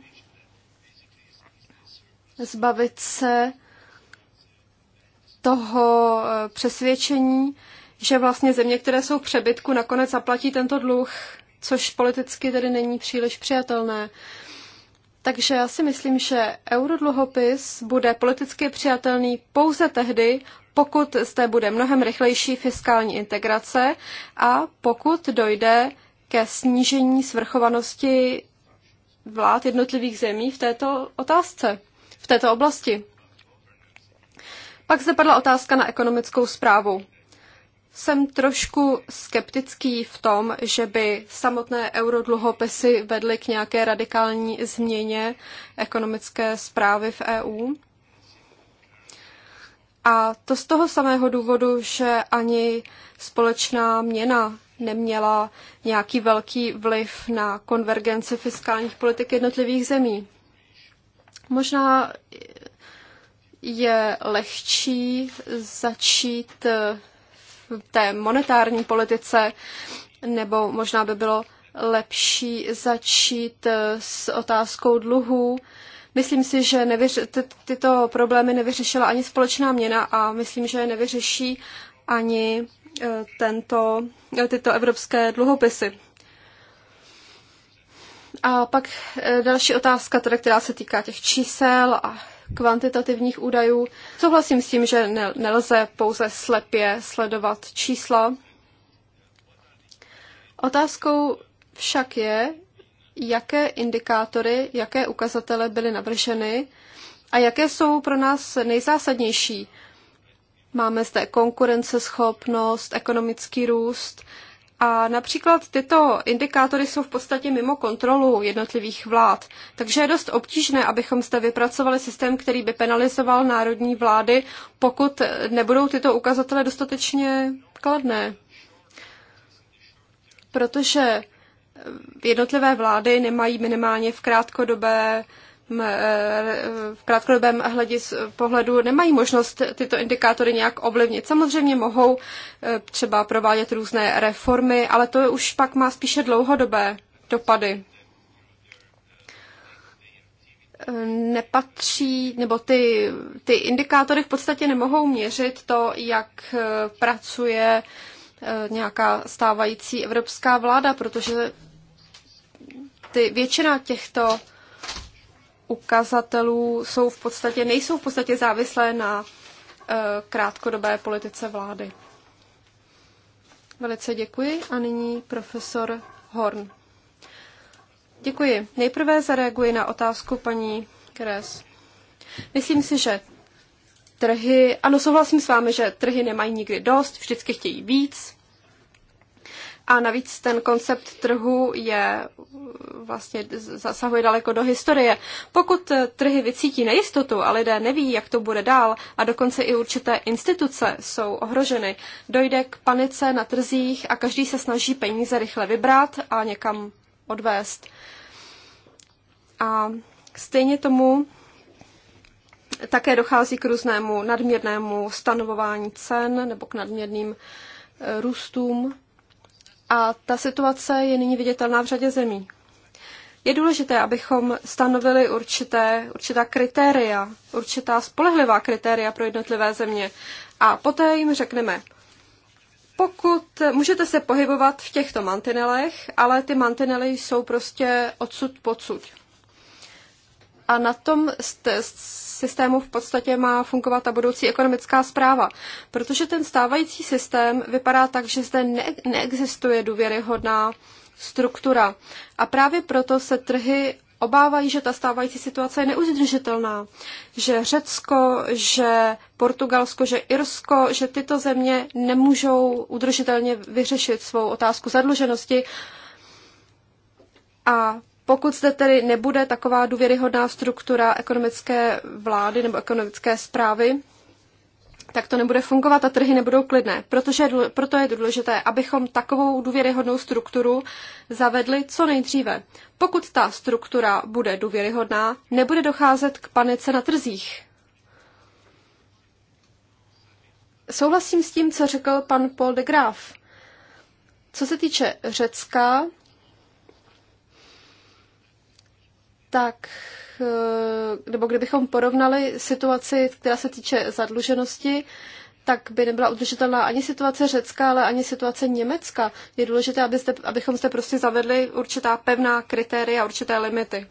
zbavit se toho e, přesvědčení, že vlastně země, které jsou v přebytku, nakonec zaplatí tento dluh, což politicky tedy není příliš přijatelné. Takže já si myslím, že eurodluhopis bude politicky přijatelný pouze tehdy, pokud zde bude mnohem rychlejší fiskální integrace a pokud dojde ke snížení svrchovanosti vlád jednotlivých zemí v této otázce, v této oblasti. Pak zde padla otázka na ekonomickou zprávu jsem trošku skeptický v tom, že by samotné eurodluhopisy vedly k nějaké radikální změně ekonomické zprávy v EU. A to z toho samého důvodu, že ani společná měna neměla nějaký velký vliv na konvergenci fiskálních politik jednotlivých zemí. Možná je lehčí začít té monetární politice, nebo možná by bylo lepší začít eh, s otázkou dluhů. Myslím si, že nevyř- ty, tyto problémy nevyřešila ani společná měna a myslím, že nevyřeší ani eh, tento, eh, tyto evropské dluhopisy. A pak další otázka, teda, která se týká těch čísel a kvantitativních údajů. Souhlasím s tím, že nelze pouze slepě sledovat čísla. Otázkou však je, jaké indikátory, jaké ukazatele byly navrženy a jaké jsou pro nás nejzásadnější. Máme zde konkurenceschopnost, ekonomický růst, a například tyto indikátory jsou v podstatě mimo kontrolu jednotlivých vlád, takže je dost obtížné, abychom zde vypracovali systém, který by penalizoval národní vlády, pokud nebudou tyto ukazatele dostatečně kladné. Protože jednotlivé vlády nemají minimálně v krátkodobé E, v krátkodobém hledis pohledu nemají možnost tyto indikátory nějak ovlivnit. Samozřejmě mohou e, třeba provádět různé reformy, ale to už pak má spíše dlouhodobé dopady. Nepatří, nebo ty, ty indikátory v podstatě nemohou měřit to, jak e, pracuje nějaká stávající evropská vláda, protože ty, většina těchto ukazatelů jsou v podstatě, nejsou v podstatě závislé na eh, krátkodobé politice vlády. Velice děkuji a nyní profesor Horn. Děkuji. Nejprve zareaguji na otázku paní Kres. Myslím si, že trhy, ano, souhlasím s vámi, že trhy nemají nikdy dost, vždycky chtějí víc. A navíc ten koncept trhu je vlastně zasahuje daleko do historie. Pokud trhy vycítí nejistotu a lidé neví, jak to bude dál, a dokonce i určité instituce jsou ohroženy, dojde k panice na trzích a každý se snaží peníze rychle vybrat a někam odvést. A stejně tomu také dochází k různému nadměrnému stanovování cen nebo k nadměrným eh, růstům a ta situace je nyní viditelná v řadě zemí. Je důležité, abychom stanovili určité, určitá kritéria, určitá spolehlivá kritéria pro jednotlivé země. A poté jim řekneme, pokud můžete se pohybovat v těchto mantinelech, ale ty mantinely jsou prostě odsud pocud a na tom systému v podstatě má fungovat ta budoucí ekonomická zpráva, protože ten stávající systém vypadá tak, že zde ne- neexistuje důvěryhodná struktura. A právě proto se trhy obávají, že ta stávající situace je neudržitelná, že Řecko, že Portugalsko, že Irsko, že tyto země nemůžou udržitelně vyřešit svou otázku zadluženosti a pokud zde tedy nebude taková důvěryhodná struktura ekonomické vlády nebo ekonomické zprávy, tak to nebude fungovat a trhy nebudou klidné. Protože, proto je důležité, abychom takovou důvěryhodnou strukturu zavedli co nejdříve. Pokud ta struktura bude důvěryhodná, nebude docházet k panice na trzích. Souhlasím s tím, co řekl pan Paul de Graaf. Co se týče Řecka, tak eh, nebo kdybychom porovnali situaci, která se týče zadluženosti, tak by nebyla udržitelná ani situace Řecka, ale ani situace Německa. Je důležité, abyste, abychom zde prostě zavedli určitá pevná kritéria, určité limity.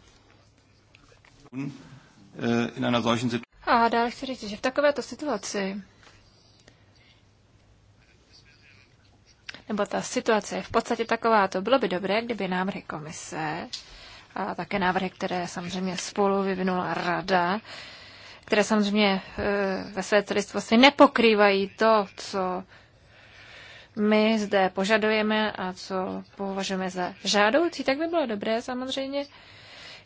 A dále chci říct, že v takovéto situaci, nebo ta situace je v podstatě taková, to bylo by dobré, kdyby nám komise a také návrhy, které samozřejmě spolu vyvinula rada, které samozřejmě e, ve své celistvosti nepokrývají to, co my zde požadujeme a co považujeme za žádoucí, tak by bylo dobré samozřejmě,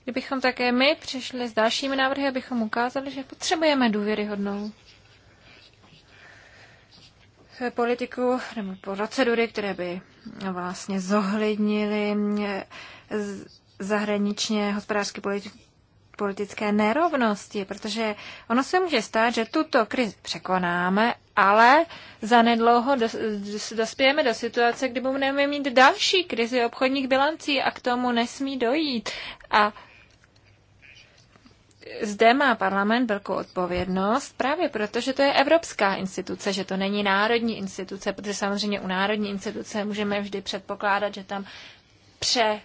kdybychom také my přišli s dalšími návrhy, abychom ukázali, že potřebujeme důvěryhodnou politiku nebo procedury, které by vlastně zohlednily zahraničně hospodářské politické nerovnosti, protože ono se může stát, že tuto krizi překonáme, ale zanedlouho dospějeme do situace, kdy budeme mít další krizi obchodních bilancí a k tomu nesmí dojít. A zde má parlament velkou odpovědnost, právě proto, že to je evropská instituce, že to není národní instituce, protože samozřejmě u národní instituce můžeme vždy předpokládat, že tam pře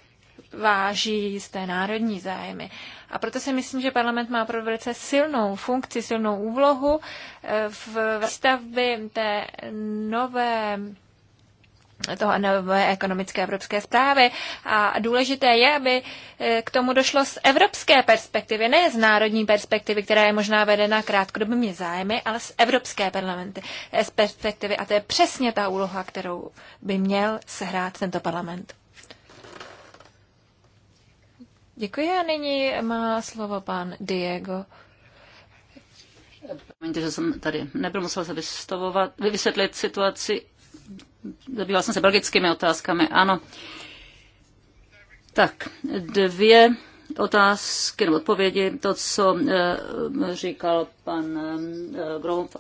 váží jisté národní zájmy. A proto si myslím, že parlament má opravdu velice silnou funkci, silnou úlohu eh, v výstavbě té nové toho nové ekonomické evropské zprávy. A důležité je, aby eh, k tomu došlo z evropské perspektivy, ne z národní perspektivy, která je možná vedena krátkodobými zájmy, ale z evropské parlamenty, eh, z perspektivy. A to je přesně ta úloha, kterou by měl sehrát tento parlament. Děkuji a nyní má slovo pan Diego. Promiňte, že jsem tady nebyl, musel se vystavovat, vysvětlit situaci. Zabýval jsem se belgickými otázkami, ano. Tak, dvě otázky nebo odpovědi, to, co eh, říkal pan eh, Grof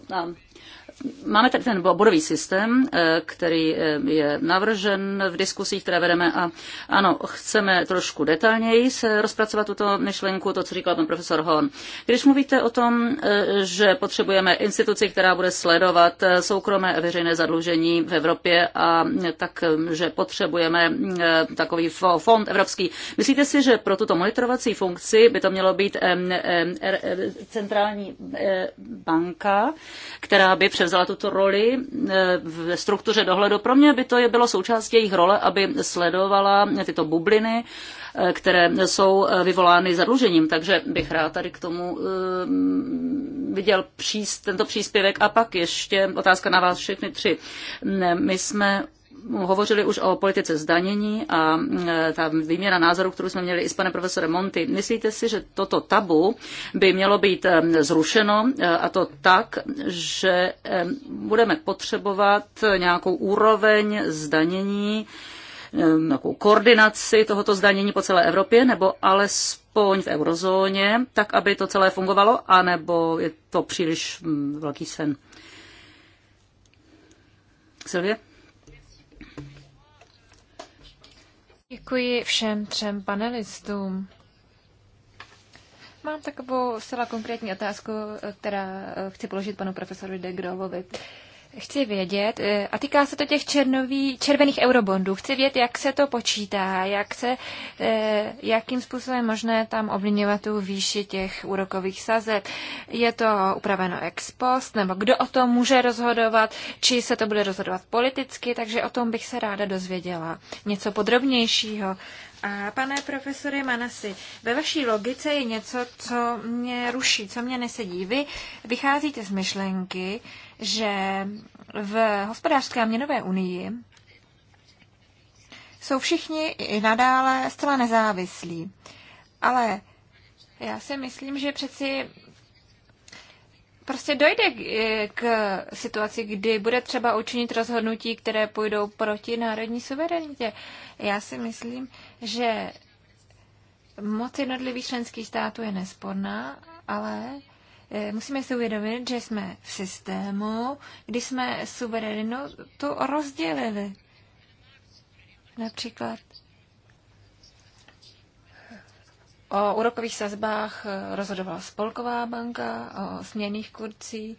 Máme tady ten bodový systém, eh, který eh, je navržen v diskusích, které vedeme a ano, chceme trošku detailněji se rozpracovat tuto myšlenku, to, co říkal pan profesor Hon. Když mluvíte o tom, eh, že potřebujeme instituci, která bude sledovat soukromé a veřejné zadlužení v Evropě a tak, že potřebujeme takový fond evropský, myslíte si, že pro tuto monitorovací funkci by to mělo být er, centrální banka, která by před převzala tuto roli eh, v struktuře dohledu. Pro mě by to je bylo součástí jejich role, aby sledovala tyto bubliny, eh, které jsou eh, vyvolány zadlužením. Takže bych rád tady k tomu viděl příst, tento příspěvek. A pak ještě otázka na vás všechny tři. My jsme hovořili už o politice zdanění a e, ta výměna názoru, kterou jsme měli i s panem profesorem Monty. Myslíte si, že toto tabu by mělo být e, zrušeno e, a to tak, že budeme potřebovat nějakou úroveň zdanění, nějakou koordinaci tohoto zdanění po celé Evropě, nebo alespoň v eurozóně, tak aby to celé fungovalo, anebo je to příliš velký sen? Silvie? Děkuji všem třem panelistům. Mám takovou zcela konkrétní otázku, která eh, chci položit panu profesoru Degrovovi. Chci vědět, eh, a týká se to těch černový, červených eurobondů, chci vědět, jak se to počítá, jak se, eh, jakým způsobem možné tam ovlivňovat tu výši těch úrokových sazeb. Je to upraveno ex post, nebo kdo o tom může rozhodovat, či se to bude rozhodovat politicky, takže o tom bych se ráda dozvěděla. Něco podrobnějšího. A pane profesore Manasi, ve vaší logice je něco, co mě ruší, co mě nesedí. Vy vycházíte z myšlenky, že v hospodářské a měnové unii jsou všichni i nadále zcela nezávislí. Ale já si myslím, že přeci prostě dojde k situaci, kdy bude třeba učinit rozhodnutí, které půjdou proti národní suverenitě. Já si myslím, že moc jednotlivých členských států je nesporná, ale Eh, musíme si uvědomit, že jsme v systému, kdy jsme suverenitu rozdělili. Například o úrokových sazbách eh, rozhodovala Spolková banka, o směných kurcích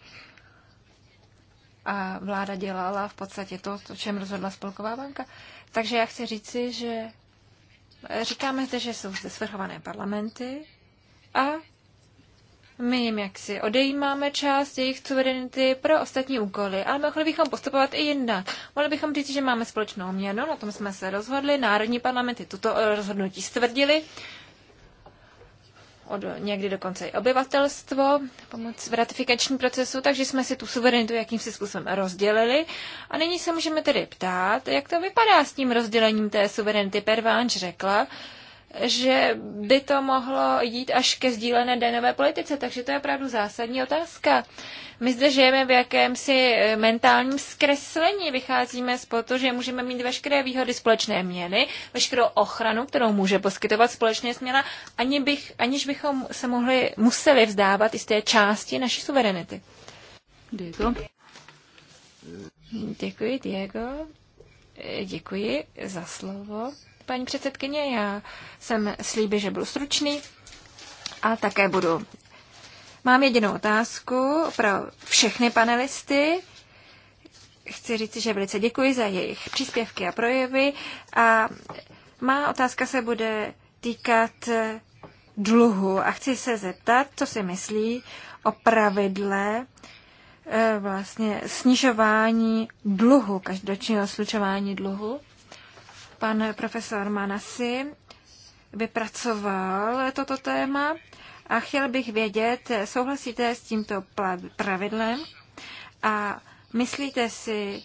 a vláda dělala v podstatě to, o čem rozhodla Spolková banka. Takže já chci říci, že eh, říkáme zde, že jsou zde svrchované parlamenty a my jim jaksi odejímáme část jejich suverenity pro ostatní úkoly, ale mohli bychom postupovat i jinak. Mohli bychom říct, že máme společnou měnu, na tom jsme se rozhodli, národní parlamenty tuto rozhodnutí stvrdili, od někdy dokonce i obyvatelstvo pomoc v ratifikačním procesu, takže jsme si tu suverenitu jakýmsi způsobem rozdělili. A nyní se můžeme tedy ptát, jak to vypadá s tím rozdělením té suverenity. Pervánč řekla, že by to mohlo jít až ke sdílené denové politice. Takže to je opravdu zásadní otázka. My zde žijeme v jakémsi eh, mentálním zkreslení. Vycházíme z toho, že můžeme mít veškeré výhody společné měny, veškerou ochranu, kterou může poskytovat společně směna, ani bych, aniž bychom se mohli, museli vzdávat i z té části naší suverenity. Diego. Děkuji, Diego. Eh, děkuji za slovo paní předsedkyně. Já jsem slíbil, že budu stručný a také budu. Mám jedinou otázku pro všechny panelisty. Chci říct, že velice děkuji za jejich příspěvky a projevy. A má otázka se bude týkat eh, dluhu a chci se zeptat, co si myslí o pravidle eh, vlastně snižování dluhu, každoročního slučování dluhu. Pan profesor Manasi vypracoval toto téma a chtěl bych vědět, souhlasíte s tímto pravidlem a myslíte si,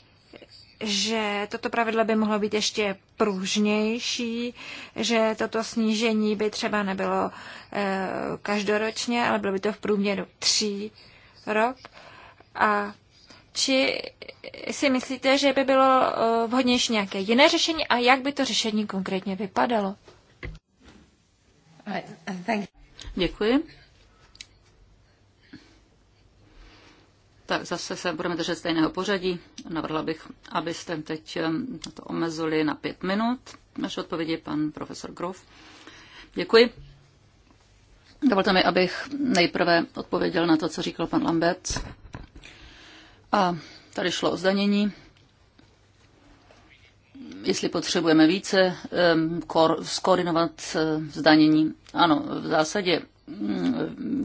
že toto pravidlo by mohlo být ještě pružnější, že toto snížení by třeba nebylo eh, každoročně, ale bylo by to v průměru tří rok. A či si myslíte, že by bylo eh, vhodnější nějaké jiné řešení a jak by to řešení konkrétně vypadalo? Uh, Děkuji. Tak zase se budeme držet stejného pořadí. Navrhla bych, abyste teď eh, to omezili na pět minut. Naše odpovědi pan profesor Grof. Děkuji. Dovolte mi, abych nejprve odpověděl na to, co říkal pan Lambert a tady šlo o zdanění. Jestli potřebujeme více skoordinovat eh, zdanění. Ano, v zásadě mm,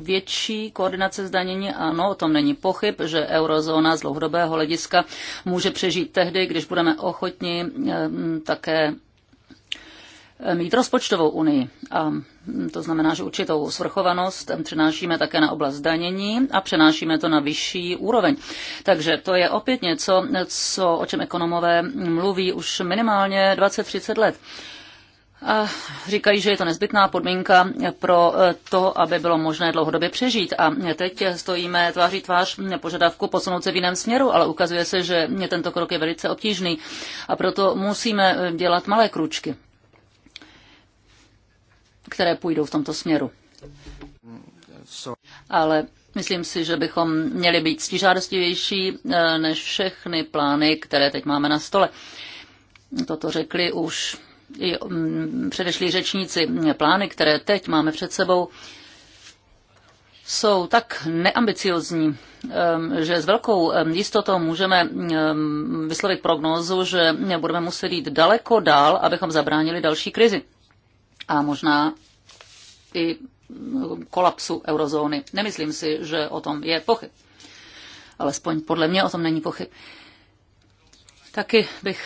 větší koordinace zdanění, ano, o tom není pochyb, že eurozóna z dlouhodobého hlediska může přežít tehdy, když budeme ochotni také Eh, mít rozpočtovou unii. A mm, to znamená, že určitou svrchovanost eh, přenášíme také na oblast danění a přenášíme to na vyšší úroveň. Takže to je opět něco, co, o čem ekonomové mluví už minimálně 20-30 let. A říkají, že je to nezbytná podmínka pro eh, to, aby bylo možné dlouhodobě přežít. A teď stojíme tváří tvář požadavku posunout se v jiném směru, ale ukazuje se, že tento krok je velice obtížný a proto musíme dělat malé kručky které půjdou v tomto směru. Ale myslím si, že bychom měli být stižádostivější eh, než všechny plány, které teď máme na stole. Toto řekli už i mm, předešlí řečníci. Plány, které teď máme před sebou, jsou tak neambiciozní, ehm, že s velkou ehm, jistotou můžeme ehm, vyslovit prognózu, že budeme muset jít daleko dál, abychom zabránili další krizi a možná i kolapsu eurozóny. Nemyslím si, že o tom je pochyb. Alespoň podle mě o tom není pochyb. Taky bych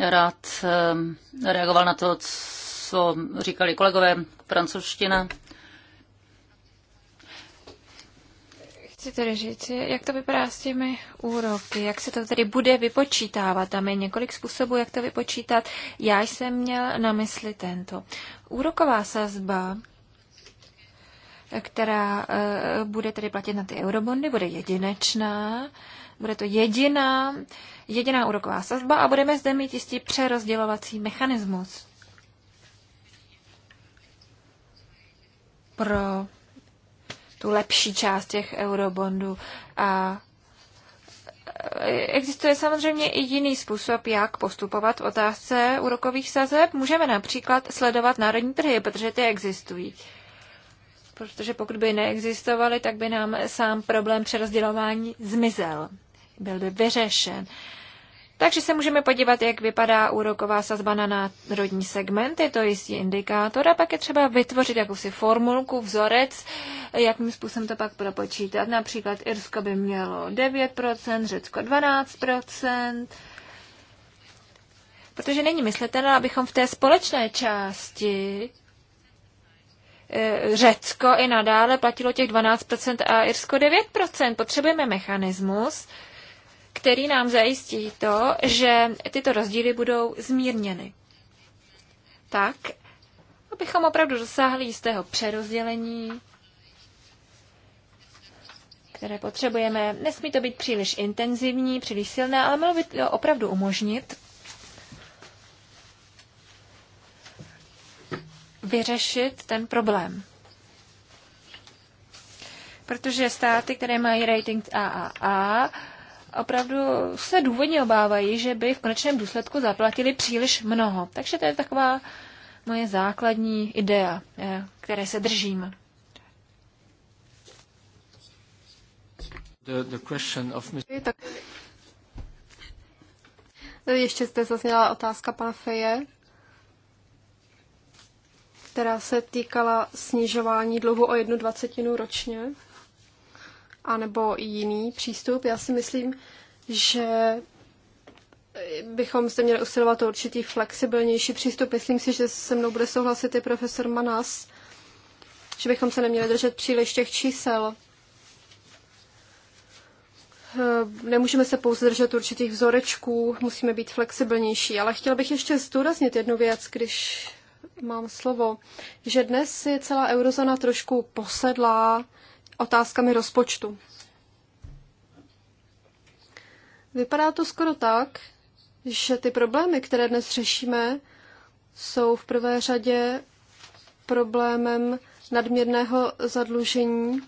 rád ehm, reagoval na to, co říkali kolegové francouzština Chci tedy říct, jak to vypadá s těmi úroky, jak se to tedy bude vypočítávat. Tam je několik způsobů, jak to vypočítat. Já jsem měl na mysli tento. Úroková sazba, která eh, bude tedy platit na ty eurobondy, bude jedinečná. Bude to jediná, jediná úroková sazba a budeme zde mít jistý přerozdělovací mechanismus pro tu lepší část těch eurobondů. A e, Existuje samozřejmě i jiný způsob, jak postupovat v otázce úrokových sazeb. Můžeme například sledovat národní trhy, protože ty existují. Protože pokud by neexistovaly, tak by nám sám problém přerozdělování zmizel. Byl by vyřešen. Uh, takže se můžeme podívat, jak vypadá úroková sazba na národní segmenty, to jistý indikátor, a pak je třeba vytvořit jakousi formulku, vzorec, jakým způsobem to pak propočítat. Například Irsko by mělo 9%, Řecko 12%, protože není myslitelné, abychom v té společné části eh, Řecko i nadále platilo těch 12% a Irsko 9%. Potřebujeme mechanismus, který nám zajistí to, že tyto rozdíly budou zmírněny. Tak, abychom opravdu dosáhli jistého přerozdělení, které potřebujeme. Nesmí to být příliš intenzivní, příliš silné, ale mělo by to opravdu umožnit vyřešit ten problém. Protože státy, které mají rating AAA, opravdu se důvodně obávají, že by v konečném důsledku zaplatili příliš mnoho. Takže to je taková moje základní idea, eh, které se držím. The, the question of... Ještě jste zazněla otázka pana Feje, která se týkala snižování dluhu o jednu dvacetinu ročně anebo jiný přístup. Já si myslím, že bychom se měli usilovat o určitý flexibilnější přístup. Myslím si, že se mnou bude souhlasit i profesor Manas, že bychom se neměli držet příliš těch čísel. Eh, nemůžeme se pouze držet určitých vzorečků, musíme být flexibilnější. Ale chtěla bych ještě zdůraznit jednu věc, když mám slovo, že dnes je celá eurozona trošku posedlá otázkami rozpočtu. Vypadá to skoro tak, že ty problémy, které dnes řešíme, jsou v prvé řadě problémem nadměrného zadlužení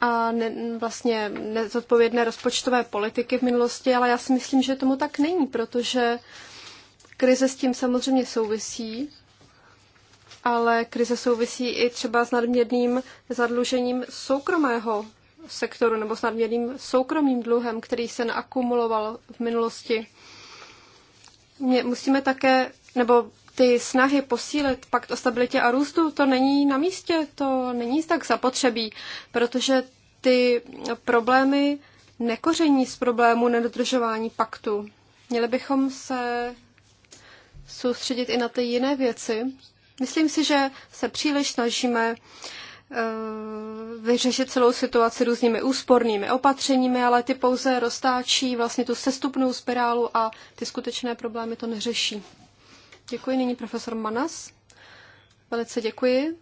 a ne, vlastně nezodpovědné rozpočtové politiky v minulosti, ale já si myslím, že tomu tak není, protože krize s tím samozřejmě souvisí ale krize souvisí i třeba s nadměrným zadlužením soukromého sektoru nebo s nadměrným soukromým dluhem, který se naakumuloval v minulosti. Mě, musíme také, nebo ty snahy posílit pakt o stabilitě a růstu, to není na místě, to není tak zapotřebí, protože ty problémy nekoření z problému nedodržování paktu. Měli bychom se soustředit i na ty jiné věci, Myslím si, že se příliš snažíme eh, vyřešit celou situaci různými úspornými opatřeními, ale ty pouze roztáčí vlastně tu sestupnou spirálu a ty skutečné problémy to neřeší. Děkuji nyní profesor Manas. Velice děkuji.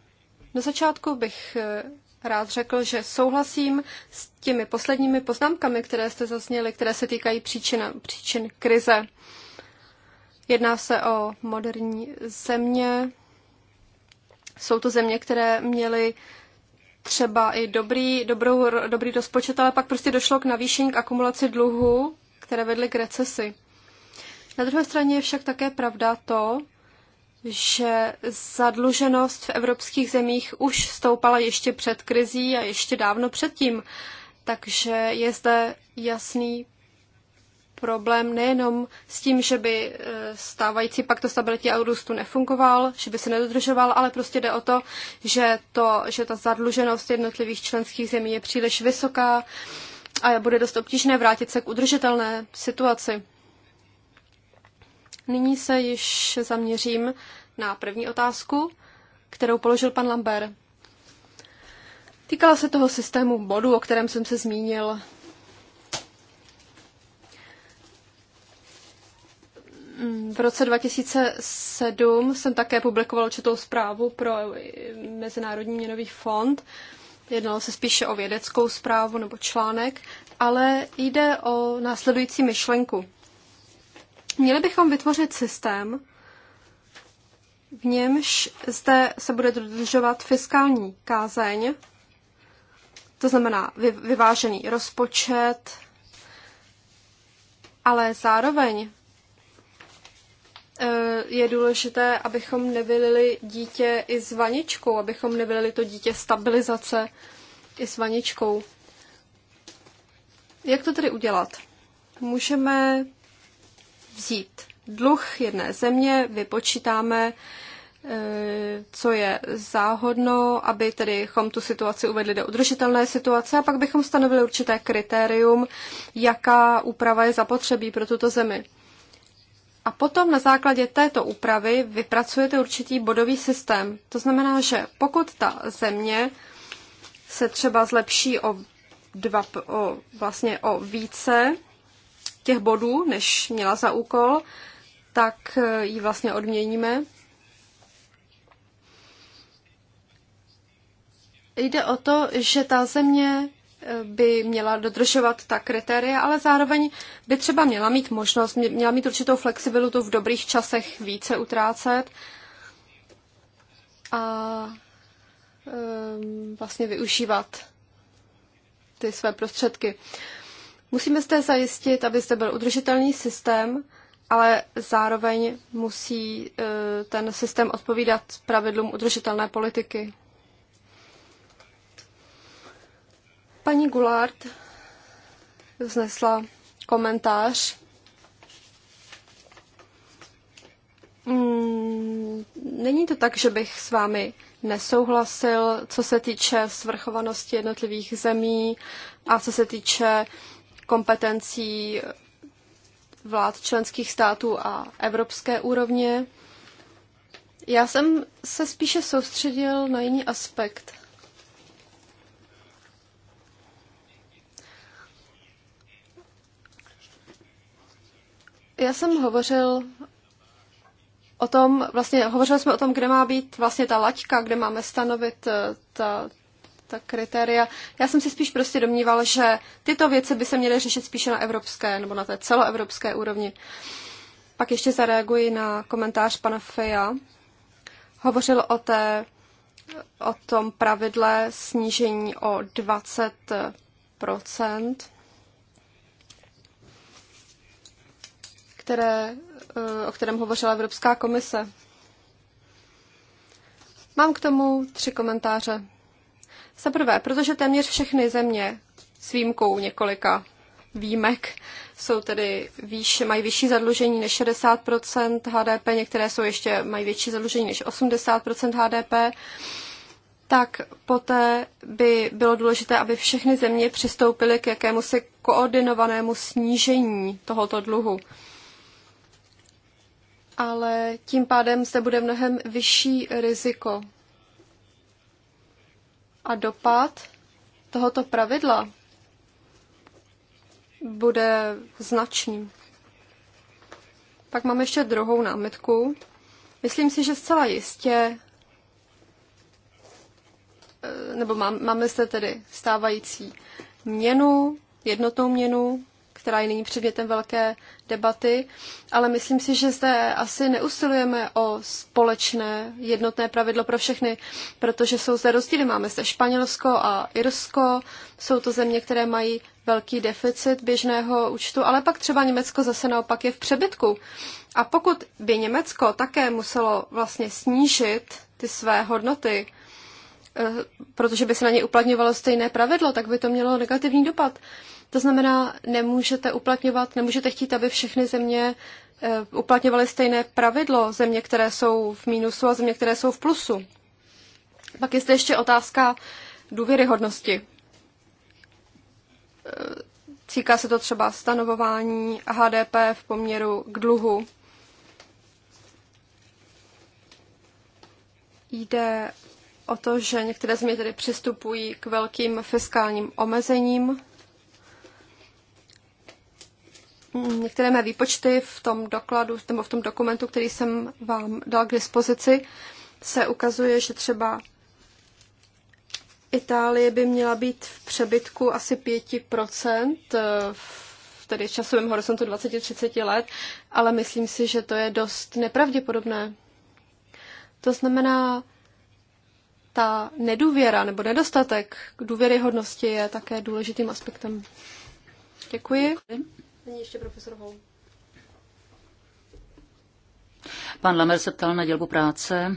Na začátku bych eh, rád řekl, že souhlasím s těmi posledními poznámkami, které jste zazněli, které se týkají příčin, příčin krize. Jedná se o moderní země, jsou to země, které měly třeba i dobrý, dobrou, dobrý rozpočet, ale pak prostě došlo k navýšení k akumulaci dluhu, které vedly k recesi. Na druhé straně je však také pravda to, že zadluženost v evropských zemích už stoupala ještě před krizí a ještě dávno předtím. Takže je zde jasný problém nejenom s tím, že by e, stávající pakt o stabilitě a růstu nefungoval, že by se nedodržoval, ale prostě jde o to, že, to, že ta zadluženost jednotlivých členských zemí je příliš vysoká a bude dost obtížné vrátit se k udržitelné situaci. Nyní se již zaměřím na první otázku, kterou položil pan Lambert. Týkala se toho systému bodu, o kterém jsem se zmínil V roce 2007 jsem také publikoval určitou zprávu pro Mezinárodní měnový fond. Jednalo se spíše o vědeckou zprávu nebo článek, ale jde o následující myšlenku. Měli bychom vytvořit systém, v němž zde se bude dodržovat fiskální kázeň, to znamená vyvážený rozpočet, ale zároveň Eh, je důležité, abychom nevylili dítě i s vaničkou, abychom nevylili to dítě stabilizace i s vaničkou. Jak to tedy udělat? Můžeme vzít dluh jedné země, vypočítáme, eh, co je záhodno, aby tedy chom tu situaci uvedli do udržitelné situace a pak bychom stanovili určité kritérium, jaká úprava je zapotřebí pro tuto zemi. A potom na základě této úpravy vypracujete určitý bodový systém. To znamená, že pokud ta země se třeba zlepší o, dva, o, vlastně o více těch bodů, než měla za úkol, tak eh, ji vlastně odměníme. Jde o to, že ta země by měla dodržovat ta kritéria, ale zároveň by třeba měla mít možnost, měla mít určitou flexibilitu v dobrých časech více utrácet a ehm, vlastně využívat ty své prostředky. Musíme zde zajistit, aby zde byl udržitelný systém, ale zároveň musí eh, ten systém odpovídat pravidlům udržitelné politiky. Paní Gulard vznesla komentář. Mm, není to tak, že bych s vámi nesouhlasil, co se týče svrchovanosti jednotlivých zemí a co se týče kompetencí vlád členských států a evropské úrovně. Já jsem se spíše soustředil na jiný aspekt Já jsem hovořil o tom, vlastně hovořili jsme o tom, kde má být vlastně ta laťka, kde máme stanovit eh, ta, ta kritéria. Já jsem si spíš prostě domníval, že tyto věci by se měly řešit spíše na evropské nebo na té celoevropské úrovni. Pak ještě zareaguji na komentář pana Feja. Hovořil o té o tom pravidle snížení o 20 které, eh, o kterém hovořila Evropská komise. Mám k tomu tři komentáře. Za prvé, protože téměř všechny země s výjimkou několika výjimek jsou tedy výš, mají vyšší zadlužení než 60% HDP, některé jsou ještě mají větší zadlužení než 80% HDP, tak poté by bylo důležité, aby všechny země přistoupily k jakému se koordinovanému snížení tohoto dluhu ale tím pádem se bude mnohem vyšší riziko. A dopad tohoto pravidla bude značný. Pak mám ještě druhou námitku. Myslím si, že zcela jistě, eh, nebo máme se tedy stávající měnu, jednotnou měnu, která je nyní předmětem velké debaty, ale myslím si, že zde asi neusilujeme o společné jednotné pravidlo pro všechny, protože jsou zde rozdíly. Máme zde Španělsko a Irsko, jsou to země, které mají velký deficit běžného účtu, ale pak třeba Německo zase naopak je v přebytku. A pokud by Německo také muselo vlastně snížit ty své hodnoty, eh, protože by se na ně uplatňovalo stejné pravidlo, tak by to mělo negativní dopad. To znamená, nemůžete uplatňovat, nemůžete chtít, aby všechny země eh, uplatňovaly stejné pravidlo, země, které jsou v mínusu a země, které jsou v plusu. Pak je zde ještě otázka důvěryhodnosti. Eh, týká se to třeba stanovování HDP v poměru k dluhu. Jde o to, že některé země tedy přistupují k velkým fiskálním omezením některé mé výpočty v tom dokladu nebo v tom dokumentu, který jsem vám dal k dispozici, se ukazuje, že třeba Itálie by měla být v přebytku asi 5% eh, v tedy časovém horizontu 20-30 let, ale myslím si, že to je dost nepravděpodobné. To znamená, ta nedůvěra nebo nedostatek důvěryhodnosti je také důležitým aspektem. Děkuji. Děkuji. Nyní ještě profesor Hou. Pan Lamer se ptal na dělbu práce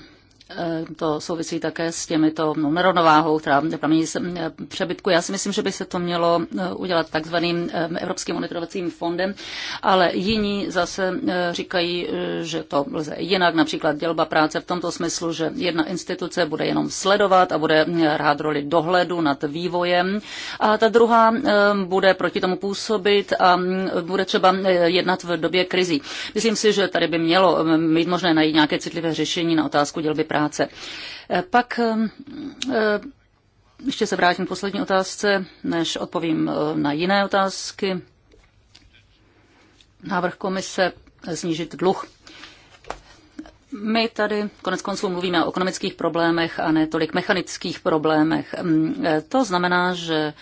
Eh, to souvisí také s těmito no, nerovnováhou, která pramení z mm, přebytku. Já si myslím, že by se to mělo eh, udělat takzvaným eh, Evropským monitorovacím fondem, ale jiní zase říkají, že to lze jinak, například dělba práce v tomto smyslu, že jedna instituce bude jenom sledovat a bude mm, hrát roli dohledu nad vývojem a ta druhá bude proti tomu působit a mm, bude třeba jednat v době krizí. Myslím si, že tady by mělo mít možné najít nějaké citlivé řešení na otázku dělby práce práce. Eh, pak eh, eh, ještě se vrátím k poslední otázce, než odpovím na jiné otázky. Návrh komise snížit dluh. My tady konec konců mluvíme o ekonomických problémech a ne tolik mechanických problémech. Mm, to znamená, že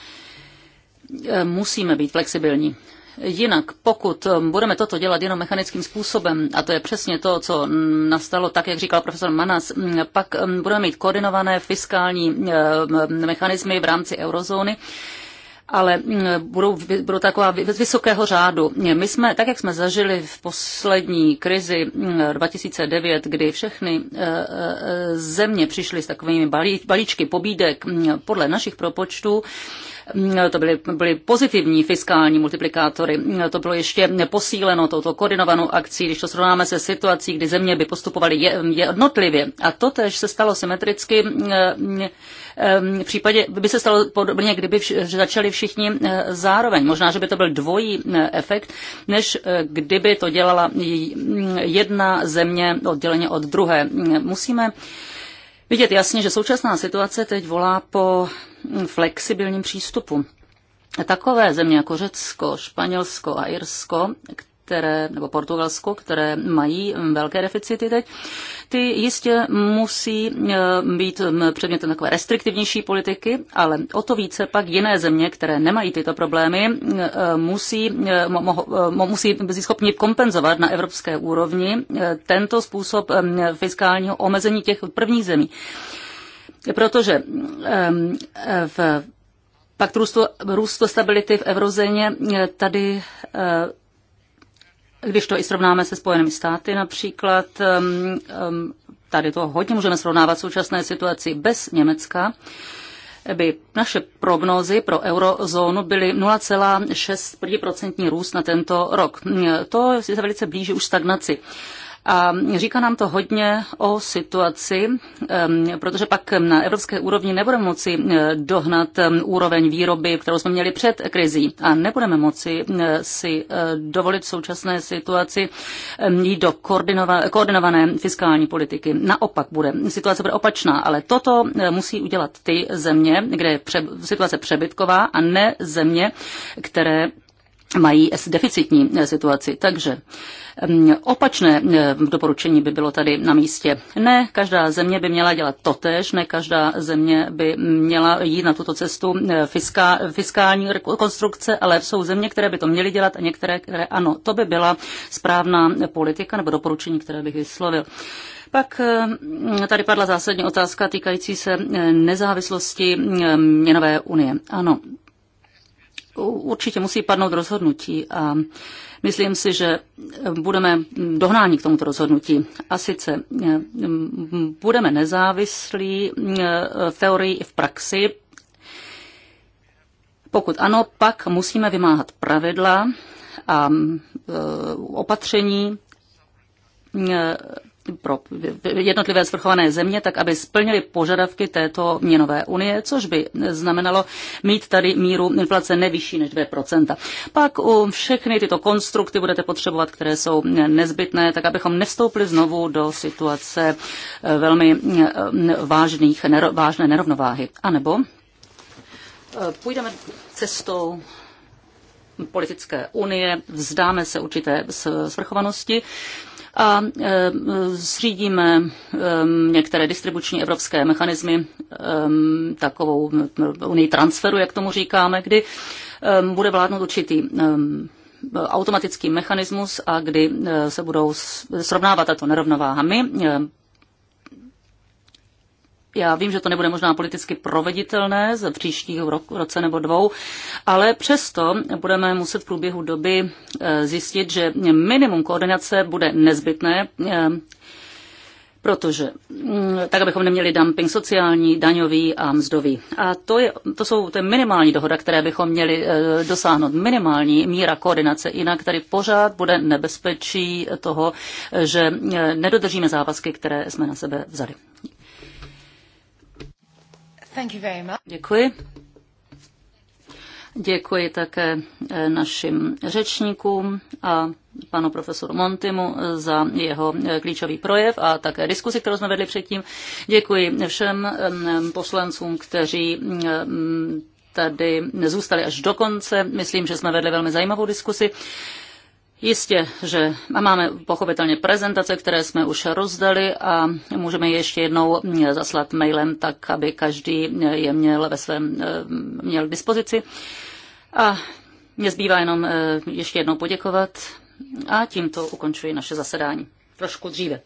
musíme být flexibilní. Jinak, pokud um, budeme toto dělat jenom mechanickým způsobem, a to je přesně to, co nastalo tak, jak říkal profesor Manas, pak um, budeme mít koordinované fiskální um, mechanismy v rámci eurozóny, ale budou, budou taková z vysokého řádu. My jsme, tak jak jsme zažili v poslední krizi 2009, kdy všechny e, e, země přišly s takovými balíčky pobídek podle našich propočtů, to byly, byly pozitivní fiskální multiplikátory. To bylo ještě posíleno touto koordinovanou akcí, když to srovnáme se situací, kdy země by postupovaly jednotlivě. A to tež se stalo symetricky v případě, by se stalo podobně, kdyby vš, začali všichni zároveň. Možná, že by to byl dvojí efekt, než e, kdyby to dělala jedna země odděleně od druhé. Musíme Vidět jasně, že současná situace teď volá po flexibilním přístupu. Takové země jako Řecko, Španělsko a Irsko, které, nebo Portugalsko, které mají mm, velké deficity teď, ty jistě musí e, být mm, předmětem takové restriktivnější politiky, ale o to více pak jiné země, které nemají tyto problémy, e, musí, e, mo, mo, musí být schopni kompenzovat na evropské úrovni tento způsob fiskálního omezení těch prvních zemí. Protože v Pakt růstu, růstu stability v eurozóně tady když to i srovnáme se Spojenými státy například, um, um, tady to hodně můžeme srovnávat současné situaci bez Německa, by naše prognózy pro eurozónu byly 0,6% růst na tento rok. To je velice blíže už stagnaci. A říká nám to hodně o situaci, protože pak na evropské úrovni nebudeme moci eh, dohnat úroveň výroby, kterou jsme měli před krizí a nebudeme moci eh, si eh, dovolit v současné situaci jít do koordinované fiskální politiky. Naopak bude. Situace bude opačná, ale toto musí udělat ty země, kde je situace přebytková a ne země, které mají deficitní eh, situaci. Takže mm, opačné eh, doporučení by bylo tady na místě. Ne každá země by měla dělat totež, ne každá země by měla jít na tuto cestu eh, fiská, fiskální rekonstrukce, ale jsou země, které by to měly dělat a některé, které ano. To by byla správná politika nebo doporučení, které bych vyslovil. Pak tady padla zásadní otázka týkající se nezávislosti měnové unie. Ano, určitě musí padnout rozhodnutí a myslím si, že budeme dohnáni k tomuto rozhodnutí. A sice budeme nezávislí eh, v teorii i v praxi. Pokud ano, pak musíme vymáhat pravidla a eh, opatření eh, pro jednotlivé svrchované země, tak aby splnili požadavky této měnové unie, což by znamenalo mít tady míru inflace nevyšší než 2%. Pak u všechny tyto konstrukty budete potřebovat, které jsou nezbytné, tak abychom nevstoupili znovu do situace eh, velmi eh, vážných, nero, vážné nerovnováhy. A nebo eh, půjdeme cestou politické unie, vzdáme se určité svrchovanosti, a e, zřídíme e, některé distribuční evropské mechanismy, e, takovou unii transferu, jak tomu říkáme, kdy bude vládnout určitý automatický mechanismus a kdy se budou srovnávat tato nerovnováha. My já vím, že to nebude možná politicky proveditelné z příštího roku, roce nebo dvou, ale přesto budeme muset v průběhu doby eh, zjistit, že minimum koordinace bude nezbytné, eh, protože mm, tak, abychom neměli dumping sociální, daňový a mzdový. A to, je, to jsou ty minimální dohoda, které bychom měli eh, dosáhnout. Minimální míra koordinace, jinak tady pořád bude nebezpečí toho, že nedodržíme závazky, které jsme na sebe vzali. Děkuji. Děkuji také eh, našim řečníkům a panu profesoru Montimu za jeho eh, klíčový projev a také diskusi, kterou jsme vedli předtím. Děkuji všem eh, poslancům, kteří tady nezůstali až do konce. Myslím, že jsme vedli velmi zajímavou diskusi. Jistě, že máme pochopitelně prezentace, které jsme už rozdali a můžeme ještě jednou zaslat mailem tak, aby každý je měl ve svém eh, měl dispozici. A mě zbývá jenom eh, ještě jednou poděkovat a tímto ukončuji naše zasedání. Trošku dříve.